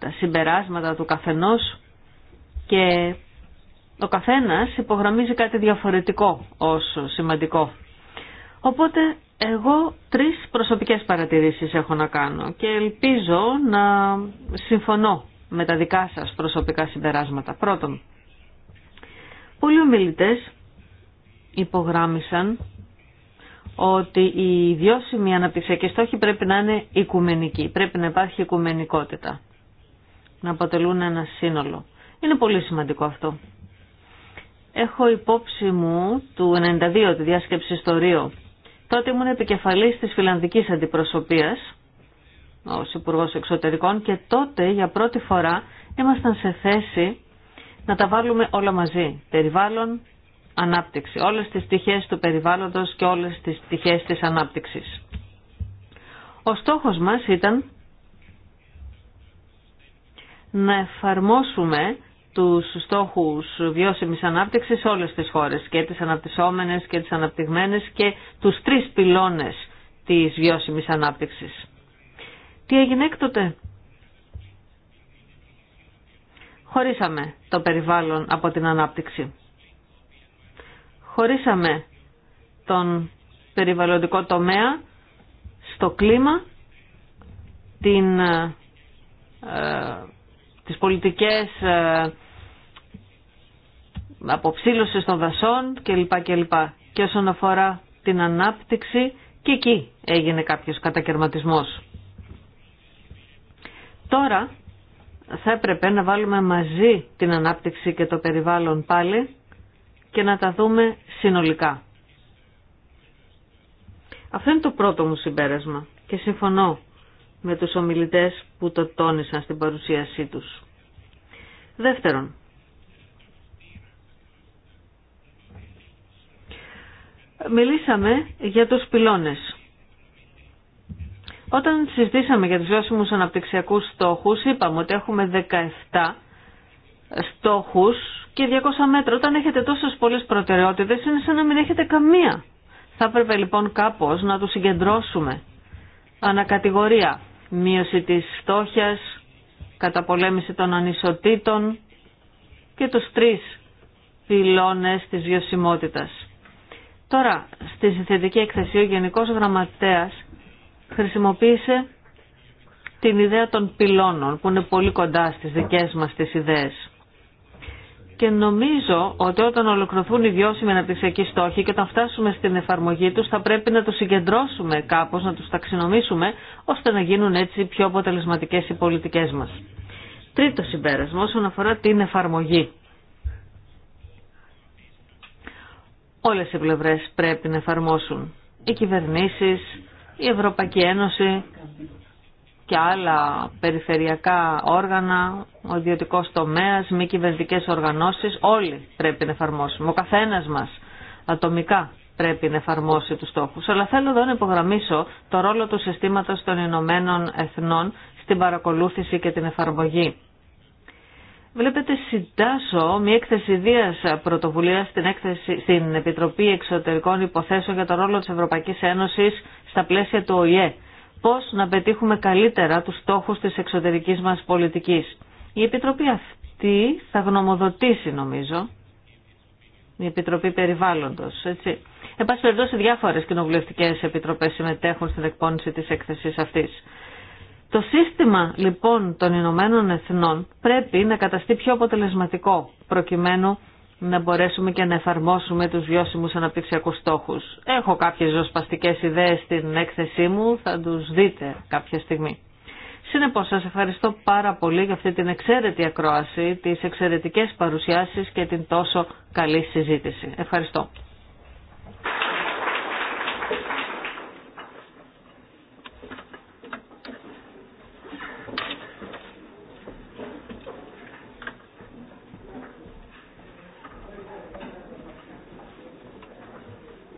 τα συμπεράσματα του καθενός και ο καθένας υπογραμμίζει κάτι διαφορετικό ως σημαντικό. Οπότε εγώ τρεις προσωπικές παρατηρήσεις έχω να κάνω και ελπίζω να συμφωνώ με τα δικά σας προσωπικά συμπεράσματα. Πρώτον, πολλοί ομιλητές υπογράμμισαν ότι οι βιώσιμοι αναπτυξιακοί στόχοι πρέπει να είναι οικουμενικοί, πρέπει να υπάρχει οικουμενικότητα να αποτελούν ένα σύνολο. Είναι πολύ σημαντικό αυτό. Έχω υπόψη μου του 92 τη διάσκεψη στο Ρίο. Τότε ήμουν επικεφαλής της φιλανδικής αντιπροσωπείας ως υπουργό Εξωτερικών και τότε για πρώτη φορά ήμασταν σε θέση να τα βάλουμε όλα μαζί. Περιβάλλον, ανάπτυξη. Όλες τις πτυχές του περιβάλλοντος και όλες τις πτυχές της ανάπτυξης. Ο στόχος μας ήταν να εφαρμόσουμε τους στόχους βιώσιμης ανάπτυξης σε όλες τις χώρες και τις αναπτυσσόμενες και τις αναπτυγμένες και τους τρεις πυλώνες της βιώσιμης ανάπτυξης. Τι έγινε έκτοτε? Χωρίσαμε το περιβάλλον από την ανάπτυξη. Χωρίσαμε τον περιβαλλοντικό τομέα στο κλίμα, την ε, τις πολιτικές ε, αποψήλωσης των δασών κλπ. Και όσον αφορά την ανάπτυξη και εκεί έγινε κάποιος κατακαιρματισμός. Τώρα θα έπρεπε να βάλουμε μαζί την ανάπτυξη και το περιβάλλον πάλι και να τα δούμε συνολικά. Αυτό είναι το πρώτο μου συμπέρασμα και συμφωνώ με τους ομιλητές που το τόνισαν στην παρουσίασή τους. Δεύτερον, μιλήσαμε για τους πυλώνες. Όταν συζητήσαμε για τους βιώσιμους αναπτυξιακούς στόχους, είπαμε ότι έχουμε 17 στόχους και 200 μέτρα. Όταν έχετε τόσες πολλές προτεραιότητες, είναι σαν να μην έχετε καμία. Θα έπρεπε λοιπόν κάπως να τους συγκεντρώσουμε. Ανακατηγορία μείωση της φτώχειας, καταπολέμηση των ανισοτήτων και τους τρεις πυλώνες της βιωσιμότητας. Τώρα, στη συνθετική εκθεσία ο Γενικός Γραμματέας χρησιμοποίησε την ιδέα των πυλώνων που είναι πολύ κοντά στις δικές μας τις ιδέες και νομίζω ότι όταν ολοκληρωθούν οι βιώσιμοι αναπτυξιακοί στόχοι και όταν φτάσουμε στην εφαρμογή τους θα πρέπει να τους συγκεντρώσουμε κάπως, να τους ταξινομήσουμε ώστε να γίνουν έτσι πιο αποτελεσματικές οι πολιτικές μας. Τρίτο συμπέρασμα όσον αφορά την εφαρμογή. Όλες οι πλευρές πρέπει να εφαρμόσουν. Οι κυβερνήσεις, η Ευρωπαϊκή Ένωση, και άλλα περιφερειακά όργανα, ο ιδιωτικό τομέα, μη κυβερνητικέ οργανώσει, όλοι πρέπει να εφαρμόσουμε. Ο καθένα μα ατομικά πρέπει να εφαρμόσει του στόχου. Αλλά θέλω εδώ να υπογραμμίσω το ρόλο του συστήματο των Ηνωμένων Εθνών στην παρακολούθηση και την εφαρμογή. Βλέπετε, συντάσω μια έκθεση ιδία πρωτοβουλία στην, στην Επιτροπή Εξωτερικών Υποθέσεων για το ρόλο τη Ευρωπαϊκή Ένωση στα πλαίσια του ΟΗΕ πώς να πετύχουμε καλύτερα τους στόχους της εξωτερικής μας πολιτικής. Η Επιτροπή αυτή θα γνωμοδοτήσει νομίζω, η Επιτροπή Περιβάλλοντος, έτσι. Εν περιπτώσει διάφορες κοινοβουλευτικές επιτροπές συμμετέχουν στην εκπόνηση της έκθεσης αυτής. Το σύστημα λοιπόν των Ηνωμένων Εθνών πρέπει να καταστεί πιο αποτελεσματικό προκειμένου να μπορέσουμε και να εφαρμόσουμε τους βιώσιμους αναπτυξιακούς στόχους. Έχω κάποιες ζωσπαστικές ιδέες στην έκθεσή μου, θα τους δείτε κάποια στιγμή. Συνεπώς σας ευχαριστώ πάρα πολύ για αυτή την εξαίρετη ακρόαση, τις εξαιρετικές παρουσιάσεις και την τόσο καλή συζήτηση. Ευχαριστώ.